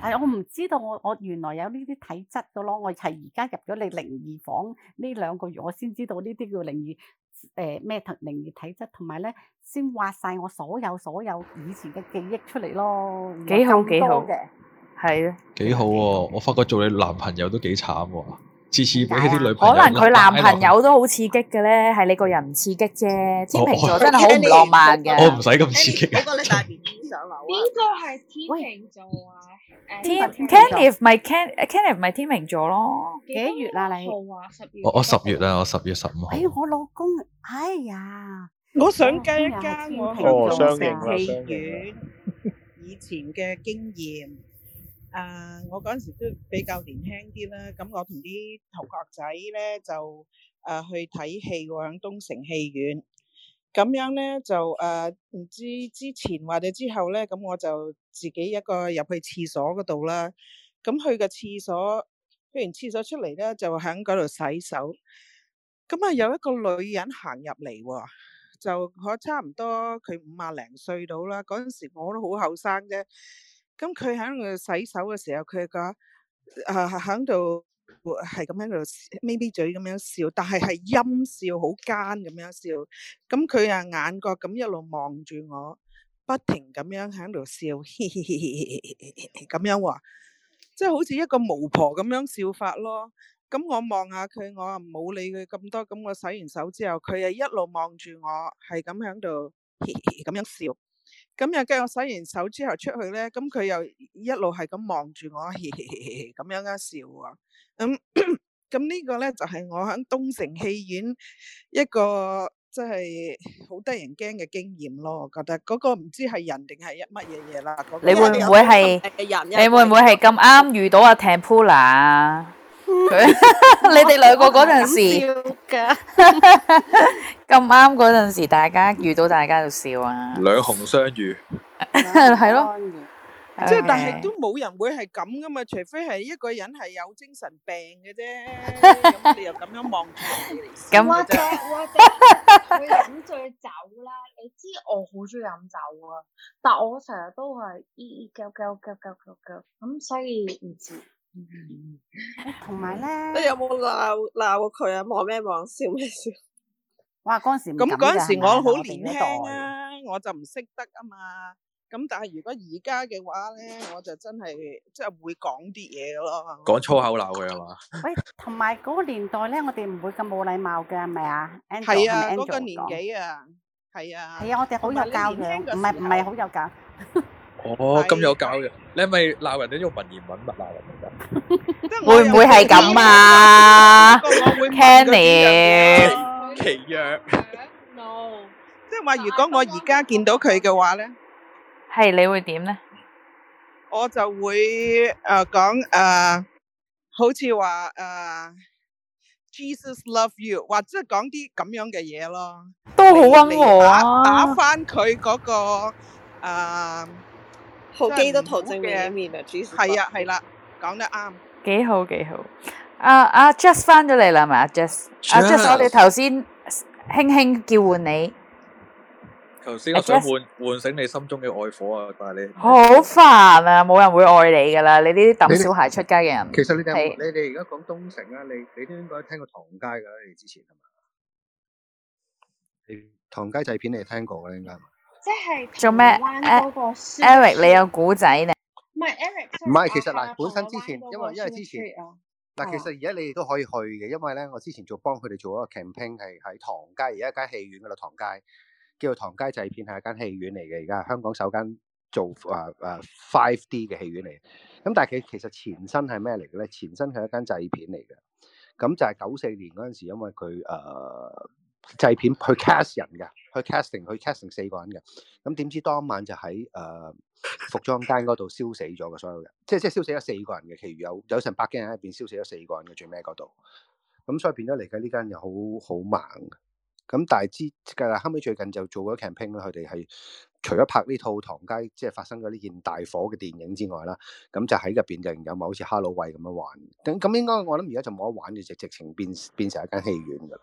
係我唔知道我，我我原來有呢啲體質噶咯，我係而家入咗你靈異房呢兩個月，我先知道呢啲叫靈異。誒，咩特定嘅體質，同埋咧，先挖晒我所有所有以前嘅記憶出嚟咯。幾，幾好幾好嘅，係啊，幾好喎！我發覺做你男朋友都幾慘喎、啊。次次俾啲女朋友，可能佢男朋友都好刺激嘅咧，係你個人唔刺激啫。天秤座真係好浪漫嘅，我唔使咁刺激。呢個係天秤座啊！誒，Kenny 咪 Kenny 唔咪天秤座咯？幾多月啦你？十我我十月啊，我十月十五號。哎我老公，哎呀，我想計一間我相敬嘅戲院，以前嘅經驗。啊！Uh, 我嗰陣時都比較年輕啲啦，咁我同啲同學仔咧就啊去睇戲喎，響東城戲院。咁樣咧就啊，唔知之前或者之後咧，咁我就自己一個入去廁所嗰度啦。咁去個廁所，去完廁所出嚟，咧就響嗰度洗手。咁啊，有一個女人行入嚟喎，就我差唔多佢五啊零歲到啦。嗰陣時我都好後生啫。咁佢喺度洗手嘅時候，佢個啊喺度係咁喺度咪咪嘴咁樣笑，但係係陰笑，好奸咁樣笑。咁佢啊眼角咁一路望住我，不停咁樣喺度笑，嘻嘻嘻嘻，咁樣話，即係好似一個巫婆咁樣笑法咯。咁我望下佢，我啊冇理佢咁多。咁我洗完手之後，佢啊一路望住我，係咁喺度嘻嘻咁樣笑。咁又跟，我洗完手之後出去咧，咁佢又一路係咁望住我，嘻嘻嘻，咁樣一笑喎。咁、嗯、咁、嗯這個、呢個咧就係、是、我喺東城戲院一個即係好得人驚嘅經驗咯。我覺得嗰個唔知係人定係一乜嘢嘢啦。你會唔會係？人你會唔會係咁啱遇到阿 Tempura？佢，你哋兩個嗰陣時，笑噶咁啱嗰陣時，大家遇到大家就笑啊，兩雄相遇係咯，即係但係都冇人會係咁噶嘛，除非係一個人係有精神病嘅啫，咁你又咁樣望住我哋笑。咁我我我飲醉酒啦，你知我好中意飲酒啊，但係我成日都係依依膠膠膠膠膠膠，咁所以唔知。同埋咧，嗯、有呢你有冇鬧鬧過佢啊？望咩望，笑咩笑？哇！嗰時咁嗰時我好年輕啊，我，我就唔識得啊嘛。咁但係如果而家嘅話咧，我就真係即係會講啲嘢咯。講粗口鬧佢啊嘛？喂，同埋嗰個年代咧，我哋唔會咁冇禮貌嘅係咪啊？係啊，嗰個年紀啊，係啊說，係啊，我哋好有教養，唔係唔係好有教。 [laughs] 哦，咁、oh, 有搞嘅，你係咪鬧人？你用文言文咪鬧人？ [laughs] 人啊、 [laughs] 會唔會係咁啊？Canny，奇若，No，即係話如果我而家見到佢嘅話咧，係 [laughs] 你會點咧？我就會誒講誒，好似話誒 Jesus love you，或者係講啲咁樣嘅嘢咯，都好温和啊！打翻佢嗰個誒。呃套機都套正面面啊！主係啊，係啦，講得啱，幾好幾好。阿阿 Just 翻咗嚟啦，uh,，係咪 Just，Just，我哋頭先輕輕叫喚你，頭先我想喚喚，uh, Just，喚醒你心中嘅愛火啊！但係你好煩啊，冇人會愛你噶啦！你呢啲膽小孩出街嘅人你是，其實你哋是你哋而家講東城啊，你你都應該聽過唐家噶，你之前係咪？唐家製片你聽過嘅應該。即係做咩、啊？Eric，你有古仔咧？唔係 Eric，唔係，其實嗱，啊、本身之前因為因為之前嗱，啊、其實而家你都可以去嘅，因為咧，我之前做幫佢哋做一個 campaign，係喺唐街，而家間戲院嗰度，唐街叫做唐街製片，係一間戲院嚟嘅。而家香港首間做誒誒 Five D 嘅戲院嚟，咁但係佢其實前身係咩嚟嘅咧？前身係一間製片嚟嘅，咁就係九四年嗰陣時，因為佢誒製片去 cast 人嘅。去 casting，去 casting 四個人嘅，咁點知當晚就喺誒、呃、服裝間嗰度燒死咗嘅所有人，即係即係燒死咗四個人嘅，其餘有有成百幾人喺入邊燒死咗四個人嘅，最尾嗰度，咁所以變咗嚟緊呢間又好好猛，咁但係知嘅啦，後尾最近就做咗 camping 啦，佢哋係除咗拍呢套唐街即係發生咗呢件大火嘅電影之外啦，咁就喺入邊就有冇好似哈囉喂咁樣玩，咁咁應該我諗而家就冇得玩嘅，直情變變成一間戲院㗎啦。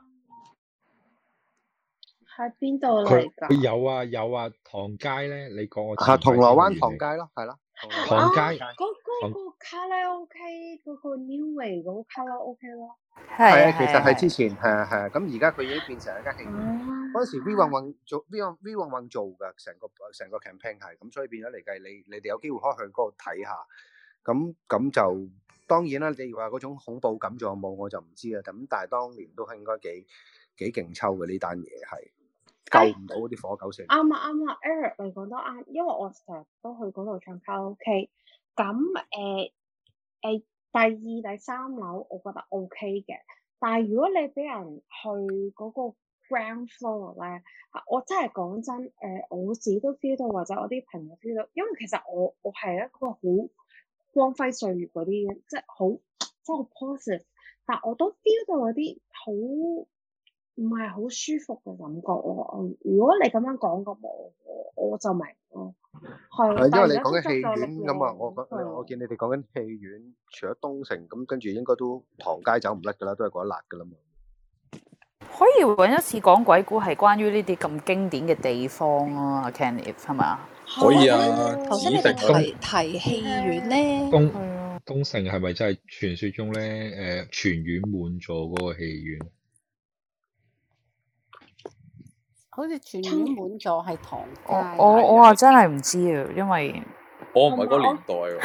喺邊度嚟？佢有啊有啊，唐街咧，你講我知。吓，銅鑼灣唐街咯，係咯，唐街。嗰嗰個卡拉 OK，嗰個 New Way 嘅卡拉 OK 咯。係係啊，其實係之前係啊係啊，咁而家佢已經變成一間企業。嗰時 V 運運做 V V 運運做嘅成個成個 campaign 係，咁所以變咗嚟計，你你哋有機會可以去嗰度睇下。咁咁就當然啦，你話嗰種恐怖感仲有冇？我就唔知啦。咁但係當年都係應該幾幾勁抽嘅呢單嘢係。救唔到嗰啲火狗蛇。啱啊啱啊，Eric 你講得啱，因為我成日都去嗰度唱卡拉 OK。咁誒誒，第二第三樓我覺得 OK 嘅，但係如果你俾人去嗰個 ground floor 咧，我真係講真，誒、呃、我自己都 feel 到，或者我啲朋友 feel 到，因為其實我我係一個好光輝歲月嗰啲，即係好即係好 positive，但係我都 feel 到有啲好。唔係好舒服嘅感覺，我、嗯、如果你咁樣講咁，我我就明咯。係，係因為你講緊戲院咁啊，我的我見你哋講緊戲院，除咗東城咁，跟住應該都唐街走唔甩噶啦，都係嗰一笪噶啦嘛。可以揾一次講鬼故係關於呢啲咁經典嘅地方咯、啊，Kenny 係嘛？可以啊。頭先你哋提提戲院咧，東東城係咪真係傳說中咧？誒、呃，全院滿座嗰個戲院？好似全院滿座係唐街，我我話真係唔知啊，因為我唔係嗰年代喎。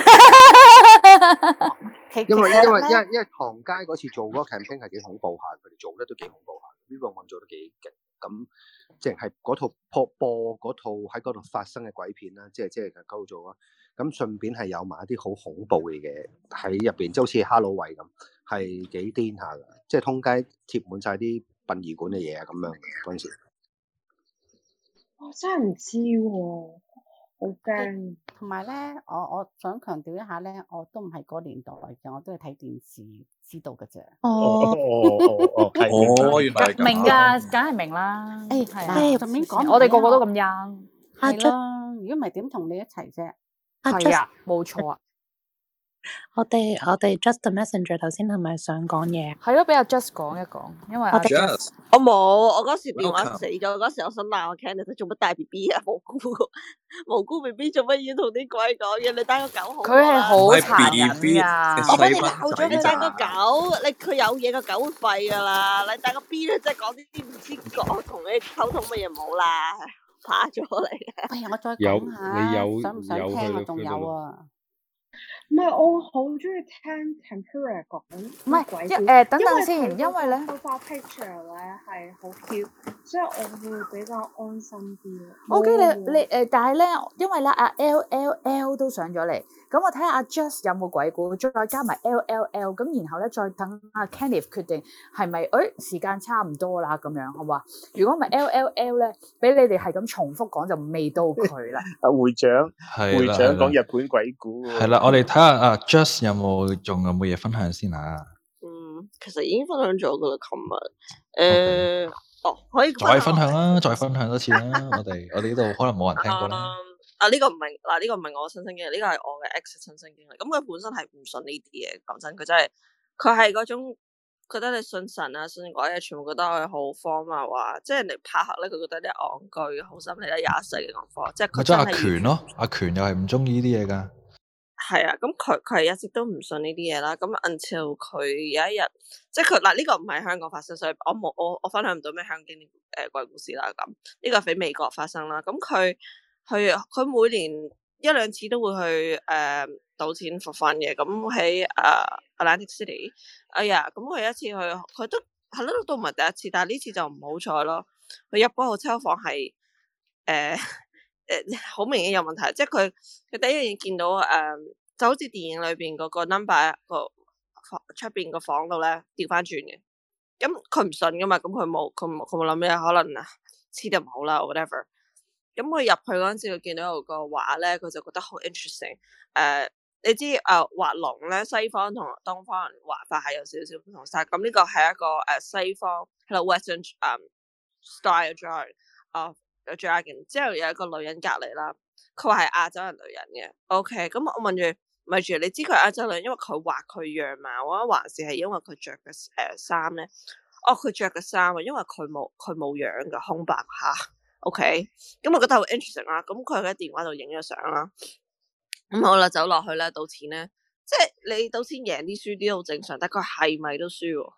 因為因為因為因為唐街嗰次做嗰個 campaign 係幾恐怖下，佢哋做得都幾恐怖下，呢個運做得幾勁。咁即係嗰套播播嗰套喺嗰度發生嘅鬼片啦，即係即係喺嗰度做啊。咁順便係有埋一啲好恐怖嘅嘢喺入邊，即好似哈囉喂咁，係幾癲下㗎，即係通街貼滿晒啲殯儀館嘅嘢啊咁樣嗰陣我真係唔知喎，哦，好驚。同埋咧，我我想強調一下咧，我都唔係嗰年代嚟嘅，我都係睇電視知道嘅啫。哦哦哦哦，哦，哦 [laughs] 哦，原來係咁。明噶，梗係明、啊、啦。誒，係啊，順便講，我哋個個都咁樣。阿卓，如果唔係點同你一齊啫？係啊，冇錯、啊。 [laughs] 我哋我哋 just the messenger 頭先係咪想講嘢？係咯，畀阿 just 講一講。因為我 just 我冇，我嗰時電話死咗，嗰時我想鬧我 candice 做乜帶 B B 啊？無辜無辜 B B 做乜要同啲鬼講嘢！你帶個狗好、啊，佢係好殘忍我噶。你鬧咗你帶個狗，你佢有嘢個狗吠噶啦。你帶個 B 咧，即係講呢啲唔知講同你溝通乜嘢冇啦，怕咗你、啊。哎呀，我再講下，你有！想唔想聽啊？仲有啊？唔係，我好中意聽 Kanpure 講唔係鬼誒，等等先，因為咧，個畫 picture 咧係好 Q，所以我會比較安心啲。O K，你你誒，但係咧，因為咧，阿 L L L 都上咗嚟，咁我睇下阿 Just 有冇鬼故，再加埋 L L L，咁然後咧再等阿 Kenneth 決定係咪誒時間差唔多啦咁樣，好話？如果唔係 L L L 咧，俾你哋係咁重複講就未到佢啦。阿會長，會長講日本鬼故。係啦，我哋睇。啊啊，Just 有冇仲有冇嘢分享先啊？嗯，其實已經分享咗噶啦，琴日，誒，哦，可以再可以分享啦，再分享多次啦，我哋我哋呢度可能冇人聽過啦。啊，呢個唔係嗱，呢個唔係我親身經歷，呢個係我嘅 ex 親身經歷。咁佢本身係唔信呢啲嘢，講真，佢真係佢係嗰種，覺得你信神啊，信鬼啊，全部覺得係好荒謬啊，即係你拍客咧，佢覺得啲戇居，好心利啦，廿一歲嘅戇居，即係佢真係。阿權咯，阿權又係唔中意呢啲嘢噶。係啊，咁佢佢係一直都唔信呢啲嘢啦。咁 until 佢有一日，即係佢嗱，呢個唔係香港發生，所以我冇我我分享唔到咩香港誒鬼，呃、故事啦。咁呢、這個喺美國發生啦。咁佢去佢每年一兩次都會去誒，呃、賭錢 for fun 嘅。咁喺啊 Atlantic City，哎呀，咁佢有一次去，佢都係咯，都唔係第一次，但係呢次就唔好彩咯。佢入嗰個車房係誒。呃誒好、uh, 明顯有問題，即係佢佢第一樣嘢見到誒，uh, 就好似電影裏邊嗰個 number 個房出邊個房度咧調翻轉嘅，咁佢唔信噶嘛，咁佢冇佢冇佢冇諗咩可能啊，黐得唔好啦，whatever。咁佢入去嗰陣時，佢見到有個畫咧，佢就覺得好 interesting、uh,。誒，你知誒、uh, 畫龍咧，西方同東方人畫法係有少少唔同晒。咁呢個係一個誒、uh, 西方嘅 western、um, style 嘅啊。我最啱嘅，之後有一個女人隔籬啦，佢話係亞洲人女人嘅，OK，咁我問住，咪住你知佢係亞洲女人？因為佢話佢樣貌，啊，者還是係因為佢着嘅誒衫咧？哦，佢着嘅衫，啊，因為佢冇佢冇樣嘅空白吓，OK，咁我覺得好 interesting 啦、啊，咁佢喺電話度影咗相啦，咁、嗯、好啦，走落去咧賭錢咧，即係你賭錢贏啲輸啲好正常，但係佢係咪都輸、啊？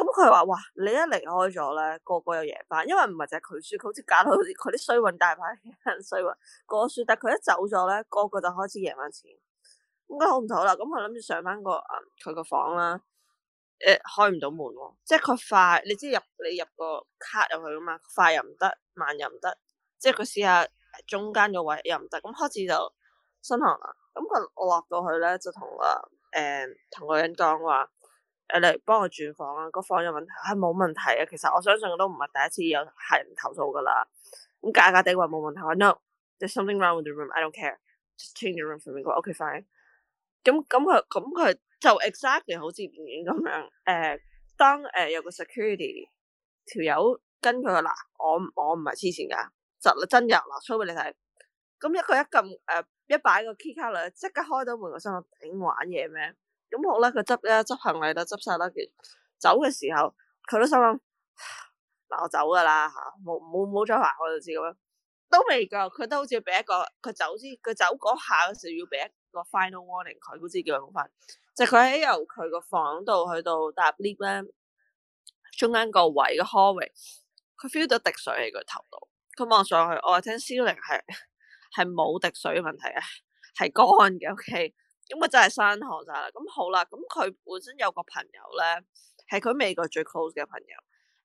咁佢話：哇！你一離開咗咧，個個又贏翻，因為唔係淨係佢輸，佢好似搞到好似佢啲衰運大牌嘅衰運個輸，但佢一走咗咧，個個就開始贏翻錢。咁好唔妥啦，咁我諗住上翻個佢個、呃、房啦，誒、呃、開唔到門喎，即係佢快，你知入你入個卡入去啊嘛，快又唔得，慢又唔得，即係佢試下中間個位又唔得，咁開始就新行啦。咁佢我落到去咧，就同啊誒同個人講話。誒你幫我轉房啊！個房有問題，係、啊、冇問題啊！其實我相信都唔係第一次有客人投訴噶啦。咁假假哋話冇問題，no，there's something wrong with the room. I don't care. Just change the room for me.、Okay, fine actly, 好，OK，fine。咁咁佢咁佢就 exactly 好似電影咁樣誒，當誒、呃、有個 security 條友跟佢話嗱，我我唔係黐線㗎，實真㗎，嗱，出畀你睇。咁一佢一撳誒、呃，一擺個 key card 即刻開到門，我心諗，我頂玩嘢咩？咁好啦，佢執咧執行李啦，執曬啦。走嘅時候，佢都心諗嗱，我走㗎啦嚇，冇冇冇再話我就知咁樣，都未夠。佢都好似要俾一個，佢走先，佢走嗰下嘅時候要俾一個 final warning 佢，唔知叫佢講翻。就佢喺由佢個房度去到搭 lift 咧，中間個位嘅 hallway，佢 feel 到滴水喺佢頭度，佢望上去，我聽 ceiling 係係冇滴水問題啊，係乾嘅 OK。咁咪真係生寒咋？咁好啦，咁佢本身有個朋友咧，係佢美國最 close 嘅朋友，誒、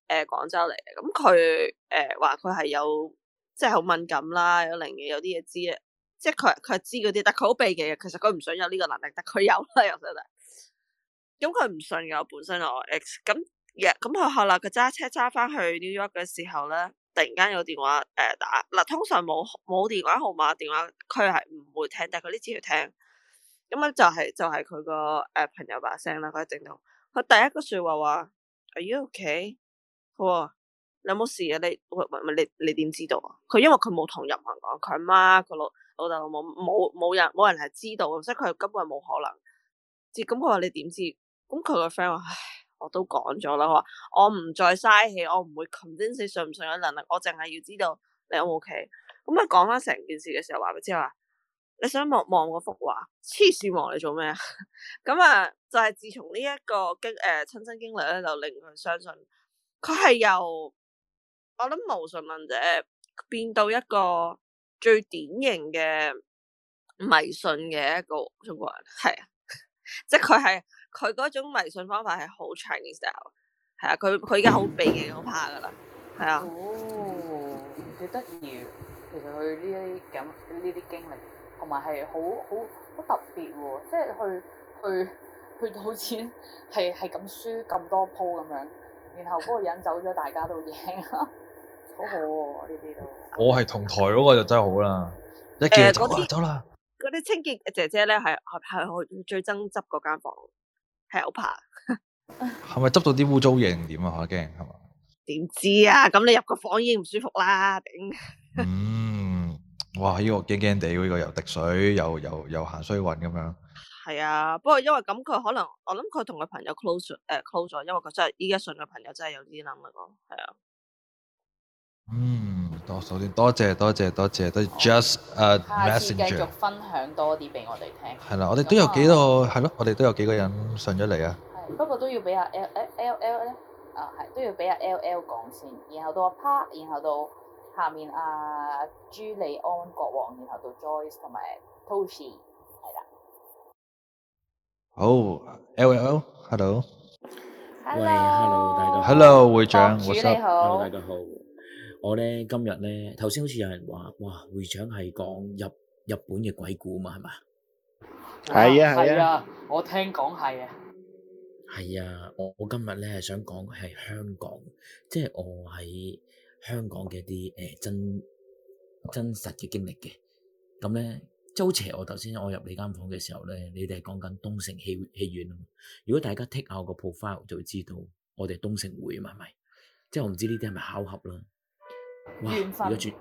呃、廣州嚟嘅。咁佢誒話佢係有即係好敏感啦，有靈嘢，有啲嘢知啊，即係佢佢係知嗰啲，但佢好避忌嘅。其實佢唔想有呢個能力，但佢有啦，又 [laughs] 得。 [laughs] 咁佢唔信㗎本身我 ex。咁咁佢後嚟佢揸車揸翻去 New York 嘅時候咧，突然間有電話誒、呃、打。嗱，通常冇冇電話號碼電話，佢係唔會聽，但係佢呢次要聽。咁咧就係、是、就係佢個誒朋友把聲啦，佢、那、喺、個、正度。佢第一個説話話：Are you okay？好啊，你有冇事啊？你喂，喂，你你點知道啊？佢因為佢冇同任何人講，佢阿媽、佢老老豆、老母冇冇人冇人係知道，知道即係佢根本冇可能、嗯、知。咁佢話你點知？咁佢個 friend 話：唉，我都講咗啦，我唔再嘥氣，我唔會 convince 上唔上嘅能力，我淨係要知道你有冇 ok。咁佢講翻成件事嘅時候話俾之後啊。你想望望嗰幅畫？黐線望嚟做咩？咁啊、 [laughs] 嗯，就係、是、自從呢一個經誒親、呃、身經歷咧，就令佢相信佢係由我諗無神論者變到一個最典型嘅迷信嘅一個中國人，係啊， [laughs] 即係佢係佢嗰種迷信方法係好 Chinese style，係啊，佢佢而家好避忌好怕 part 噶啦，係啊，哦，佢得意，其實佢呢啲咁呢啲經歷。同埋係好好好特別喎，即係去去去賭錢係係咁輸咁多鋪咁樣，然後嗰個人走咗，大家都贏， [laughs] 好好喎，呢啲都。我係同台嗰個就真係好啦，一見就走啦。嗰啲清潔姐姐咧係係係最憎執嗰間房，係好怕，a 係咪執到啲污糟嘢定點啊？我驚係嘛？點知啊？咁你入個房已經唔舒服啦，頂。嗯 [laughs] 哇！呢個驚驚地，呢個又滴水，又又又行衰運咁樣。係啊，不過因為咁，佢可能我諗佢同佢朋友 close 誒 close 咗，因為佢真係依家信嘅朋友真係有啲諗嘅喎，係啊。嗯，多數先，多謝多謝多謝，都 just 誒 message 繼續分享多啲俾我哋聽。係啦，我哋都有幾個係咯？我哋都有幾個人上咗嚟啊。不過都要俾阿 L 誒 L L 誒啊，係都要俾阿 L L 講先，然後到阿 Part，然後到。下面啊，朱利安國王，然後到 Joyce 同埋 Toshi，係啦。好，Hello，Hello，喂，Hello，大家，Hello 會長，我收，Hello 大家好。我咧今日咧頭先好似有人話，哇，會長係講日日本嘅鬼故啊嘛，係嘛？係啊係啊，我聽講係啊。係啊，我我今日咧係想講係香港，即係我喺。香港嘅啲誒真真實嘅經歷嘅，咁咧周邪。我頭先我入你間房嘅時候咧，你哋係講緊東城戲戲院咯。如果大家剔下我個 profile 就會知道我哋東城會啊，係咪？即係我唔知呢啲係咪巧合啦。哇！如果分轉，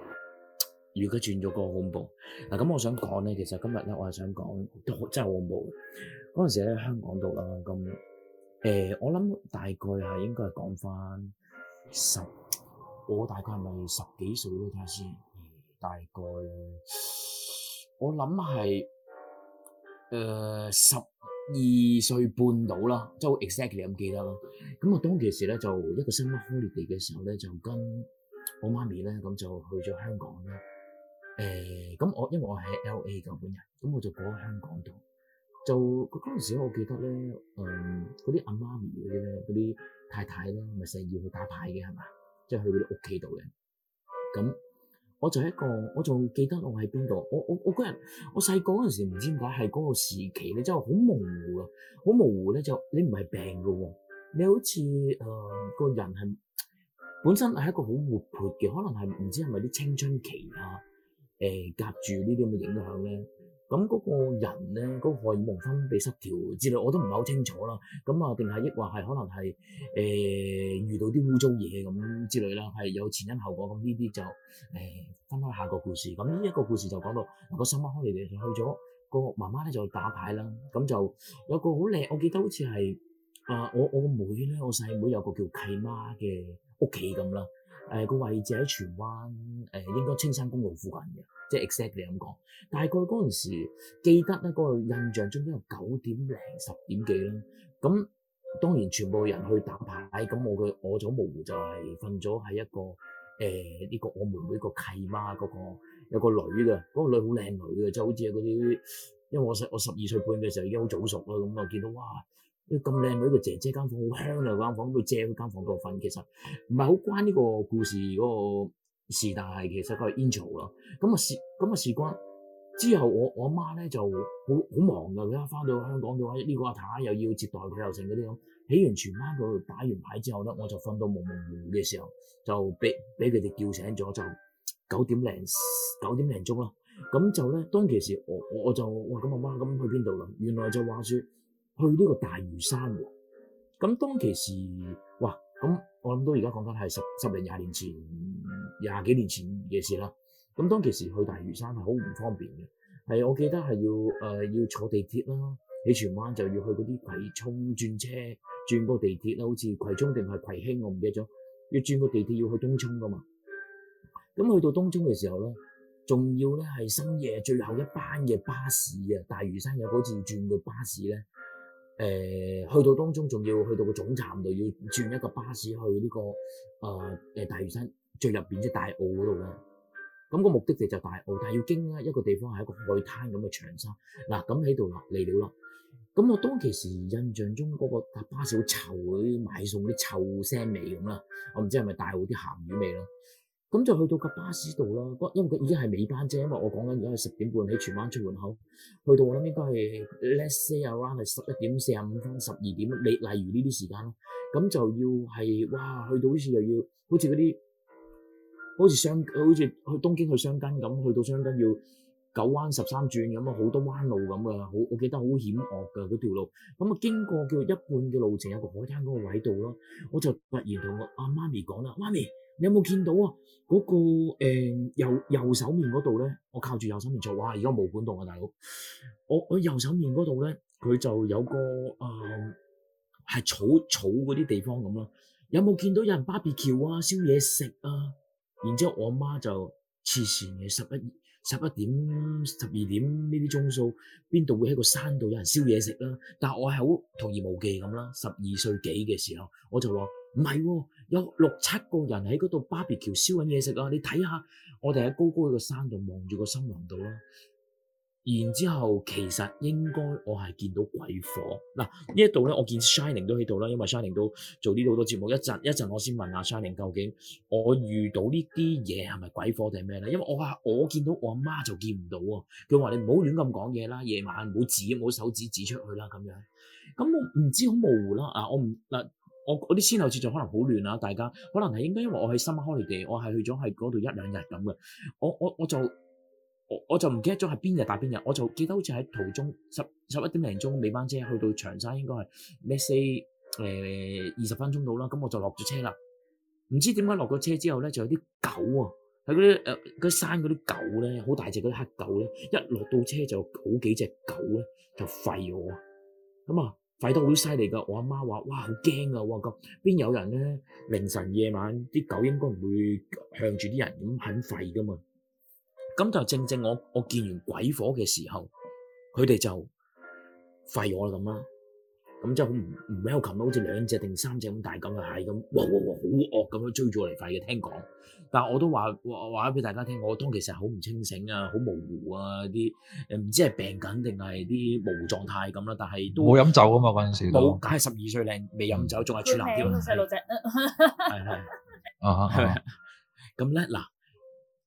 如果轉咗嗰個恐怖嗱，咁、啊、我想講咧，其實今日咧我係想講都真係好恐怖嘅。嗰陣時咧喺香港度啦，咁誒、呃、我諗大概係應該係講翻十。我大概係咪十幾歲咧？睇下先，大概我諗係誒十二歲半到啦，即係 exactly 咁記得啦。咁啊，當其時咧，就一個新聞 holiday 嘅時候咧，就跟我媽咪咧，咁就去咗香港咧。誒、欸，咁我因為我係 L.A. 嘅本人，咁我就過咗香港度。就嗰陣時我記得咧，誒嗰啲阿媽咪嗰啲咧，嗰啲太太咧，咪成日要去打牌嘅係嘛？即係去佢哋屋企度嘅，咁我就一個，我仲記得我喺邊度，我我我個人，我細個嗰陣時唔知點解係嗰個時期咧，真係好模糊啊，好模糊咧就你唔係病噶喎、哦，你好似誒、呃、個人係本身係一個好活潑嘅，可能係唔知係咪啲青春期啊，誒夾住呢啲咁嘅影響咧。咁嗰個人咧，個荷爾蒙分泌失調之類，我都唔係好清楚啦。咁啊，定係抑或係可能係誒、呃、遇到啲污糟嘢咁之類啦，係有前因後果。咁呢啲就誒分開下個故事。咁呢一個故事就講到、嗰個 summer holiday，就去咗個媽媽咧，就打牌啦。咁就有個好靚，我記得好似係啊，我我個妹咧，我細妹，妹有個叫契媽嘅屋企咁啦。誒個、呃、位置喺荃灣，誒、呃、應該青山公路附近嘅，即係 exactly 你咁講。大個嗰陣時記得咧，個印象中都有九點零十點幾啦。咁當然全部人去打牌，咁我嘅我無無就模糊就係瞓咗喺一個誒呢、呃呢個我妹妹、個契媽嗰個有一個女嘅，嗰、嗰個女好靚女嘅，就好似係嗰啲，因為我十我十二歲半嘅時候已經好早熟啦，咁我見到話。哇咁靚女個姐姐間房好香啊，嗰間房佢去借嗰間房度瞓，其實唔係好關呢個故事嗰個事，但係其實佢係 intro 啦。咁啊事，咁啊事關之後我，我我阿媽咧就好好忙噶，佢一翻到香港嘅話，呢個阿太又要接待佢，又剩嗰啲咁。起完全晚嗰度打完牌之後咧，我就瞓到朦朦朧朧嘅時候，就俾俾佢哋叫醒咗，就九點零九點零鐘咯。咁就咧當其時我我我就話，咁啊媽，咁去邊度啦？原來就話說。去呢個大嶼山喎，咁當其時，哇，咁我諗到而家講緊係十十零廿年前、廿幾年前嘅事啦。咁當其時去大嶼山係好唔方便嘅，係我記得係要誒、呃、要坐地鐵啦，喺荃灣就要去嗰啲葵涌轉車，轉個地鐵啦，好似葵涌定係葵興我唔記得咗，要轉個地鐵要去東涌噶嘛。咁去到東涌嘅時候咧，仲要咧係深夜最後一班嘅巴士啊！大嶼山有好似要轉個巴士咧，誒去到當中，仲要去到個總站度，要轉一個巴士去呢、這個誒誒、呃、大嶼山最入邊即大澳嗰度嘅。咁、那個目的地就大澳，但係要經一個地方係一個海灘咁嘅長沙。嗱、啊，咁喺度啦，嚟到啦。咁我當其時印象中嗰個搭巴士好臭，嗰啲買餸啲臭腥味咁啦。我唔知係咪大澳啲鹹魚味咯。咁就去到個巴士度啦，因為佢已經係尾班車，因為我講緊而家係十點半喺荃灣出門口，去到我諗應該係 let's say around 十一點四十五分、十二點，例例如呢啲時間咯。咁就要係哇，去到好似又要好似嗰啲，好似上好似去東京去箱根咁，去到箱根要九彎十三轉咁啊，好多彎路咁噶，好我記得好險惡噶嗰條路。咁啊，經過叫一半嘅路程有個海灘嗰個位度咯，我就突然同我阿、啊、媽咪講啦，媽咪。你有冇見到啊？嗰、嗰個、呃、右右手面嗰度咧，我靠住右手面坐，哇！而家冇管動啊，大佬。我我右手面嗰度咧，佢就有個啊，係、呃、草草嗰啲地方咁咯。有冇見到有人芭比橋啊，燒嘢食啊？然之後我媽就黐線嘅，十一十一點十二點呢啲鐘數，邊度會喺個山度有人燒嘢食啦？但係我係好童言無忌咁啦，十二歲幾嘅時候，我就話唔係喎。有六七個人喺嗰度芭比橋燒緊嘢食啊！你睇下我哋喺高高嘅山度望住個森林度啦。然之後其實應該我係見到鬼火嗱呢一度咧，我見 Shining 都喺度啦，因為 Shining 都做呢度好多節目。一陣一陣我先問下 Shining 究竟我遇到呢啲嘢係咪鬼火定係咩咧？因為我話我見到我阿媽就見唔到啊。佢話你唔好亂咁講嘢啦，夜晚唔好指，唔好手指指，指出去啦咁樣。咁我唔知好模糊啦啊！我唔嗱。我啲先後節就可能好亂啊！大家可能係應該因為我係深康地，我係去咗係嗰度一兩日咁嘅。我我我就我我就唔記得咗係邊日搭邊日。我就記得好似喺途中十十一點零鐘尾班車去到長沙，應該係 let say，誒二十分鐘到啦。咁我就落咗車啦。唔知點解落咗車之後咧，就有啲狗啊，喺嗰啲誒嗰山嗰啲狗咧，好大隻嗰啲黑狗咧，一落到車就好幾隻狗咧就吠我咁啊！吠得好犀利噶，我阿媽話：，哇，好驚呀，哇咁邊有人咧？凌晨夜晚啲狗應該唔會向住啲人咁肯吠噶嘛。咁就正正我我見完鬼火嘅時候，佢哋就吠我咁啦。咁就好唔唔 welcoming 好似兩隻定三隻咁大狗啊，係咁，哇哇哇，好惡咁樣追住我嚟吠嘅。聽講，但係我都話話一俾大家聽，我當其時好唔清醒啊，好模糊啊啲，誒唔知係病緊定係啲模糊狀態咁啦。但係都冇飲酒啊嘛，嗰陣時冇，梗係十二歲靚，未飲酒，仲係處男添。細路仔，係係對，啊， [laughs] 係咁叻嗱。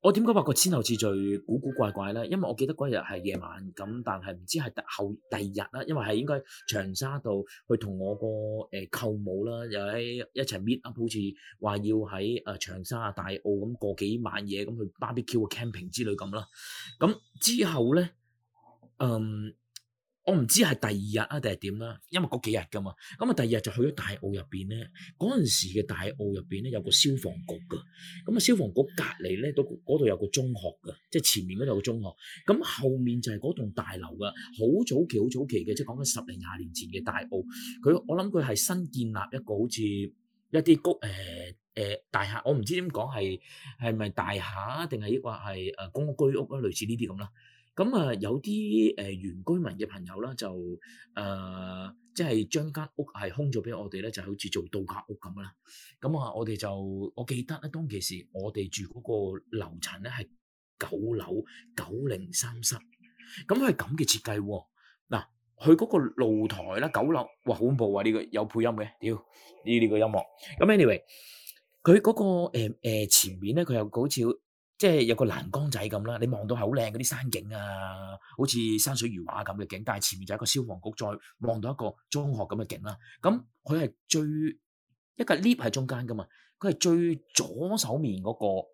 我點解話個先後次序古古怪怪咧？因為我記得嗰日係夜晚咁，但係唔知係後第二日啦，因為係應該長沙度去同我個誒舅母啦，又喺一齊 meet up，好似話要喺誒長沙啊大澳咁過幾晚夜咁去 barbecue 啊 camping 之類咁啦。咁之後咧，嗯。我唔知係第二日啊，定係點啦？因為嗰幾日噶嘛，咁啊第二日就去咗大澳入邊咧。嗰陣時嘅大澳入邊咧有個消防局噶，咁啊消防局隔離咧都嗰度有個中學噶，即係前面嗰度有個中學，咁後面就係嗰棟大樓噶，好早期好早期嘅，即係講緊十零廿年前嘅大澳。佢我諗佢係新建立一個好似一啲高誒誒大廈，我唔知點講係係咪大廈定係抑或係誒公屋居屋啦，類似呢啲咁啦。咁啊，有啲誒原居民嘅朋友啦，就誒即係將間屋係空咗俾我哋咧，就係好似做度假屋咁啦。咁啊，我哋就我記得咧，當其時我哋住嗰個樓層咧係九樓九零三室，咁佢係咁嘅設計喎。嗱，佢嗰個露台啦，九樓，哇，恐怖啊！呢個有配音嘅，屌呢啲嘅音樂。咁 anyway，佢嗰個誒誒前面咧，佢又好似要。即係有個欄杆仔咁啦，你望到係好靚嗰啲山景啊，好似山水如畫咁嘅景，但係前面就係一個消防局，再望到一個中學咁嘅景啦。咁佢係最一個 lift 喺中間噶嘛，佢係最左手面嗰個，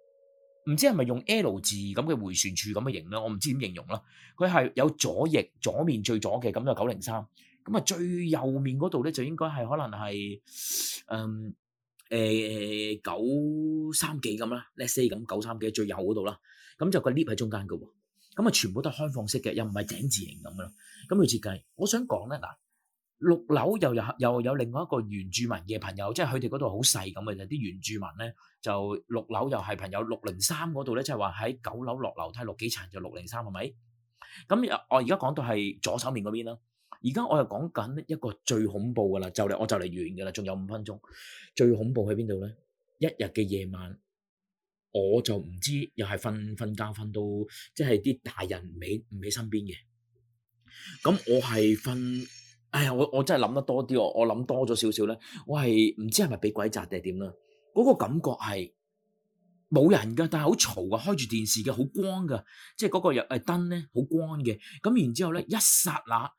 唔知係咪用 L 字咁嘅回旋處咁嘅形咧？我唔知點形容啦。佢係有左翼左面最左嘅，咁就九零三，咁啊、嗯、最右面嗰度咧就應該係可能係嗯。誒、呃、九三幾咁啦，let’s say 咁九三幾最右嗰度啦，咁就個 lift 喺中間嘅喎，咁啊全部都係開放式嘅，又唔係井字形咁嘅咯。咁佢設計，我想講咧嗱，六樓又又又有另外一個原住民嘅朋友，即係佢哋嗰度好細咁嘅，啲原住民咧就六樓又係朋友六零三嗰度咧，即係話喺九樓落樓梯六幾層就六零三係咪？咁我而家講到係左手面嗰邊啦。而家我又講緊一個最恐怖噶啦，就嚟我就嚟完噶啦，仲有五分鐘。最恐怖喺邊度咧？一日嘅夜晚，我就唔知，又係瞓瞓覺瞓到，即係啲大人唔喺唔喺身邊嘅。咁我係瞓，哎呀，我我真係諗得多啲，我我諗多咗少少咧。我係唔知係咪俾鬼襲定係點啦？嗰個感覺係冇人㗎，但係好嘈啊，開住電視嘅，好光㗎，即係嗰個入誒燈咧，好光嘅。咁然之後咧，一剎那。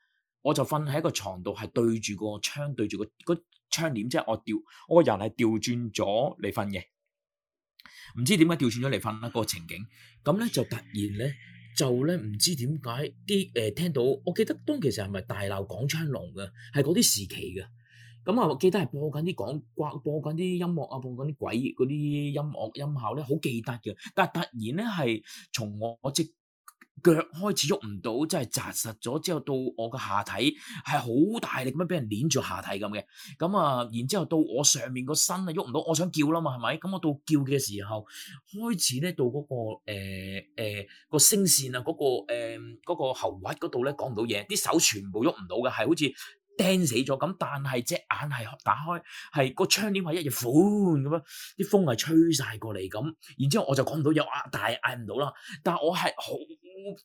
我就瞓喺個床度，係對住個窗，對住個個窗簾，即、就、係、是、我調，我個人係調轉咗嚟瞓嘅。唔知點解調轉咗嚟瞓啦，嗰、那個情景，咁咧就突然咧，就咧唔知點解啲誒聽到，我記得當其實係咪大鬧廣昌隆噶，係嗰啲時期噶。咁啊，我記得係播緊啲廣掛，播緊啲音樂啊，播緊啲鬼嗰啲音樂音效咧，好記得嘅。但係突然咧，係從我只。腳開始喐唔到，真係紮實咗之後，到我個下體係好大力咁樣俾人捏住下體咁嘅，咁啊，然之後到我上面個身啊喐唔到，我想叫啦嘛，係咪？咁我到叫嘅時候開始咧，到嗰、嗰個誒誒、呃呃嗰個聲線啊，嗰、嗰個誒、呃嗰個、喉核嗰度咧講唔到嘢，啲手全部喐唔到嘅，係好似釘死咗咁，但係隻眼係打開，係個窗簾係一日風咁樣，啲風係吹晒過嚟咁，然之後我就講唔到嘢啊，但係嗌唔到啦，但我係好。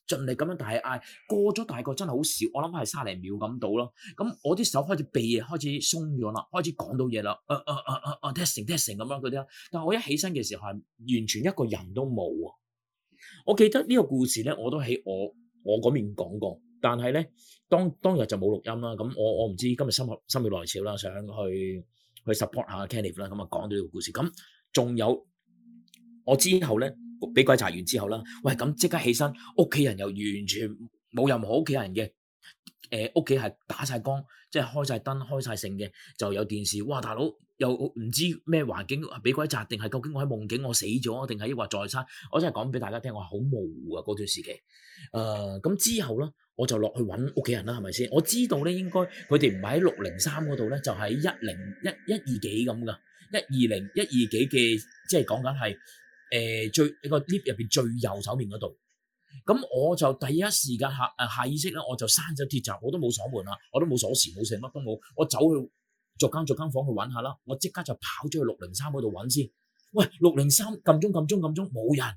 盡力咁樣，大嗌，過咗大概真係好少，我諗係三十秒咁到咯。咁我啲手開始痹啊，開始鬆咗啦，開始講到嘢啦，啊啊啊啊啊，testing，testing 咁樣嗰啲啊，但係我一起身嘅時候，完全一個人都冇啊！我記得呢個故事咧，我都喺我我嗰邊講過，但係咧當當日就冇錄音啦。咁我我唔知今日心血心血來潮啦，想去去 support 下 Kenneth 啦，咁啊講到呢個故事。咁仲有我之後咧。俾鬼砸完之後啦，喂咁即刻起身，屋企人又完全冇任何屋企人嘅，誒屋企係打晒光，即係開晒燈、開晒聲嘅就有電視。哇！大佬又唔知咩環境俾鬼砸定係究竟我喺夢境我死咗定係抑或再生？我真係講俾大家聽，我話好模糊啊嗰段時期。誒、呃、咁之後咧，我就落去揾屋企人啦，係咪先？我知道咧，應該佢哋唔係喺六零三嗰度咧，就喺、是、一零一、一二幾咁噶，一二零、一二幾嘅，即係講緊係。誒、呃、最呢個 lift 入邊最右手面嗰度，咁我就第一時間嚇誒下意識咧，我就閂咗鐵閘，我都冇鎖門啦，我都冇鎖匙，冇成乜都冇，我走去逐間逐間，間房去揾下啦，我即刻就跑咗去六零三嗰度揾先。喂，六零三撳鐘撳鐘撳鐘冇人，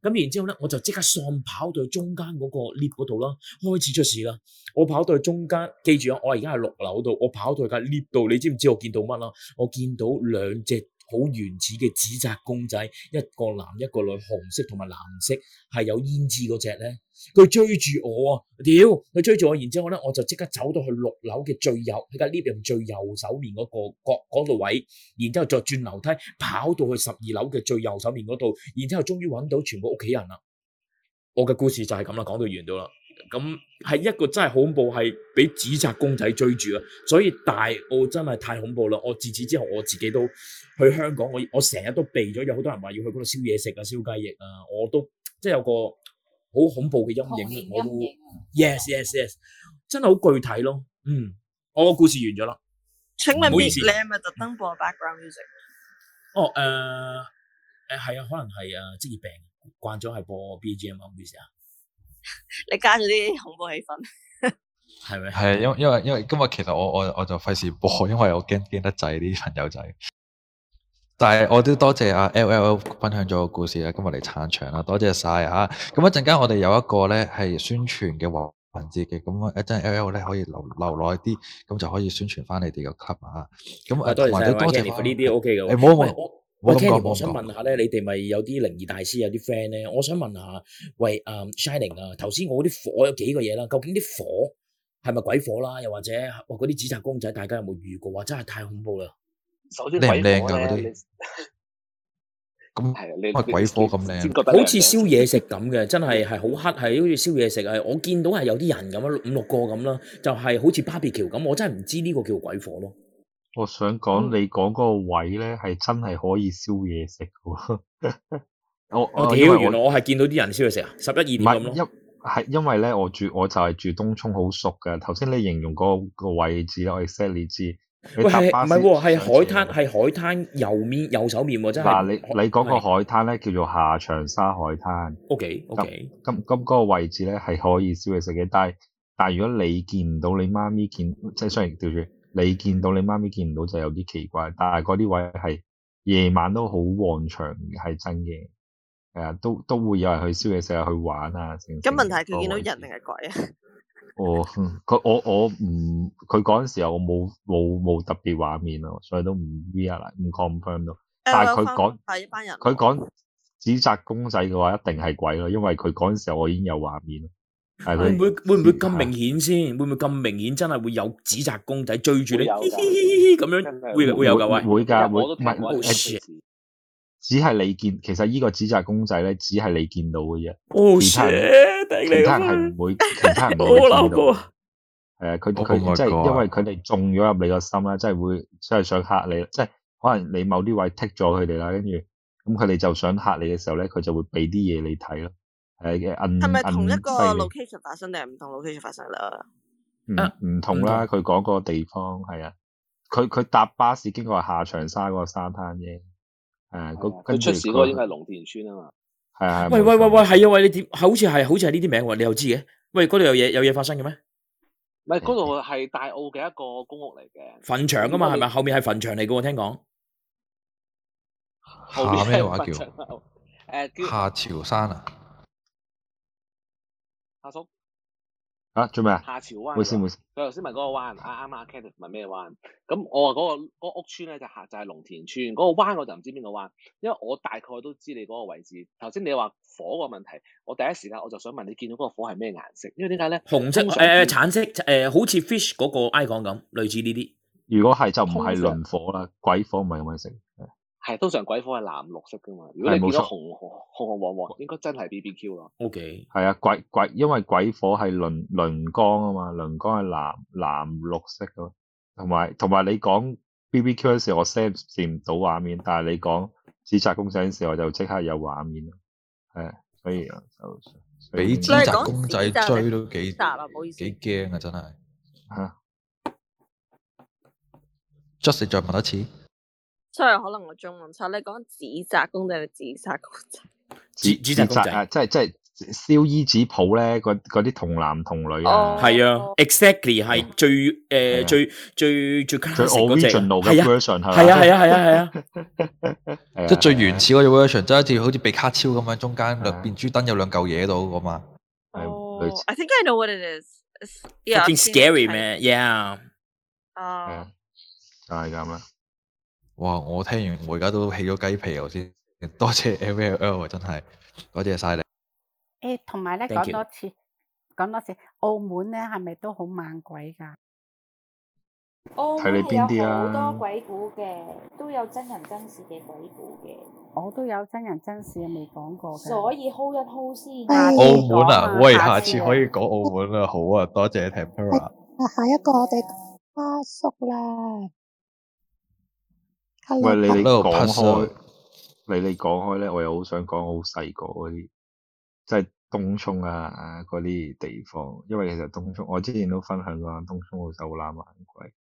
咁然之後咧我就即刻喪跑到去中間嗰個 lift 嗰度啦，開始出事啦。我跑到去中間，記住啊，我而家係六樓度，我跑到去架 lift 度，你知唔知我見到乜啦？我見到兩隻。好原始嘅紙紮公仔，一個男一個女，紅色同埋藍色，係有胭脂嗰隻咧，佢追住我啊！屌，佢追住我，然之後咧，我就即刻走到去六樓嘅最右，喺度呢邊最右手面嗰、嗰個角嗰度位，然之後再轉樓梯跑到去十二樓嘅最右手面嗰度，然之後終於揾到全部屋企人啦！我嘅故事就係咁啦，講到完到啦。咁係一個真係恐怖，係俾紙紮公仔追住啊！所以大澳真係太恐怖啦！我自此之後，我自己都去香港，我我成日都避咗。有好多人話要去嗰度燒嘢食啊，燒雞翼啊，我都即係有個好恐怖嘅陰影。陰影我都 yes, yes yes yes，真係好具體咯。嗯，我個故事完咗啦。請問你係咪特登播 background music？嗯、哦誒誒係啊，可能係啊，職業病，慣咗係播 BGM，唔好意思啊。 [laughs] 你加咗啲恐怖氣氛 [laughs] 吧，係咪？係 [noise] 因因為因為今日其實我我我就費事播，因為我驚驚得滯啲朋友仔。但係我都多謝阿、啊、L L l 分享咗個故事咧，今日嚟撐場啦，多謝晒啊！咁一陣間我哋有一個咧係宣傳嘅環節嘅，咁一陣 L L 咧可以留留耐啲，咁就可以宣傳翻你哋個 club 啊！咁啊同埋都多謝呢啲 O K 嘅，誒好好。我聽完，我想問下咧，你哋咪有啲靈異大師有啲 friend 咧？我想問下，喂，嗯、um，Shining 啊，頭先我啲火，有幾個嘢啦。究竟啲火係咪鬼火啦？又或者，哇，嗰啲紙紮公仔，大家有冇遇過？哇，真係太恐怖啦！首先鬼火咧。咁啊，乜 [laughs] 鬼火咁靚？ [laughs] 好似燒嘢食咁嘅，真係係好黑，係好似燒嘢食。係我見到係有啲人咁樣，五六個咁啦，就係、是、好似 barbecue 咁。我真係唔知呢個叫鬼火咯。我想講你講嗰個位咧，係真係可以燒嘢食嘅。 [laughs] 我、啊、我屌，原來我係見到啲人燒嘢食啊！十不樣一二點唔係，因係因為咧，我住我就係住東涌，好熟嘅。頭先你形容個個位置咧，我係 set 你知。你巴士喂，唔係喎，係海灘，係海灘右面右手面喎，真係。嗱，你海你講個海灘咧叫做下長沙海灘。O K O K，咁咁嗰個位置咧係可以燒嘢食嘅，但係但係如果你見唔到你媽咪見，即係雖然對住。你見到你媽咪見唔到，就有啲奇怪。但係嗰啲位係夜晚都好旺場，係真嘅。誒、啊，都都會有人去宵夜食啊，去玩啊。咁問題係佢見到人定係鬼啊？ [laughs] 哦，佢我我唔，佢嗰陣時候我冇冇冇特別畫面咯，所以都唔 V 啊，唔 confirm 到。哎、呦但係佢講，但係一班人，佢講指責公仔嘅話，一定係鬼咯，因為佢嗰陣時候我已經有畫面。會唔會會唔會咁明顯先？會唔會咁明顯真係會有紙紮公仔追住你？嘻嘻嘻嘻，咁樣會會有噶？會噶？只係你見，其實呢個紙紮公仔咧，只係你見到嘅啫。其他人，其他人係唔會，其他人唔會見到。誒，佢佢即係因為佢哋中咗入你個心啦，即係會即係想嚇你。即係可能你某啲位剔咗佢哋啦，跟住咁佢哋就想嚇你嘅時候咧，佢就會俾啲嘢你睇咯。係嘅，係咪同一個 location 發生定係唔同 location 發生啦？唔同啦，佢講個地方係啊，佢佢搭巴士經過下長沙嗰個沙灘啫，誒，佢出事嗰個應該係龍田村啊嘛，係啊，喂喂喂喂，係啊，喂你點？好似係，好似係呢啲名你又知嘅？喂，嗰度有嘢有嘢發生嘅咩？唔係，嗰度係大澳嘅一個公屋嚟嘅，墳場噶嘛係咪？後面係墳場嚟嘅我聽講。後面咩話叫？誒，叫下潮山啊？阿叔，啊，做咩啊？夏潮灣，冇事冇事，佢頭先問嗰個灣，啱啱阿 Kitty 問咩灣？咁我話嗰個個屋村咧就下就係龍田村，嗰、嗰個灣我就唔知邊個灣，因為我大概都知你嗰個位置。頭先你話火個問題，我第一時間我就想問你見到嗰個火係咩顏色？因為點解咧？紅色誒誒上、呃，橙色誒、呃，好似 fish 嗰個 I 港咁，類似呢啲。如果係就唔係輪火啦，色鬼火唔係咁樣色。係通常鬼火係藍綠色噶嘛，如果你見到紅錯紅紅黃黃應該，應該真係 B B Q 咯。O K，係啊，鬼鬼因為鬼火係磷磷光啊嘛，磷光係藍藍綠色噶，同埋同埋你講 B B Q 嗰時候我 s e m 見唔到畫面，但係你講紙紮公仔嗰時候我就即刻有畫面咯，係，所以就俾紙紮公仔追都幾扎啦，索幾驚啊真係。吓，Just like, 再問一次。所以可能我中文錯，你講紙紮公仔定紙紮公仔？紙紮公仔啊，即係即係燒衣紙鋪咧，嗰啲童男童女啊，係啊，exactly 係最誒最最最 classic 嗰隻，係啊，係啊，係啊，係啊，即係最原始嗰隻 version，即係好似好似比卡超咁樣，中間兩邊朱燈有兩嚿嘢喺度噶嘛。哦，I think I know what it is。Yeah。Scary man. Yeah. 哦。係咁啊！哇！我聽完我而家都起咗雞皮，我先多謝，謝 m l l 啊，真係多謝晒你。誒、哎，同埋咧，講多次，講 Thank you. 多次，澳門咧係咪都好猛鬼噶？睇你邊啲啊？澳門係有好多鬼故嘅，都有真人真事嘅鬼故嘅。我都有真人真事未講過。所以 hold 一 hold 先。澳門啊，喂，下次可以講澳門啦，好啊，多謝 Tempura。係啊，下一個我哋家叔啦。啊喂，你你講開，你你講開咧，我又好想講好細個嗰啲，即係東涌啊嗰啲地方，因為其實東涌我之前都分享過啦，東涌好早攬猛鬼。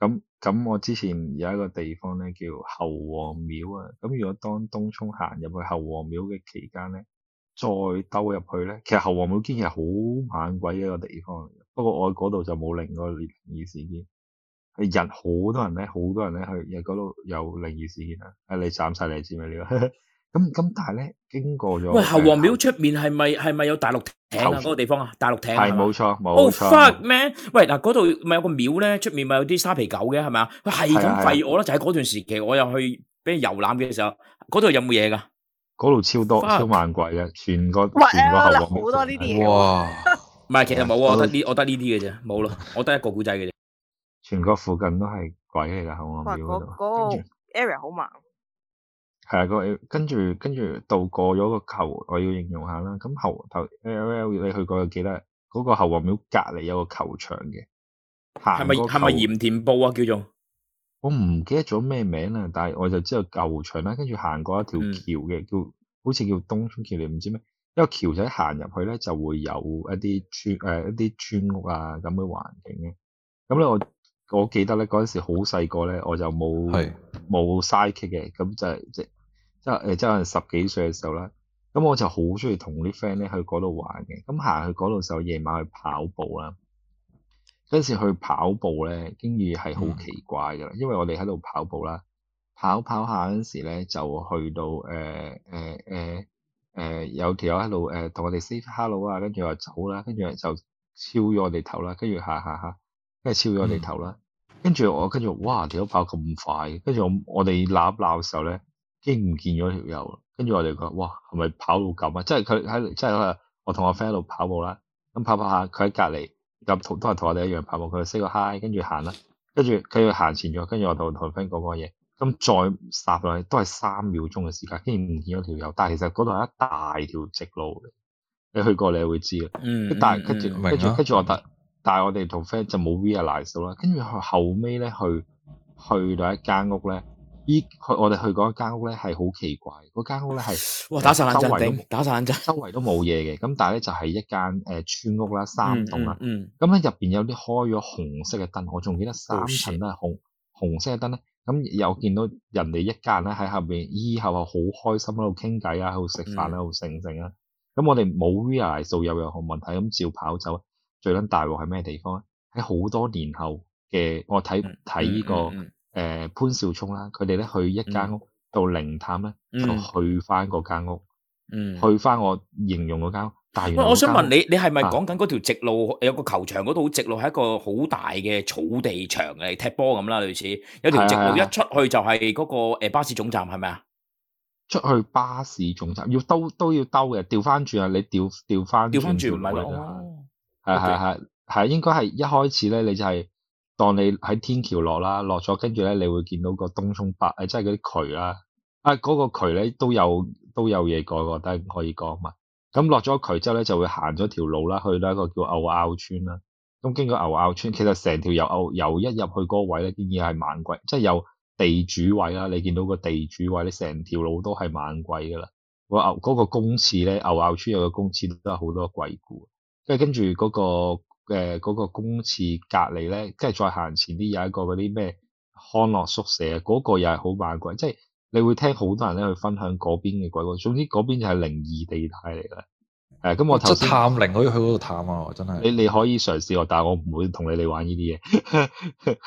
咁咁，我之前有一個地方咧叫侯王廟啊，咁如果當東涌行入去侯王廟嘅期間咧，再兜入去咧，其實侯王廟竟然係好猛鬼一個地方嚟，不過我嗰度就冇另外靈異事件。人好多人咧，好多人咧去，又嗰度有靈異事件啊！啊，你斬晒你知咩料？咁咁，但係咧經過咗喂，猴王廟出面係咪係咪有大陸艇啊？嗰個地方啊，大陸艇係冇錯冇錯咩？喂嗱，嗰度咪有個廟咧？出面咪有啲沙皮狗嘅係咪啊？佢係咁吠我啦！就喺嗰段時期，我又去俾人遊覽嘅時候，嗰度有冇嘢噶？嗰度超多超萬貴啊！全個全個猴王好多呢啲嘢，唔係其實冇啊！我得呢我得呢啲嘅啫，冇咯，我得一個古仔嘅啫。全個附近都係鬼嚟噶，后皇廟度，跟住 area 好猛。係啊，個跟住跟住渡過咗個球，我要形容下啦。咁后后 L L，你去過記得嗰、嗰個后皇廟隔籬有個球場嘅。係咪係咪鹽田步啊？叫做我唔記得咗咩名啦，但係我就知道球場啦。跟住行過一條橋嘅，嗯、叫好似叫東村橋你唔知咩。一個橋仔行入去咧，就會有一啲村誒、呃，一啲村屋啊咁嘅環境嘅。咁咧我。我記得咧嗰陣時好細個咧，我就冇冇嘥劇嘅，咁的就即即誒即係可能十幾歲嘅時候啦。咁我就好中意同啲 friend 咧去嗰度玩嘅。咁行去嗰度時候，夜晚去跑步啦。嗰陣時去跑步咧，已經已係好奇怪㗎，嗯、因為我哋喺度跑步啦，跑跑下嗰陣時咧就去到誒誒誒誒有條友喺度誒同我哋 say hello 啊，跟住話走啦，跟住就超咗我哋頭啦，跟住下下下。跟住超咗我哋頭啦，跟住、嗯、我跟住哇，條友跑咁快。跟住我我哋攋攋嘅時候咧，竟然唔見咗條友。跟住我哋講哇，係咪跑到咁啊？即係佢喺即係我，同我 friend 喺度跑步啦。咁跑跑下，佢喺隔籬入同都係同我哋一樣跑步。佢就 say 個 hi，跟住行啦，跟住佢要行前咗，跟住我同同 friend 講講嘢。咁再霎落去都係三秒鐘嘅時間，竟然唔見咗條友。但係其實嗰度係一大條直路，嚟！你去過你就會知嘅，嗯。嗯，但係跟住跟住跟住我得。但係我哋同 friend 就冇 realise 到啦，跟住佢後尾咧去去到一間屋咧，依去我哋去嗰間屋咧係好奇怪，嗰間屋咧係，哇打晒冷震，打曬冷震，周圍都冇嘢嘅。咁但係咧就係、是、一間誒村屋啦，三棟啦，咁咧入邊有啲開咗紅色嘅燈，我仲記得三層都係紅紅色嘅燈咧，咁又見到人哋一家人咧喺後面依後啊好開心喺度傾偈啊，喺度食飯喺度盛唔盛啊，咁我哋冇 realise 到又有任何問題咁照跑走。最撚大鑊係咩地方咧？喺好多年後嘅，我睇睇呢個誒潘少聰啦，佢哋咧去一間屋、嗯、到靈探，咧，去翻嗰間屋，嗯、去翻我形容嗰間屋大。我想問你，你係咪講緊嗰條直路、啊、有個球場嗰度好直路，係一個好大嘅草地場嚟踢波咁啦，類似有條直路的一出去就係嗰、那個、呃、巴士總站係咪啊？出去巴士總站要兜都要兜嘅，調翻轉啊！你調調翻調翻轉唔係係係係係，應該係一開始咧，你就係當你喺天橋落啦，落咗跟住咧，你會見到個東涌北誒，即係嗰啲渠啦、啊，啊嗰、那個渠咧都有都有嘢蓋，我得可以講嘛。咁落咗渠之後咧，就會行咗條路啦，去到一個叫牛坳村啦。咁經過牛坳村，其實成條由牛由一入去嗰個位咧，建議係猛鬼，即係由地主位啦。你見到個地主位，你成條路都係猛鬼噶啦。個牛嗰個公廁咧，牛坳村有個公廁都好多鬼故。跟住嗰、那個誒、呃那個、公廁隔離咧，即係再行前啲有一個嗰啲咩康樂宿舍，嗰、那個又係好猛鬼。即係你會聽好多人咧去分享嗰邊嘅鬼屋。總之嗰邊就係靈異地帶嚟啦。誒、啊，咁我頭先探靈可以去嗰度探啊！真係你你可以嘗試我，但係我唔會同你哋玩呢啲嘢。 [laughs]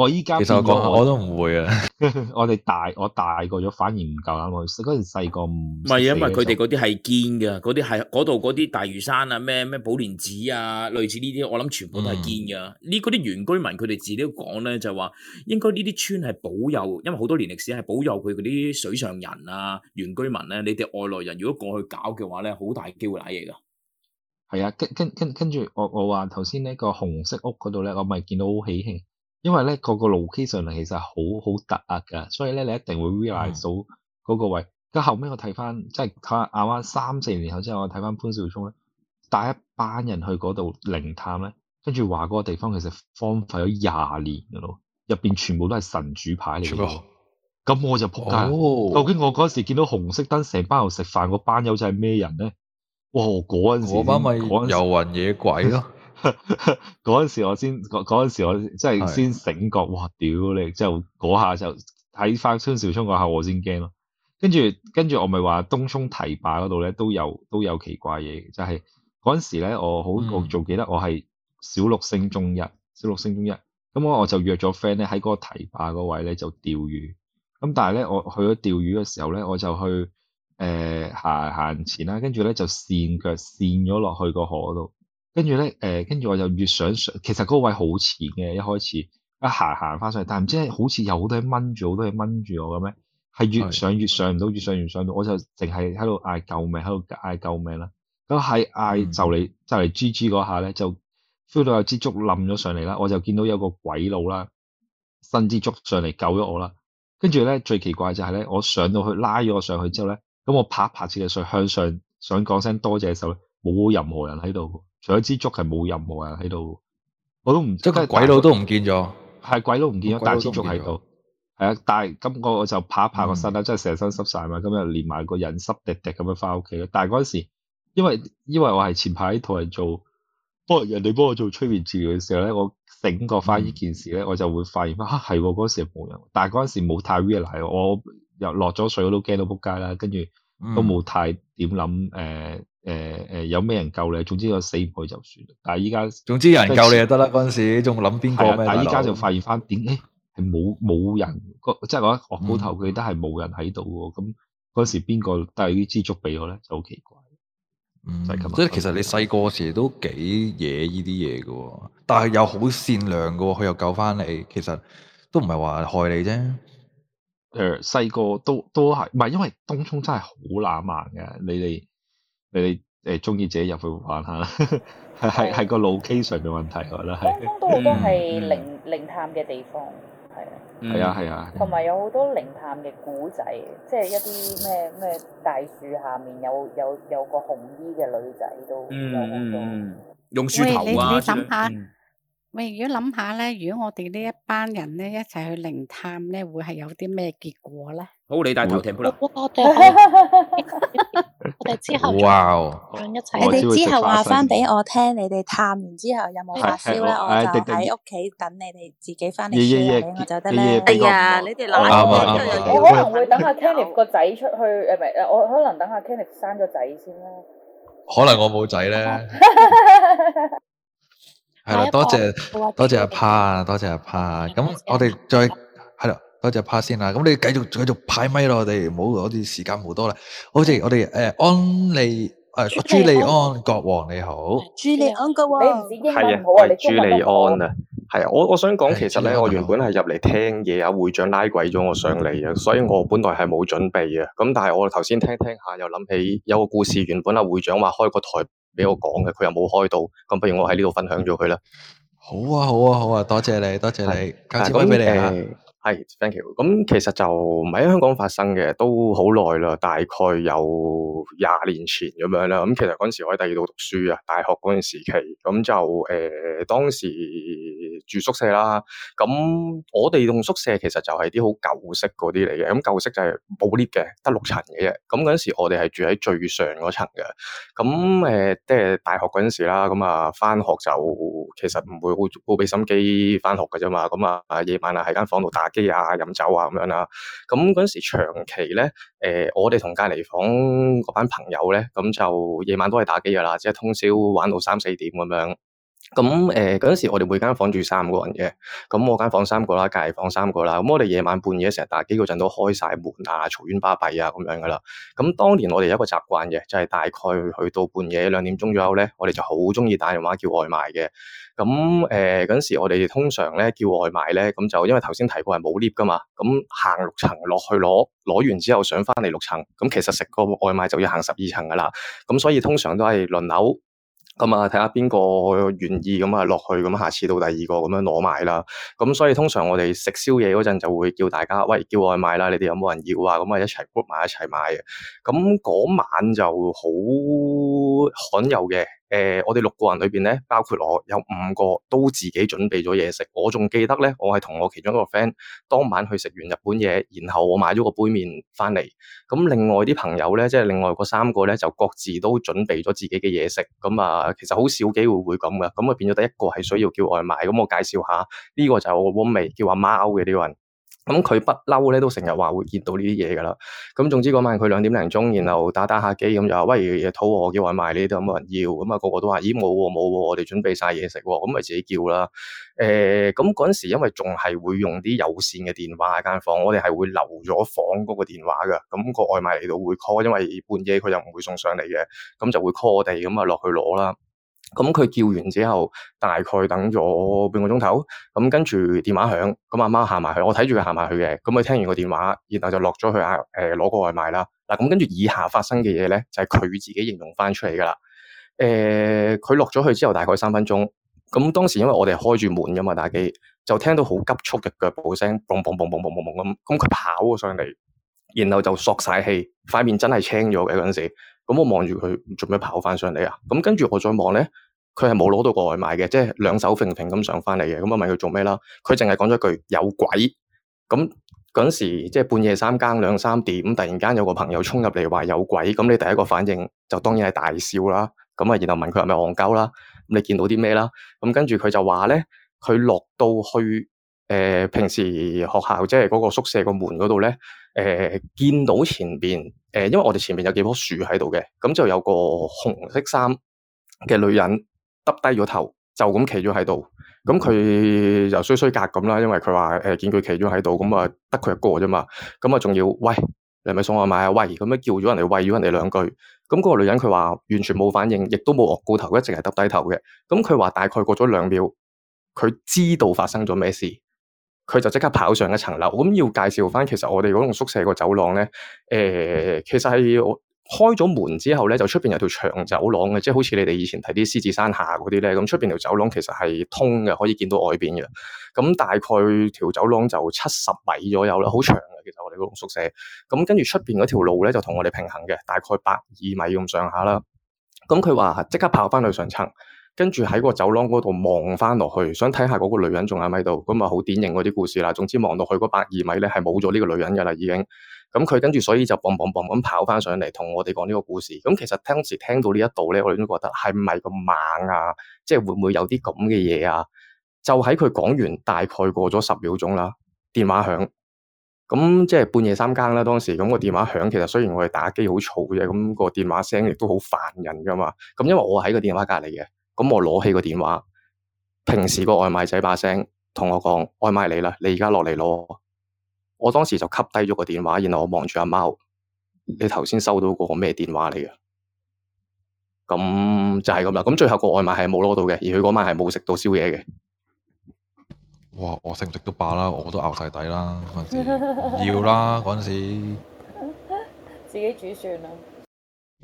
我依家其實講我都唔會啊！ [laughs] 我哋大我大過咗，反而唔夠膽去。嗰陣細個唔唔係啊，因為佢哋嗰啲係堅㗎，嗰啲係嗰度嗰啲大嶼山啊，咩咩寶蓮寺啊，類似呢啲，我諗全部都係堅㗎。呢啲、嗯、原居民佢哋自己都講咧，就話、是、應該呢啲村係保佑，因為好多年歷史係保佑佢嗰啲水上人啊、原居民咧。你哋外來人如果過去搞嘅話咧，好大機會揦嘢㗎。係啊，跟跟跟跟住我我話頭先呢個紅色屋嗰度咧，我咪見到好喜慶。因為咧個、那個 location 其實係好好突兀噶，所以咧你一定會 realize 到嗰個位。咁、嗯、後尾我睇翻，即係睇下啱啱三四年後之後，我睇翻潘少聰咧帶一班人去嗰度靈探咧，跟住話嗰個地方其實荒廢咗廿年噶咯，入邊全部都係神主牌嚟嘅。咁部我就扑街，哦、究竟我嗰時見到紅色燈成班人食飯，嗰班友仔係咩人咧？哇、哦，嗰陣時班咪游魂野鬼咯。嗰陣 [laughs] 時我先陣時我即係先醒覺，的哇！屌你，之後嗰下就睇翻張少聰嗰下我，我先驚咯。跟住跟住我咪話東涌堤壩嗰度咧都有都有奇怪嘢，就係嗰陣時咧我好、嗯、我仲記得我係小六升中一，小六升中一，咁我我就約咗 friend 咧喺嗰個堤壩嗰位咧就釣魚。咁但係咧我去咗釣魚嘅時候咧，我就去誒、呃、行行前啦，跟住咧就跣腳跣咗落去個河度。跟住咧，誒、呃，跟住我就越想上，其實嗰位好淺嘅，一開始一行行翻上去，但係唔知好似有好多嘢掹住，好多嘢掹住我嘅咩？係越上越上唔到的，越上越上唔到，我就淨係喺度嗌救命，喺度嗌救命啦。咁係嗌就嚟就嚟 G G 嗰下咧，就 feel 到有支竹冧咗上嚟啦，我就見到有個鬼佬啦，伸支竹上嚟救咗我啦。跟住咧最奇怪就係咧，我上到去拉咗我上去之後咧，咁我拍一拍隻嘅水向上，想講聲多謝嘅時候，冇任何人喺度。除咗支竹係冇任何人喺度，我都唔即係鬼佬都唔見咗，係鬼佬唔見咗，但支竹喺度，係啊、嗯，但係咁我我就拍一拍個身啦，即係成身濕晒嘛，咁又連埋個人濕滴滴咁樣翻屋企咯。但係嗰時，因為因為我係前排同人做，幫人哋幫我做催眠治療嘅時候咧，我醒覺翻呢件事咧，嗯、我就會發現啊吓，係嗰時冇人，但係嗰時冇太 real 係，我又落咗水我都驚到仆街啦，跟住。嗯、都冇太點諗，誒誒誒，有咩人救你？總之我死唔去就算，但係依家總之有人救你就得啦。嗰陣 [laughs] 時仲諗邊個，但係依家就發現翻點誒，係冇冇人，即係我我嗰頭記得係冇人喺度嘅。咁嗰、嗯嗯、時邊個帶啲支竹俾我咧？就好奇怪。就係、嗯，嗯所以其實你細個時都幾惹呢啲嘢嘅，但係又好善良嘅，佢又救翻你，其實都唔係話害你啫。誒，細個、呃、都都係，唔係因為東涌真係好浪漫嘅，你哋你哋誒中意自己入去玩，玩下，係係係個 location 嘅問題，我覺得係。東涌都好多係靈靈探嘅地方，係、嗯、啊，係啊，同埋、啊、有好多靈探嘅古仔，即係一啲咩咩大樹下面有有有個紅衣嘅女仔都，嗯嗯，用樹頭啊，點點、嗯。嗯喂，如果諗下咧，如果我哋呢一班人咧，一齊去靈探咧，會係有啲咩結果咧？好，你帶頭聽波啦。我哋之後，哇！你哋之後話翻俾我聽，你哋探完之後有冇發燒咧？我就喺屋企等你哋自己翻嚟。我就得啦。哎呀，你哋懶啲，我可能會等阿 Kenny 個仔出去誒，唔，我可能等阿 Kenny 生咗仔先啦。可能我冇仔咧。係啦，多謝多謝阿帕啊，多謝阿帕。咁我哋再係啦，多謝阿帕先啦。咁你繼續繼續派咪咯，我哋唔好攞啲時間冇多啦。好，似我哋誒安利誒朱利安國王你好，朱利安國王，你唔、嗯嗯、止英文唔好啊，你中文都唔好啊。係啊，啊，啊，我我想講，其實咧，我原本係入嚟聽嘢啊，會長拉鬼咗我上嚟啊，所以我本來係冇準備啊。咁但係我頭先聽聽下，又諗起有個故事。原本阿、啊、會長話開個台。畀我講嘅，佢又冇開到，咁不如我喺呢度分享咗佢啦。好啊，好啊，好啊，多謝你，多謝你，下次交錢畀你啊。係，Thank you。咁其實就唔喺香港發生嘅，都好耐啦，大概有廿年前咁樣啦。咁其實嗰陣時我喺第二度讀書啊，大學嗰陣時期，咁就誒、呃、當時住宿舍啦。咁我哋棟宿舍其實就係啲好舊式嗰啲嚟嘅，咁舊式就係冇 lift 嘅，得六層嘅啫。咁嗰陣時我哋係住喺最上嗰層嘅。咁誒、即、呃、係大學嗰陣時啦。咁啊，翻學就其實唔會好好俾心機翻學嘅啫嘛。咁啊，夜晚啊喺間房度打機啊，飲酒啊咁樣啦，啊，咁嗰陣時長期咧，誒、呃、我哋同隔離房嗰班朋友咧，咁、嗯、就夜晚都係打機噶啦，即係通宵玩到三四點咁樣。咁誒嗰陣時，我哋每間房住三個人嘅，咁我間房三個啦，隔離房三個啦，咁我哋夜晚半夜成日打機嗰陣都開晒門啊，嘈冤巴閉啊咁樣噶啦。咁當年我哋有一個習慣嘅，就係大概去到半夜兩點鐘左右咧，我哋就好鍾意打電話叫外賣嘅。咁誒嗰陣時，我哋通常咧叫外賣咧，咁就因為頭先提過係冇 lift 噶嘛，咁行六層落去攞，攞完之後上翻嚟六層，咁其實食個外賣就要行十二層噶啦。咁所以通常都係輪流。咁啊，睇下邊個願意咁啊落去，咁下次到第二個咁樣攞埋啦。咁所以通常我哋食宵夜嗰陣就會叫大家，喂，叫外賣啦，你哋有冇人要啊？咁啊一齊 group 埋一齊買嘅。咁嗰晚就好罕有嘅。誒、呃，我哋六個人裏邊咧，包括我有五個都自己準備咗嘢食。我仲記得咧，我係同我其中一個 friend 當晚去食完日本嘢，然後我買咗個杯麵翻嚟。咁、嗯、另外啲朋友咧，即係另外嗰三個咧，就各自都準備咗自己嘅嘢食。咁、嗯、啊，其實好少機會會咁嘅。咁、嗯、啊，變咗第一個係需要叫外賣。咁、嗯、我介紹下，呢、這個就係我個 roommate 叫阿媽歐嘅呢個人。咁佢不嬲咧，都成日話會見到呢啲嘢噶啦。咁總之嗰晚佢兩點零鐘，然後打打下機咁就話：喂，肚餓我叫外賣，你哋有冇人要？咁、嗯、啊，個個都話：咦，冇喎、哦，冇喎、哦，我哋準備晒嘢食喎。咁、嗯、咪自己叫啦。誒，咁嗰陣時因為仲係會用啲有線嘅電話，間房我哋係會留咗房嗰個電話噶。咁、嗯、個外賣嚟到會 call，因為半夜佢就唔會送上嚟嘅，咁、嗯、就會 call 我哋咁啊落去攞啦。咁佢、嗯、叫完之後，大概等咗半個鐘頭，咁、嗯、跟住電話響，咁阿媽行埋去，我睇住佢行埋去嘅，咁、嗯、佢聽完個電話，然後就落咗去阿誒攞個外賣啦。嗱、嗯，咁跟住以下發生嘅嘢咧，就係、是、佢自己形容翻出嚟噶啦。誒、嗯，佢落咗去之後，大概三分鐘，咁、嗯、當時因為我哋開住門噶嘛打機，就聽到好急促嘅腳步聲，嘣嘣嘣嘣嘣咁，咁、嗯、佢、嗯、跑咗上嚟，然後就索晒氣，塊面真係青咗嘅嗰陣時。咁、嗯、我望住佢做咩跑翻上嚟啊？咁、嗯、跟住我再望咧，佢係冇攞到個外賣嘅，即係兩手揈平咁上翻嚟嘅。咁、嗯、我問佢做咩啦？佢淨係講咗一句有鬼。咁嗰陣時即係半夜三更兩三點，咁、嗯、突然間有個朋友衝入嚟話有鬼。咁、嗯、你第一個反應就當然係大笑啦。咁、嗯、啊，然後問佢係咪戇鳩啦？咁、嗯、你見到啲咩啦？咁、嗯、跟住佢就話咧，佢落到去誒、呃、平時學校即係嗰個宿舍個門嗰度咧。誒、呃，見到前邊，誒、呃，因為我哋前邊有幾棵樹喺度嘅，咁就有個紅色衫嘅女人，耷低咗頭，就咁企咗喺度。咁佢又衰衰格咁啦，因為佢話，誒、呃，見佢企咗喺度，咁啊，得佢一個啫嘛。咁啊，仲要喂，你係咪送外賣啊？喂，咁樣叫咗人嚟喂咗人哋兩句。咁、那、嗰個女人佢話完全冇反應，亦都冇昂高頭，一直係耷低頭嘅。咁佢話大概過咗兩秒，佢知道發生咗咩事。佢就即刻跑上一層樓。咁要介紹翻，呃，其實我哋嗰棟宿舍個走廊咧，誒，其實係開咗門之後咧，就出邊有條長走廊嘅，即係好似你哋以前睇啲獅子山下嗰啲咧。咁出邊條走廊其實係通嘅，可以見到外邊嘅。咁大概條走廊就七十米左右啦，好長嘅。其實我哋嗰棟宿舍。咁跟住出邊嗰條路咧，就同我哋平衡嘅，大概百二米咁上下啦。咁佢話即刻跑翻去上層。跟住喺個走廊嗰度望翻落去，想睇下嗰個女人仲喺咪度，咁啊好典型嗰啲故事啦。總之望到去嗰百二米咧，係冇咗呢個女人噶啦，已經。咁佢跟住所以就砰砰砰咁跑翻上嚟，同我哋講呢個故事。咁其實當時聽到呢一度咧，我哋都覺得係咪咁猛啊？即係會唔會有啲咁嘅嘢啊？就喺佢講完大概過咗十秒鐘啦，電話響。咁即係半夜三更啦，當時咁個電話響，其實雖然我哋打機好嘈嘅，咁個電話聲亦都好煩人噶嘛。咁因為我喺個電話隔離嘅。咁我攞起個電話，平時個外賣仔把聲同我講：外賣你啦，你而家落嚟攞。我當時就吸低咗個電話，然後我望住阿貓，你頭先收到個咩電話嚟噶？咁就係咁啦。咁最後個外賣係冇攞到嘅，而佢嗰晚係冇食到宵夜嘅。哇！我食唔食都罷啦，我都咬晒底啦陣時要，要啦嗰陣時， [laughs] [laughs] 自己煮算啦。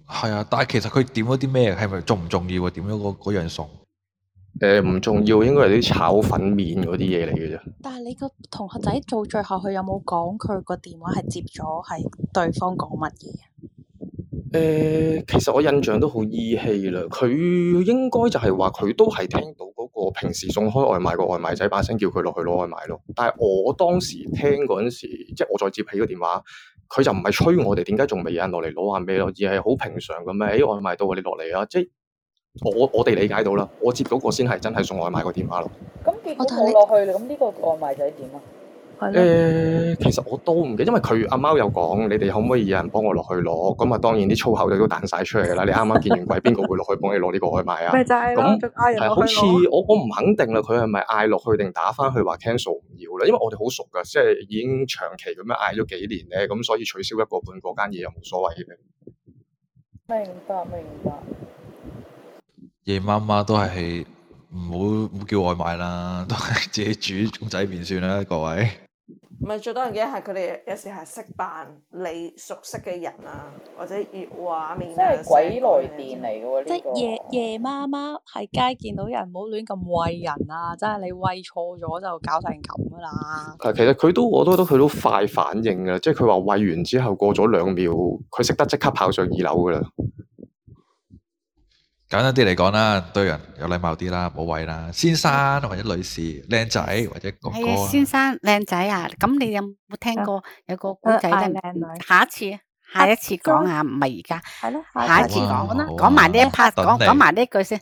係啊，但係其實佢點咗啲咩？係咪重唔重要？點咗嗰嗰樣餸？誒、呃，唔重要，應該係啲炒粉麵嗰啲嘢嚟嘅啫。但係你個同學仔做最後，佢有冇講佢個電話係接咗，係對方講乜嘢？誒、呃，其實我印象都好依稀啦。佢應該就係話佢都係聽到嗰個平時送開外賣個外、外賣仔把聲叫佢落去攞外賣咯。但係我當時聽嗰陣時，即係我再接起個電話。佢就唔係催我哋，點解仲未有人落嚟攞啊？咩咯，而係好平常咁樣，喺外賣到我哋落嚟啊！即係我我哋理解到啦，我接到個先係真係送外賣個電話咯。咁結果冇落去啦，咁呢個外賣仔點啊？誒、欸，其實我都唔記得，因為佢阿貓有講，你哋可唔可以有人幫我落去攞？咁啊，當然啲粗口就都彈晒出嚟啦。 [laughs] 你啱啱見完鬼，邊個會落去幫你攞呢個外賣啊？咪 [laughs] 那就係那好似像、嗯、我我唔肯定啦，佢係咪嗌落去定打翻去話 cancel 唔要啦？因為我哋好熟噶，即係已經長期咁樣嗌咗幾年咧，咁所以取消一個半個間嘢又冇所謂嘅。明白明白。夜媽媽都係唔好唔好叫外賣啦，都係自己煮公仔麵算啦，各位。唔係，最多人嘅係佢哋有時係識扮你熟悉嘅人啊，或者熱畫面啊，些即係鬼來電嚟嘅喎呢個。即夜夜媽媽喺街見到人，唔好亂咁喂人啊！真係你喂錯咗就搞成咁噶啦。啊，其實佢都，我都覺得佢都快反應嘅啦。即係佢話喂完之後過咗兩秒，佢識得即刻跑上二樓噶啦。簡單啲嚟講啦，對人有禮貌啲啦，冇位啦，先生或者女士，靚仔或者哥哥。係啊，先生靚仔啊，咁你有冇聽過有個公仔？嗯嗯嗯、靚女，下一次，下一次講啊，唔係而家。係咯、啊，下、啊、一次講啦，講埋呢一 part，講講埋呢句先。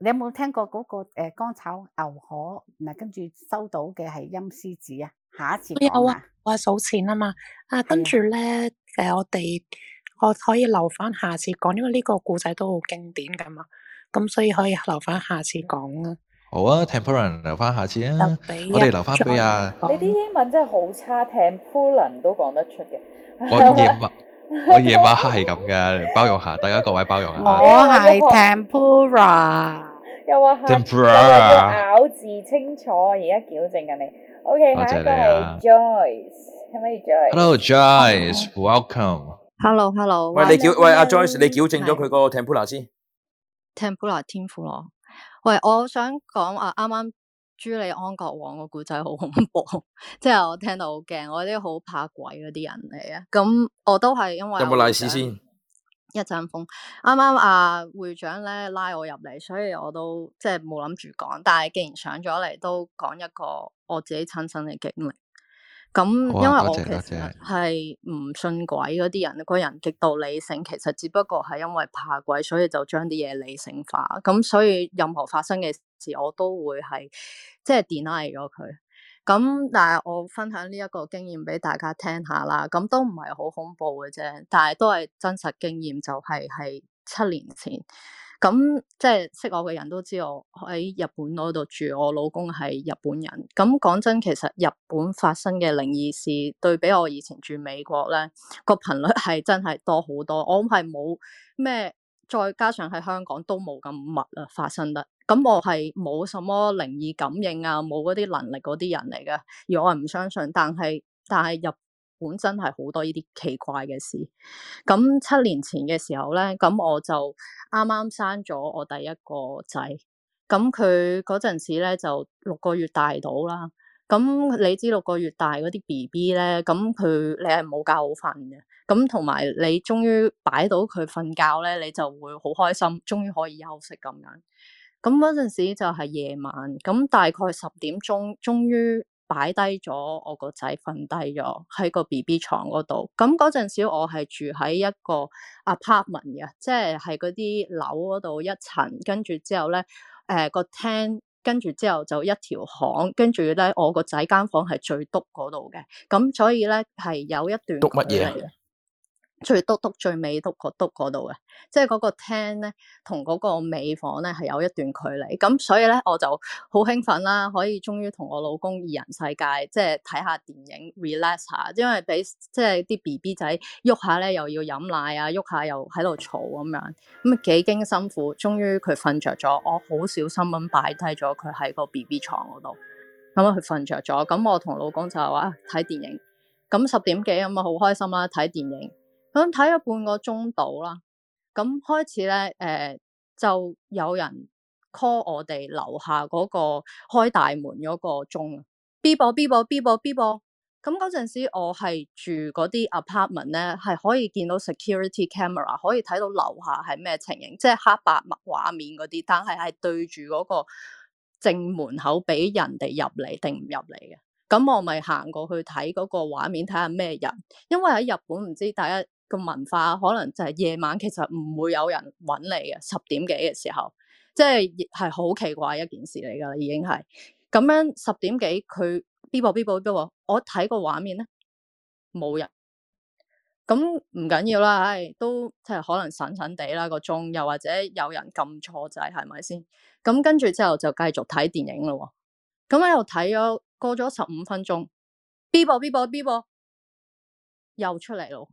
你有冇聽過嗰個誒乾炒牛河？嗱，跟住收到嘅係陰司紙啊，下一次講啊。我係數錢啊嘛，啊跟住咧，誒我哋。我可以留翻下次講，因為呢個故仔都好經典㗎嘛，咁所以可以留翻下次講啊。好啊，Tempura 留翻下次啊，特別 我哋留翻俾啊。你啲英文真係好差，Tempura 都講得出嘅。我夜晚， [laughs] 我夜晚黑係咁嘅， [laughs] 包容下大家，各位包容下。我係 Tempura，又話係咬字清楚，而家矯正緊你。O.K. hello，Joyce，我係你啊。Joyce，hello Joyce，welcome。Hello, Joyce, Welcome. Hello，Hello。Hello, hello. 喂，喂你叫，喂阿 Joyce，你矯正咗佢個 Tempura 先是。Tempura 天賦咯。喂，我想講啊，啱啱朱利安國王個故仔好恐怖，即 [laughs] 係我聽到好驚，我啲好怕鬼嗰啲人嚟啊。咁我都係因為有冇歷史先？一陣風，啱啱啊會長咧拉我入嚟，所以我都即係冇諗住講，但係既然上咗嚟，都講一個我自己親身嘅經歷。咁，因為我其實係唔信鬼嗰啲人，個人極度理性，其實只不過係因為怕鬼，所以就將啲嘢理性化。咁所以任何發生嘅事，我都會係即係 deny 咗佢。咁但係我分享呢一個經驗俾大家聽下啦。咁都唔係好恐怖嘅啫，但係都係真實經驗，就係喺係七年前。咁即係識我嘅人都知我喺日本嗰度住，我老公係日本人。咁講真，其實日本發生嘅靈異事，對比我以前住美國咧，個頻率係真係多好多。我係冇咩，再加上喺香港都冇咁密啊，發生得。咁我係冇什麼靈異感應啊，冇嗰啲能力嗰啲人嚟嘅。而我係唔相信，但係但係日。本身係好多呢啲奇怪嘅事，咁七年前嘅時候咧，咁我就啱啱生咗我第一個仔，咁佢嗰陣時咧就六個月大到啦，咁你知六個月大嗰啲 BB 咧，咁佢你係冇覺好瞓嘅，咁同埋你終於擺到佢瞓覺咧，你就會好開心，終於可以休息咁樣，咁嗰陣時就係夜晚，咁大概十點鐘，終於。擺低咗我個仔瞓低咗喺個 B B 床嗰度，咁嗰陣時我係住喺一個 apartment 嘅，即係喺嗰啲樓嗰度一層，跟住之後咧，誒、呃嗰個廳，跟住之後就一條巷，跟住咧我個仔間房係最篤嗰度嘅，咁所以咧係有一段篤。篤乜嘢？最篤篤最尾篤個篤嗰度嘅，即係嗰個廳咧，同嗰個尾房咧係有一段距離，咁所以咧我就好興奮啦，可以終於同我老公二人世界，即係睇下電影 relax 下，因為俾即係啲 B B 仔喐下咧又要飲奶啊，喐下又喺度嘈咁樣，咁幾經辛苦，終於佢瞓着咗，我好小心咁擺低咗佢喺個 B B 床嗰度，咁啊佢瞓着咗，咁我同老公就話睇電影，咁十點幾咁啊，好開心啦，睇電影。咁睇咗半個鐘到啦，咁開始咧，誒、呃、就有人 call 我哋樓下嗰個開大門嗰個鐘，B 播、B 播、B 播、B 播，咁嗰陣時我係住嗰啲 apartment 咧，係可以見到 security camera 可以睇到樓下係咩情形，即係黑白畫面嗰啲，但係係對住嗰個正門口俾人哋入嚟定唔入嚟嘅，咁我咪行過去睇嗰個畫面睇下咩人，因為喺日本唔知大家，個文化可能就係夜晚，其實唔會有人揾你嘅十點幾嘅時候，即係係好奇怪一件事嚟噶啦，已經係咁樣十點幾佢嗶啵嗶啵嗶啵，我睇個畫面咧冇人，咁唔緊要啦，唉都即係可能神神地啦個鐘，又或者有人撳錯掣，係咪先？咁跟住之後就繼續睇電影咯，咁喺度睇咗過咗十五分鐘，嗶啵嗶啵嗶啵，又出嚟咯。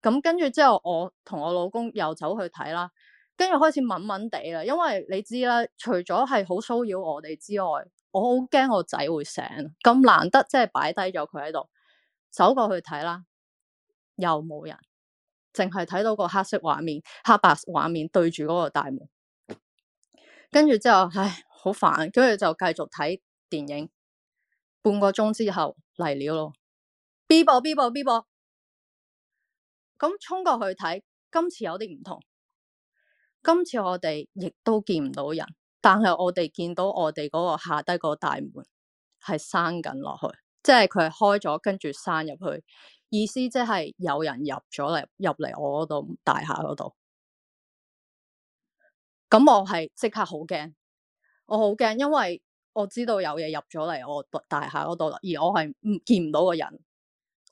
咁跟住之後，我同我老公又走去睇啦，跟住開始敏敏地啦，因為你知啦，除咗係好騷擾我哋之外，我好驚我仔會醒咁難得即係擺低咗佢喺度走過去睇啦，又冇人，淨係睇到個黑色畫面，黑白畫面對住嗰個大門，跟住之後唉好煩，跟住就繼續睇電影半個鐘之後嚟了咯，B 播 B 播 B 播。咁衝過去睇，今次有啲唔同。今次我哋亦都見唔到人，但係我哋見到我哋嗰個下低個大門係閂緊落去，即係佢係開咗，跟住閂入去。意思即係有人入咗嚟入嚟我度大廈嗰度。咁我係即刻好驚，我好驚，因為我知道有嘢入咗嚟我大廈嗰度啦，而我係唔見唔到個人，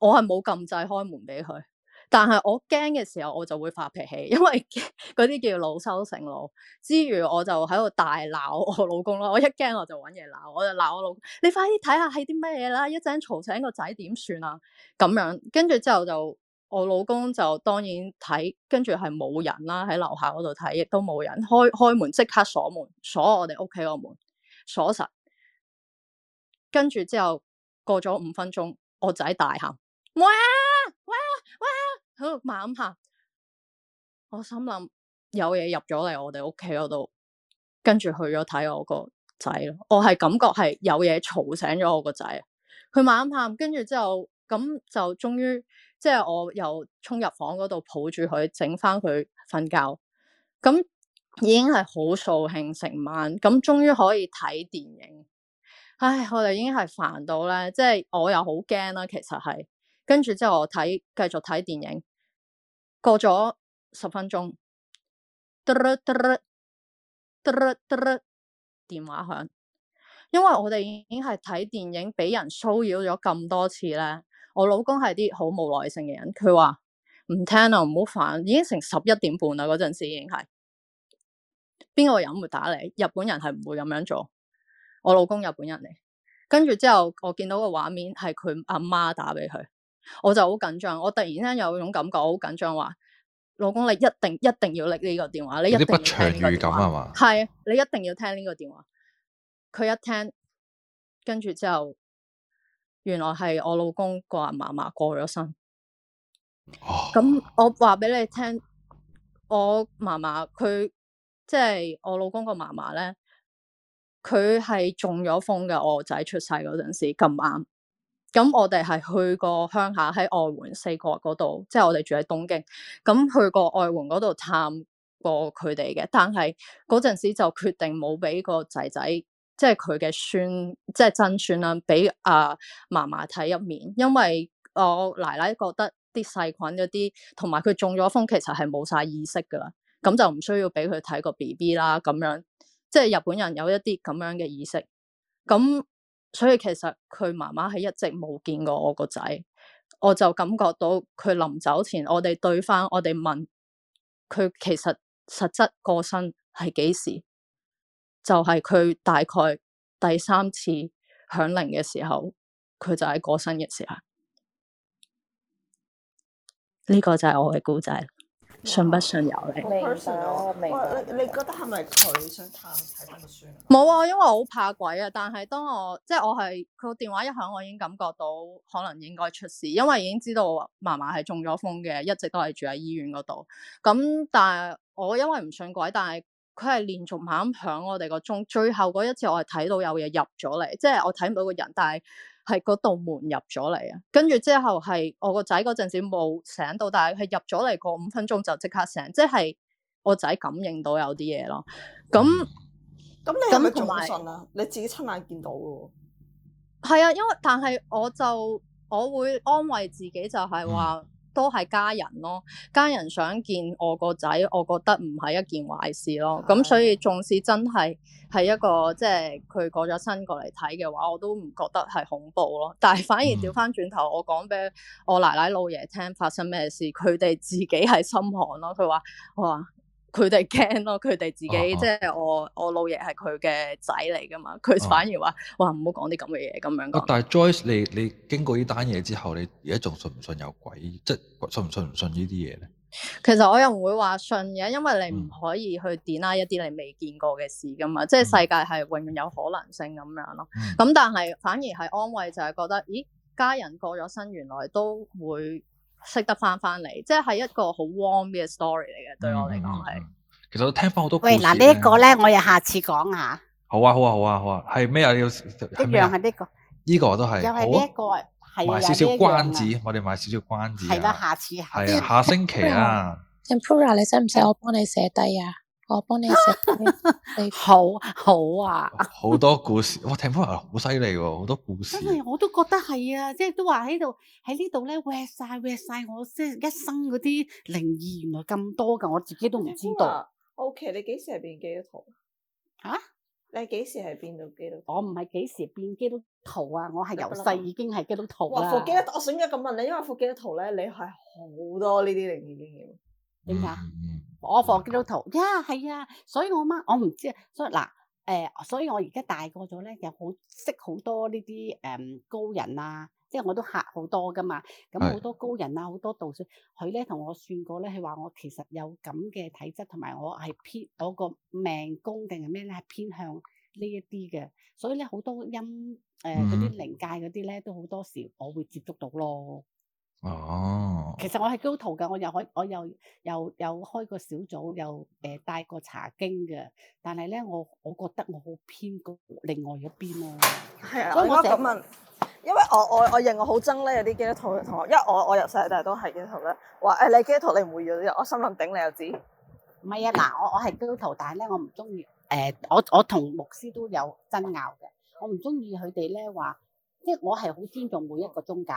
我係冇撳掣開門俾佢。但係我驚嘅時候，我就會發脾氣，因為嗰啲叫老羞成怒。之餘我就喺度大鬧我老公咯。我一驚我就搵嘢鬧，我就鬧我老公。你快啲睇下係啲咩嘢啦！一陣嘈醒個仔點算啊？咁樣跟住之後就我老公就當然睇，跟住係冇人啦，喺樓下嗰度睇，亦都冇人開開門，即刻鎖門，鎖我哋屋企個門鎖實。跟住之後過咗五分鐘，我仔大喊。哇喺度猛喊，我心諗有嘢入咗嚟我哋屋企嗰度，跟住去咗睇我個仔咯。我係感覺係有嘢吵醒咗我個仔，佢猛喊，跟住之後咁就終於即係我又衝入房嗰度抱住佢，整翻佢瞓覺。咁已經係好掃興成晚，咁終於可以睇電影。唉，我哋已經係煩到咧，即係我又好驚啦，其實係。跟住之後我睇繼續睇電影，過咗十分鐘，嘟嘟嘟嘟嘟，電話響，因為我哋已經係睇電影俾人騷擾咗咁多次咧。我老公係啲好冇耐性嘅人，佢話唔聽啊，唔好煩，已經成十一點半啦。嗰陣時已經係邊個人都會打你，日本人係唔會咁樣做。我老公日本人嚟，跟住之後我見到個畫面係佢阿媽打俾佢。我就好緊張，我突然間有種感覺，好緊張，話老公你一定一定要拎呢個電話，你一定要聽呢個電話。不祥預感係嘛？係，你一定要聽呢個電話。佢一聽，跟住之後，原來係我老公個阿嫲嫲過咗身。咁、哦、我話俾你聽，我嫲嫲佢即係我老公個嫲嫲咧，佢係中咗風嘅。我仔出世嗰陣時咁啱。咁我哋係去過鄉下，喺外環四國嗰度，即係我哋住喺東京。咁去過外環嗰度探過佢哋嘅，但係嗰陣時就決定冇俾個仔仔，即係佢嘅孫，即係真孫啦，俾阿嫲嫲睇入面，因為我奶奶覺得啲細菌嗰啲，同埋佢中咗風，其實係冇晒意識噶啦，咁就唔需要俾佢睇個 BB 啦。咁樣即係日本人有一啲咁樣嘅意識，咁。所以其實佢媽媽係一直冇見過我個仔，我就感覺到佢臨走前，我哋對返，我哋問佢其實實質過身係幾時？就係、是、佢大概第三次響鈴嘅時候，佢就係過身嘅時候。呢個就係我嘅故仔。信不信由你。明明 oh，你明白你覺得係咪佢想探睇返個孫？冇啊，因為我好怕鬼啊。但係當我即係我係佢電話一響，我已經感覺到可能應該出事，因為已經知道我嫲嫲係中咗風嘅，一直都係住喺醫院嗰度。咁但係我因為唔信鬼，但係佢係連續猛咁響我哋個鐘，最後嗰一次我係睇到有嘢入咗嚟，即係我睇唔到個人，但係。係嗰道門入咗嚟啊，跟住之後係我個仔嗰陣時冇醒到，但係佢入咗嚟個五分鐘就即刻醒，即係我仔感應到有啲嘢咯。咁咁、嗯嗯嗯、你係咪仲信啊？有你自己親眼見到嘅，係、嗯、啊，因為但係我就我會安慰自己就係話。嗯都係家人咯，家人想見我個仔，我覺得唔係一件壞事咯。咁、嗯、所以，縱使真係係一個即係佢過咗身過嚟睇嘅話，我都唔覺得係恐怖咯。但係反而調翻轉頭，我講俾我奶奶老爺聽發生咩事，佢哋自己係心寒咯。佢話：「哇！佢哋驚咯，佢哋自己、啊、即係我我老爺係佢嘅仔嚟噶嘛，佢反而、啊、話：哇，唔好講啲咁嘅嘢咁樣、啊。但係 Joyce，你你經過呢單嘢之後，你而家仲信唔信有鬼？即係信唔信唔信呢啲嘢咧？其實我又唔會話信嘅，因為你唔可以去點解一啲你未見過嘅事噶嘛，嗯、即係世界係永遠有可能性咁樣咯。咁、嗯嗯、但係反而係安慰，就係、是、覺得咦家人過咗身，原來都會。識得翻翻嚟，即係一個好 warm 嘅 story 嚟嘅，對我嚟講係。其實我聽翻好多。喂，嗱呢一個咧，我又下次講啊。好啊，好啊，好啊，好啊，係咩啊？要一樣係呢個。呢個都係。又係呢一個，係、啊、有買少少關子，的我哋買少少關子、啊。係咯，下次係。下星期啊。Tempura，你使唔使我幫你寫低啊？我幫你食，好、啊、好啊！好 [laughs] 多故事，我聽返好犀利喎，好多故事。因為我都覺得係啊，即係都話喺度喺呢度咧，搵晒搵晒我即係一生嗰啲靈異，原來咁多噶，我自己都唔知道。O、OK, K，你幾時變基督徒？啊？你幾時係變到基督徒？我唔係幾時變基督徒啊！我係由細已經係基督徒、啊基。我福音啊！我選擇咁問你，因為福音啊，圖咧你係好多呢啲靈異經驗。點解、嗯嗯 yeah, yeah.？我佛基督徒呀，係、so, 啊、呃，所以我媽我唔知啊。所以嗱，誒，所以我而家大個咗咧，又好識好多呢啲誒高人啊，即係我都嚇好多噶嘛。咁好多高人啊，好多道士，佢咧同我算過咧，佢話我其實有咁嘅體質，同埋我係偏嗰個命宮定係咩咧？偏向呢一啲嘅，所以咧好多陰誒嗰啲靈界嗰啲咧，都好多時我會接觸到咯。嗯哦，啊、其實我係基督徒㗎，我又開我又又又開個小組，又誒帶個查經嘅。但係咧，我我覺得我好偏過另外一邊咯。係啊，的所以我咁問，因為我我我認我好憎咧，有啲基督徒嘅同學，因為我我由細到大都係基、哎、基督徒，話誒你基督徒你唔會嘅，我心諗頂你又知。唔係啊，嗱我我係基督徒，但係咧我唔中意誒，我我同牧師都有爭拗嘅，我唔中意佢哋咧話，即係我係好尊重每一個宗教。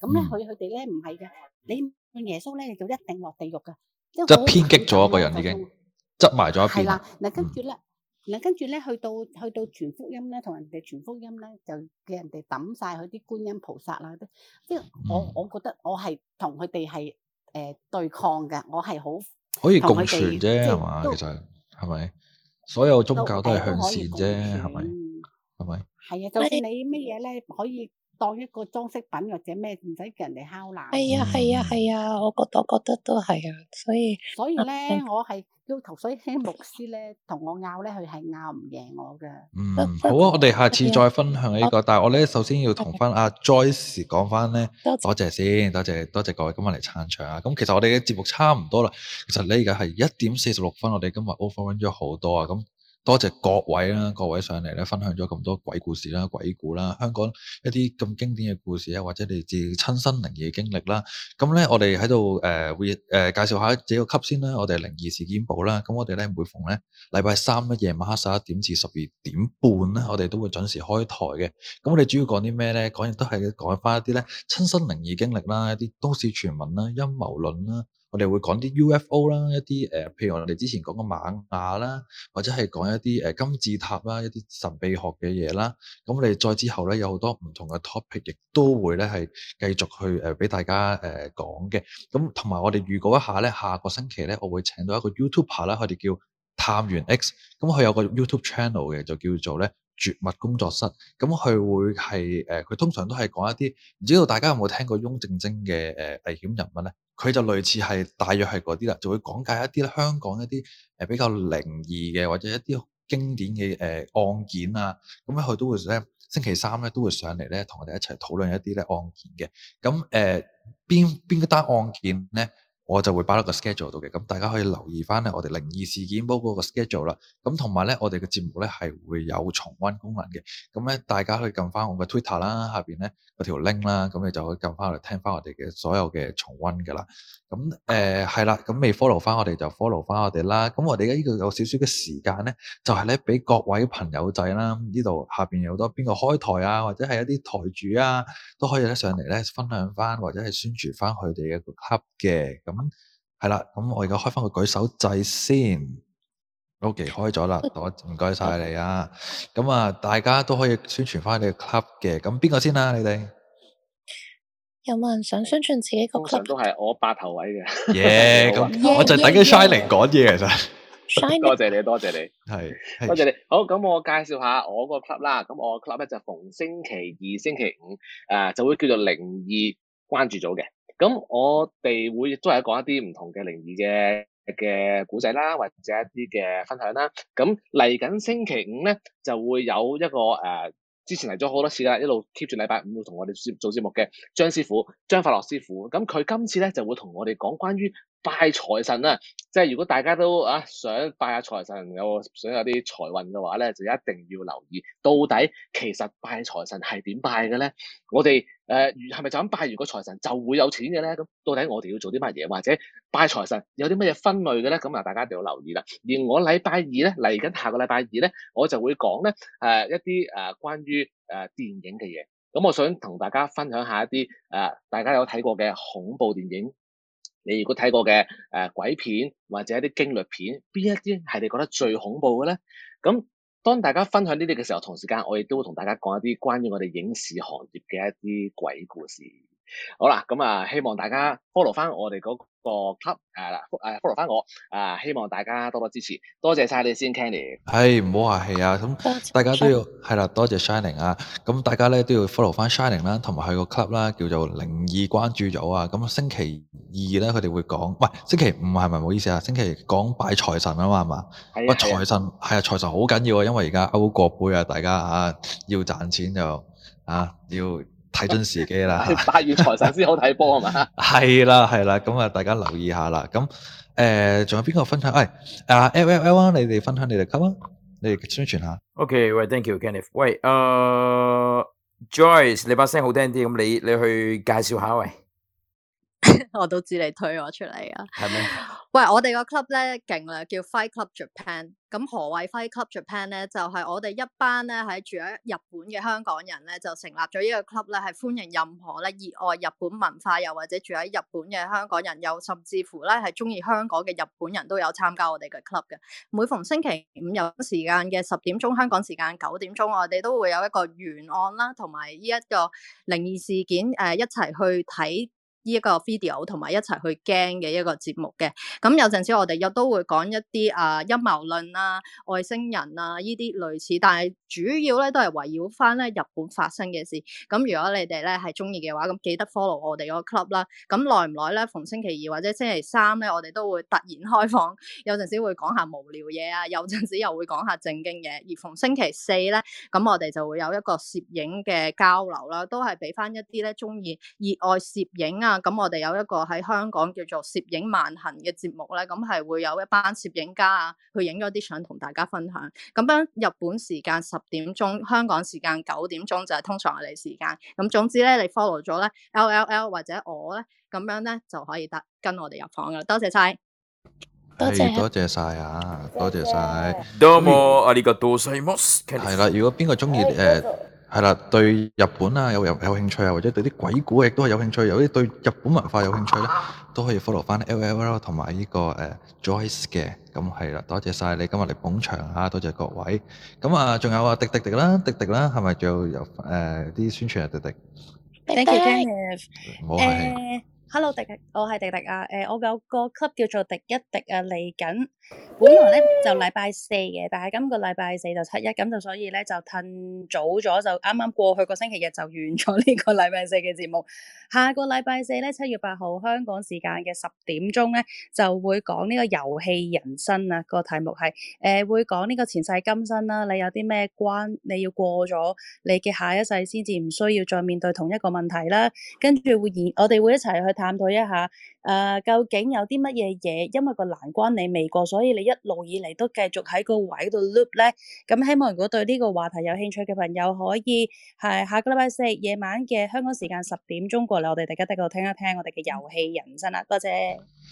咁咧，佢佢哋咧唔係嘅，你信耶穌咧就一定落地獄嘅，即係偏激咗一個人已經，執埋咗一邊啦。嗱，跟住咧，嗱，跟住咧，去到去到傳福音咧，同人哋傳福音咧，就叫人哋抌晒佢啲觀音菩薩啦，都即係我，我覺得我係同佢哋係誒對抗嘅，我係好可以共存啫，係嘛？其實係咪？所有宗教都係向善啫，係咪？係咪？係啊，就算你乜嘢咧，可以。當一個裝飾品或者咩，唔使人哋敲爛。係啊係啊係啊，我覺得我覺得都係啊，所以。所以咧，我係要求所以啲牧師咧，同我拗咧，佢係拗唔贏我嘅。嗯，好啊，我哋下次再分享呢、這個，Okay. 但係我咧首先要同翻阿 Joyce 講翻咧，多謝先，多謝多謝各位今日嚟撐場啊！咁其實我哋嘅節目差唔多啦，其實你而家係一點四十六分，我哋今日 over 咗好多啊咁。多謝各位啦，各位上嚟咧，分享咗咁多鬼故事啦、鬼故啦，香港一啲咁經典嘅故事啊，或者你自己親身靈異嘅經歷啦。咁咧，我哋喺度誒會誒、呃、介紹下這個級先啦。我哋靈異事件簿啦，咁我哋咧每逢咧禮拜三嘅夜晚黑十一點至十二點半咧，我哋都會準時開台嘅。咁我哋主要講啲咩咧？講嘢都係講翻一啲咧親身靈異經歷啦、一啲都市傳聞啦、陰謀論啦。我哋會講啲 UFO 啦，一啲誒、呃，譬如我哋之前講嘅瑪雅啦，或者係講一啲誒金字塔啦，一啲神秘學嘅嘢啦。咁我哋再之後咧，有好多唔同嘅 topic，亦都會咧係繼續去誒俾、呃、大家誒講嘅。咁同埋我哋預告一下咧，下個星期咧，我會請到一個 YouTuber 啦，佢哋叫探源 X。咁佢有個 YouTube channel 嘅，就叫做咧。絕密工作室，咁佢會係誒，佢、呃、通常都係講一啲，唔知道大家有冇聽過翁靜晶嘅誒危險人物咧？佢就類似係，大約係嗰啲啦，就會講解一啲香港一啲誒比較靈異嘅或者一啲經典嘅誒、呃、案件啊，咁咧佢都會咧星期三咧都會上嚟咧同我哋一齊討論一啲咧案件嘅，咁誒邊邊一單案件咧？我就會擺落個 schedule 度嘅，咁大家可以留意翻咧，我哋靈異事件簿嗰個 schedule 啦。咁同埋咧，我哋嘅節目咧係會有重溫功能嘅。咁咧，大家可以撳翻我嘅 Twitter 啦，下邊咧嗰條 link 啦，咁你就可以撳翻嚟聽翻我哋嘅所有嘅重溫噶啦。咁誒係啦，咁、嗯、未 follow 翻我哋就 follow 翻我哋啦。咁我哋而家呢個有少少嘅時間咧，就係咧俾各位朋友仔啦，呢度下邊有好多邊個開台啊，或者係一啲台主啊，都可以咧上嚟咧分享翻或者係宣傳翻佢哋一個 club 嘅。係啦，咁、嗯啊、我而家開翻個舉手制先，OK 開咗啦，唔該晒你啊！咁啊，大家都可以宣傳翻你的 club 的、嗯、個 club 嘅。咁邊個先啦？你哋有冇人想宣傳自己個 club 都係我八頭位嘅，耶 Yeah！ [laughs] 咁 [noise] 我就等緊 Shining 講嘢，其實，多 Shine it? 謝，謝你，多謝，謝你，係多謝，謝你。好，咁我介紹下我個 club 啦。咁我個 club 咧就逢星期二、星期五誒、啊，就會叫做靈異關注組嘅。咁我哋會亦都係講一啲唔同嘅靈異嘅嘅古仔啦，或者一啲嘅分享啦。咁嚟緊星期五咧，就會有一個誒、呃，之前嚟咗好多次噶，一路 keep 住禮拜五會同我哋做做節目嘅張師傅、張法樂師傅。咁佢今次咧就會同我哋講關於。拜財神啊，即係如果大家都啊想拜下財神，有想有啲財運嘅話咧，就一定要留意到底其實拜財神係點拜嘅咧？我哋誒係咪就咁拜完個財神就會有錢嘅咧？咁到底我哋要做啲乜嘢，或者拜財神有啲乜嘢分類嘅咧？咁啊，大家一定要留意啦。而我禮拜二咧，嚟緊下個禮拜二咧，我就會講咧誒一啲誒關於誒電影嘅嘢。咁我想同大家分享下一啲誒、呃、大家有睇過嘅恐怖電影。你如果睇過嘅誒鬼片或者一啲驚慄片，邊一啲係你覺得最恐怖嘅咧？咁當大家分享呢啲嘅時候，同時間我亦都會同大家講一啲關於我哋影視行業嘅一啲鬼故事。好啦，咁、嗯、啊，希望大家 follow 翻我哋嗰個 club 誒、啊，誒 follow 翻我啊，希望大家多多支持，多謝晒你先，Kenny。係，唔好客氣啊，咁、 [music] hey, 大家都要係啦謝深，多謝 Shining 啊，咁、嗯、大家咧都要 follow 翻 Shining 啦、啊，同埋去個 club 啦、啊，叫做靈異關注組啊，咁星期二咧，佢哋會講，喂，星期五係咪？唔好意思啊，星期講拜財神啊嘛，係嘛，喂的，財神係啊，財的神好緊要啊，因為而家歐國杯啊，大家啊要賺錢就啊要就。啊要睇準時機啦，八月財神先好睇波啊嘛，係啦係啦，咁啊大家留意下啦，咁誒仲有邊個分享？喂，啊 L L L 啊，你哋分享你哋 come 啊，你哋宣傳下。OK，喂，Thank you，Kenneth。喂，誒、okay, 呃、Joyce，你把聲好聽啲，咁你你去介紹下喂。 [laughs] 我都知你推我出嚟啊！係咩嗎？ [laughs] 喂，我哋個 club 咧，勁啦，叫 Fight Club Japan。咁何謂 Fight Club Japan 咧？就係、是、我哋一班咧喺住喺日本嘅香港人咧，就成立咗呢個 club 咧，係歡迎任何咧熱愛日本文化又或者住喺日本嘅香港人，又甚至乎咧係中意香港嘅日本人都有參加我哋嘅 club 嘅。每逢星期五有時間嘅十點鐘香港時間九點鐘，我哋都會有一個懸案啦，同埋呢一個靈異事件誒、呃，一齊去睇。依一,一個 video 同埋一齊去驚嘅一個節目嘅，咁有陣時我哋又都會講一啲啊陰謀論啊外星人啊呢啲類似，但係主要咧都係圍繞翻咧日本發生嘅事。咁如果你哋咧係中意嘅話，咁記得 follow 我哋個 club 啦。咁耐唔耐咧？逢星期二或者星期三咧，我哋都會突然開放。有陣時會講下無聊嘢啊，有陣時又會講下正經嘢。而逢星期四咧，咁我哋就會有一個攝影嘅交流啦，都係俾翻一啲咧中意熱愛攝影啊～咁我哋有一個喺香港叫做攝影慢行嘅節目咧，咁係會有一班攝影家啊去影咗啲相同大家分享。咁樣日本時間十點鐘，香港時間九點鐘就係通常我哋時間。咁總之咧，你 follow 咗咧 L L L 或者我咧，咁樣咧就可以得跟我哋入房噶啦。多謝晒，多謝多謝晒啊，多謝晒。多麽阿呢個多謝莫斯。係啦， [noise] [noise] 如果邊個中意誒？ [noise] [noise] 係啦，對日本啊有有有,有,有興趣啊，或者對啲鬼故亦都係有興趣，有啲對日本文化有興趣呢，都可以 follow 翻 L L 啦同埋呢個誒、uh, Joyce 嘅。咁係啦，多謝晒你今日嚟捧場嚇，多謝各位。咁啊，仲有啊迪迪迪啦，迪迪啦，係咪仲有有啲、呃、宣傳啊迪迪？Thank you, Dave。冇客 hello，迪，迪，我係迪迪啊，誒、呃，我有個 club 叫做迪一迪啊，嚟緊，本來咧就禮拜四嘅，但係今個禮拜四就七一，咁就所以咧就褪早咗，就啱啱過去個星期日就完咗呢個禮拜四嘅節目，下個禮拜四咧七月八號香港時間嘅十點鐘咧就會講呢個遊戲人生啊，個題目係誒、呃、會講呢個前世今生啦，你有啲咩關你要過咗，你嘅下一世先至唔需要再面對同一個問題啦，跟住會演我哋會一齊去探討一下，誒，究竟有啲乜嘢嘢？因為個難關你未過，所以你一路以嚟都繼續喺個位度 loop 咧。咁希望如果對呢個話題有興趣嘅朋友，可以係下個禮拜四夜晚嘅香港時間十點鐘過嚟，我哋大家喺度聽一聽我哋嘅遊戲人生啦，多謝。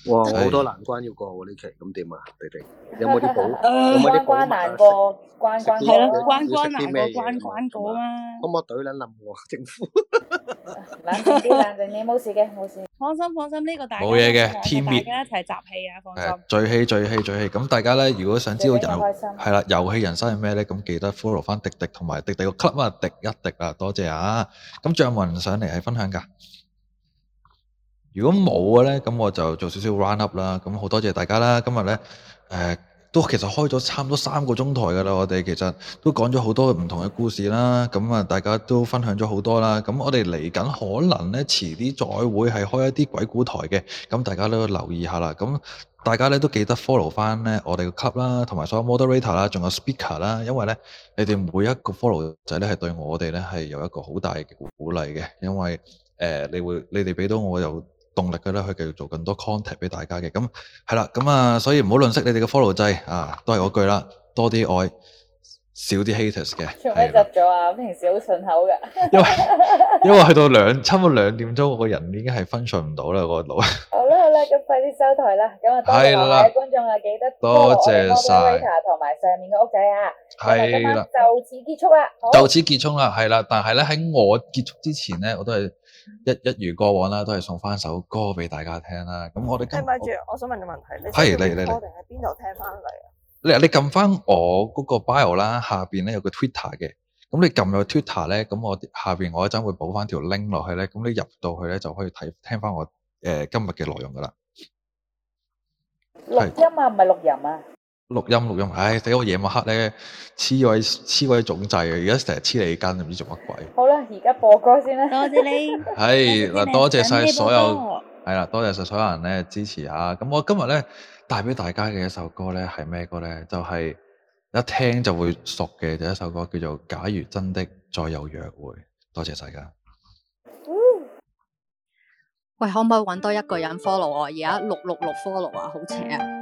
哇，好多難關要過喎呢期，咁點啊？你哋有冇啲補？有冇啲關難過？關關係咯，關關難過關關過啊！可唔可以懟捻林國政府？ [laughs] 冷靜啲，冷靜啲，冇事嘅，冇事。放心，放心，呢、這個大家冇嘢嘅。天滅滅，大家一齊集氣啊！放心，聚氣，聚氣，聚氣。咁大家咧，如果想知道人生，係啦，遊戲人生係咩咧？咁記得 follow 翻迪迪同埋迪迪個 club 啊，迪一迪啊，多謝啊！咁仲有冇人上嚟係分享噶，如果冇嘅咧，咁我就做少少 round up 啦。咁好多謝大家啦，今日咧，誒、呃。都其實開咗差唔多三個鐘台嘅啦，我哋其實都講咗好多唔同嘅故事啦，咁啊大家都分享咗好多啦，咁我哋嚟緊可能咧遲啲再會係開一啲鬼故台嘅，咁大家都留意下啦，咁大家咧都記得 follow 翻咧我哋嘅 club 啦，同埋所有 moderator 啦，仲有 speaker 啦，因為咧你哋每一個 follow 仔咧係對我哋咧係有一個好大嘅鼓勵嘅，因為誒、呃、你會你哋俾到我有。動力嘅咧，去繼續做更多 content 俾大家嘅。咁係啦，咁啊，所以唔好吝惜你哋嘅 follow 掣啊，都係嗰句啦，多啲愛，少啲 haters 嘅。重複咗啊！平時好順口嘅為。 [laughs] 因為因為去到兩差唔多兩點鐘，我個人已經係分神唔到啦，個腦好。好啦好啦，咁快啲收台啦。咁啊了，多謝，謝各位觀眾啊，記得多謝晒了，同埋上面嘅屋企啊。係啦了。了就此結束啦。就此結束啦。係啦，但係咧喺我結束之前咧，我都係。一一如過往啦，都係送翻首歌俾大家聽啦。咁我哋跟住，我想問個問題，是你係嚟嚟嚟，定係邊度聽翻嚟啊？你你撳翻我嗰個 bio 啦，下邊咧有個 Twitter 嘅，咁你撳落 Twitter 咧，咁我下邊我一陣會補翻條 link 落去咧，咁你入到去咧就可以睇聽翻我誒、呃、今日嘅內容噶啦。錄音啊，唔係錄音啊。錄音錄音，唉，哎，死我夜晚黑咧黐鬼黐鬼總掣啊！而家成日黐你根，唔知做乜鬼。好啦，而家播歌先啦， [laughs] 多謝你。係嗱， [laughs] [laughs] 多謝晒所有，係啦，多謝晒所有人咧支持啊！咁我今日咧帶俾大家嘅一首歌咧係咩歌咧？就係，是，一聽就會熟嘅就一首歌，叫做《假如真的再有約會》。多謝大家。喂，可唔可以搵多一個人 follow 我？而家六六六 follow 啊，好邪啊！嗯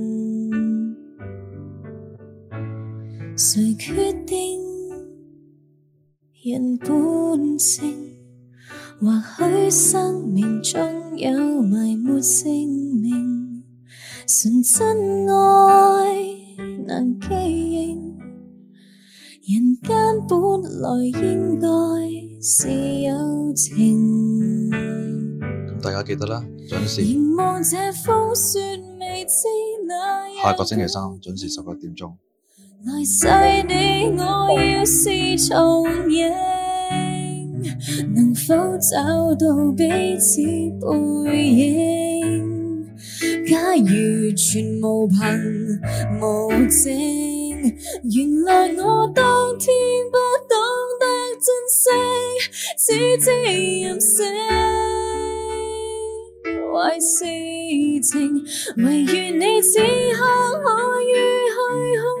誰決定人本性？或許生命中有埋沒姓名，純真愛難記認。人間本來應該是有情。咁大家記得啦，準時。個下個星期三準時十一點鐘。來世你我要是重影，能否找到彼此背影？假如全無憑無證，原諒我當天不懂得珍惜，只知任性。壞事情，唯願你此刻可遇虛空。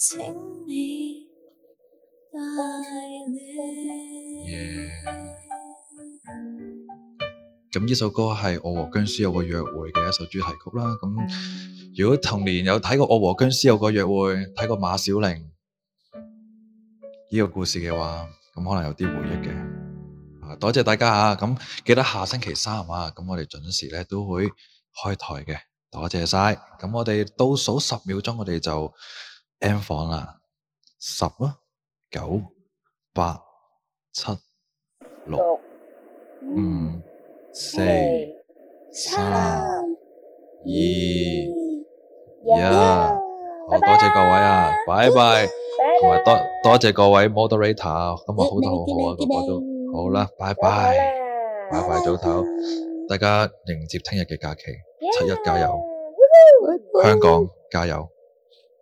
請你帶念。yeah. 咁呢首歌係《我和殭屍有個約會》嘅一首主題曲啦。咁如果童年有睇過《我和殭屍有個約會》，睇過馬小玲呢個故事嘅話，咁可能有啲回憶嘅。啊，多謝大家啊！咁記得下星期三啊，咁我哋準時咧都會開台嘅。多謝晒。咁我哋倒數十秒鐘，我哋就。M 房啊，十、啊，九、八、七、六、五、四、三、二、一，好多謝各位啊，拜拜，同埋多多謝各位 moderator，今日好得好好啊，各位都好啦，拜拜，拜拜早唞，大家迎接聽日嘅假期，七一加油，香港加油。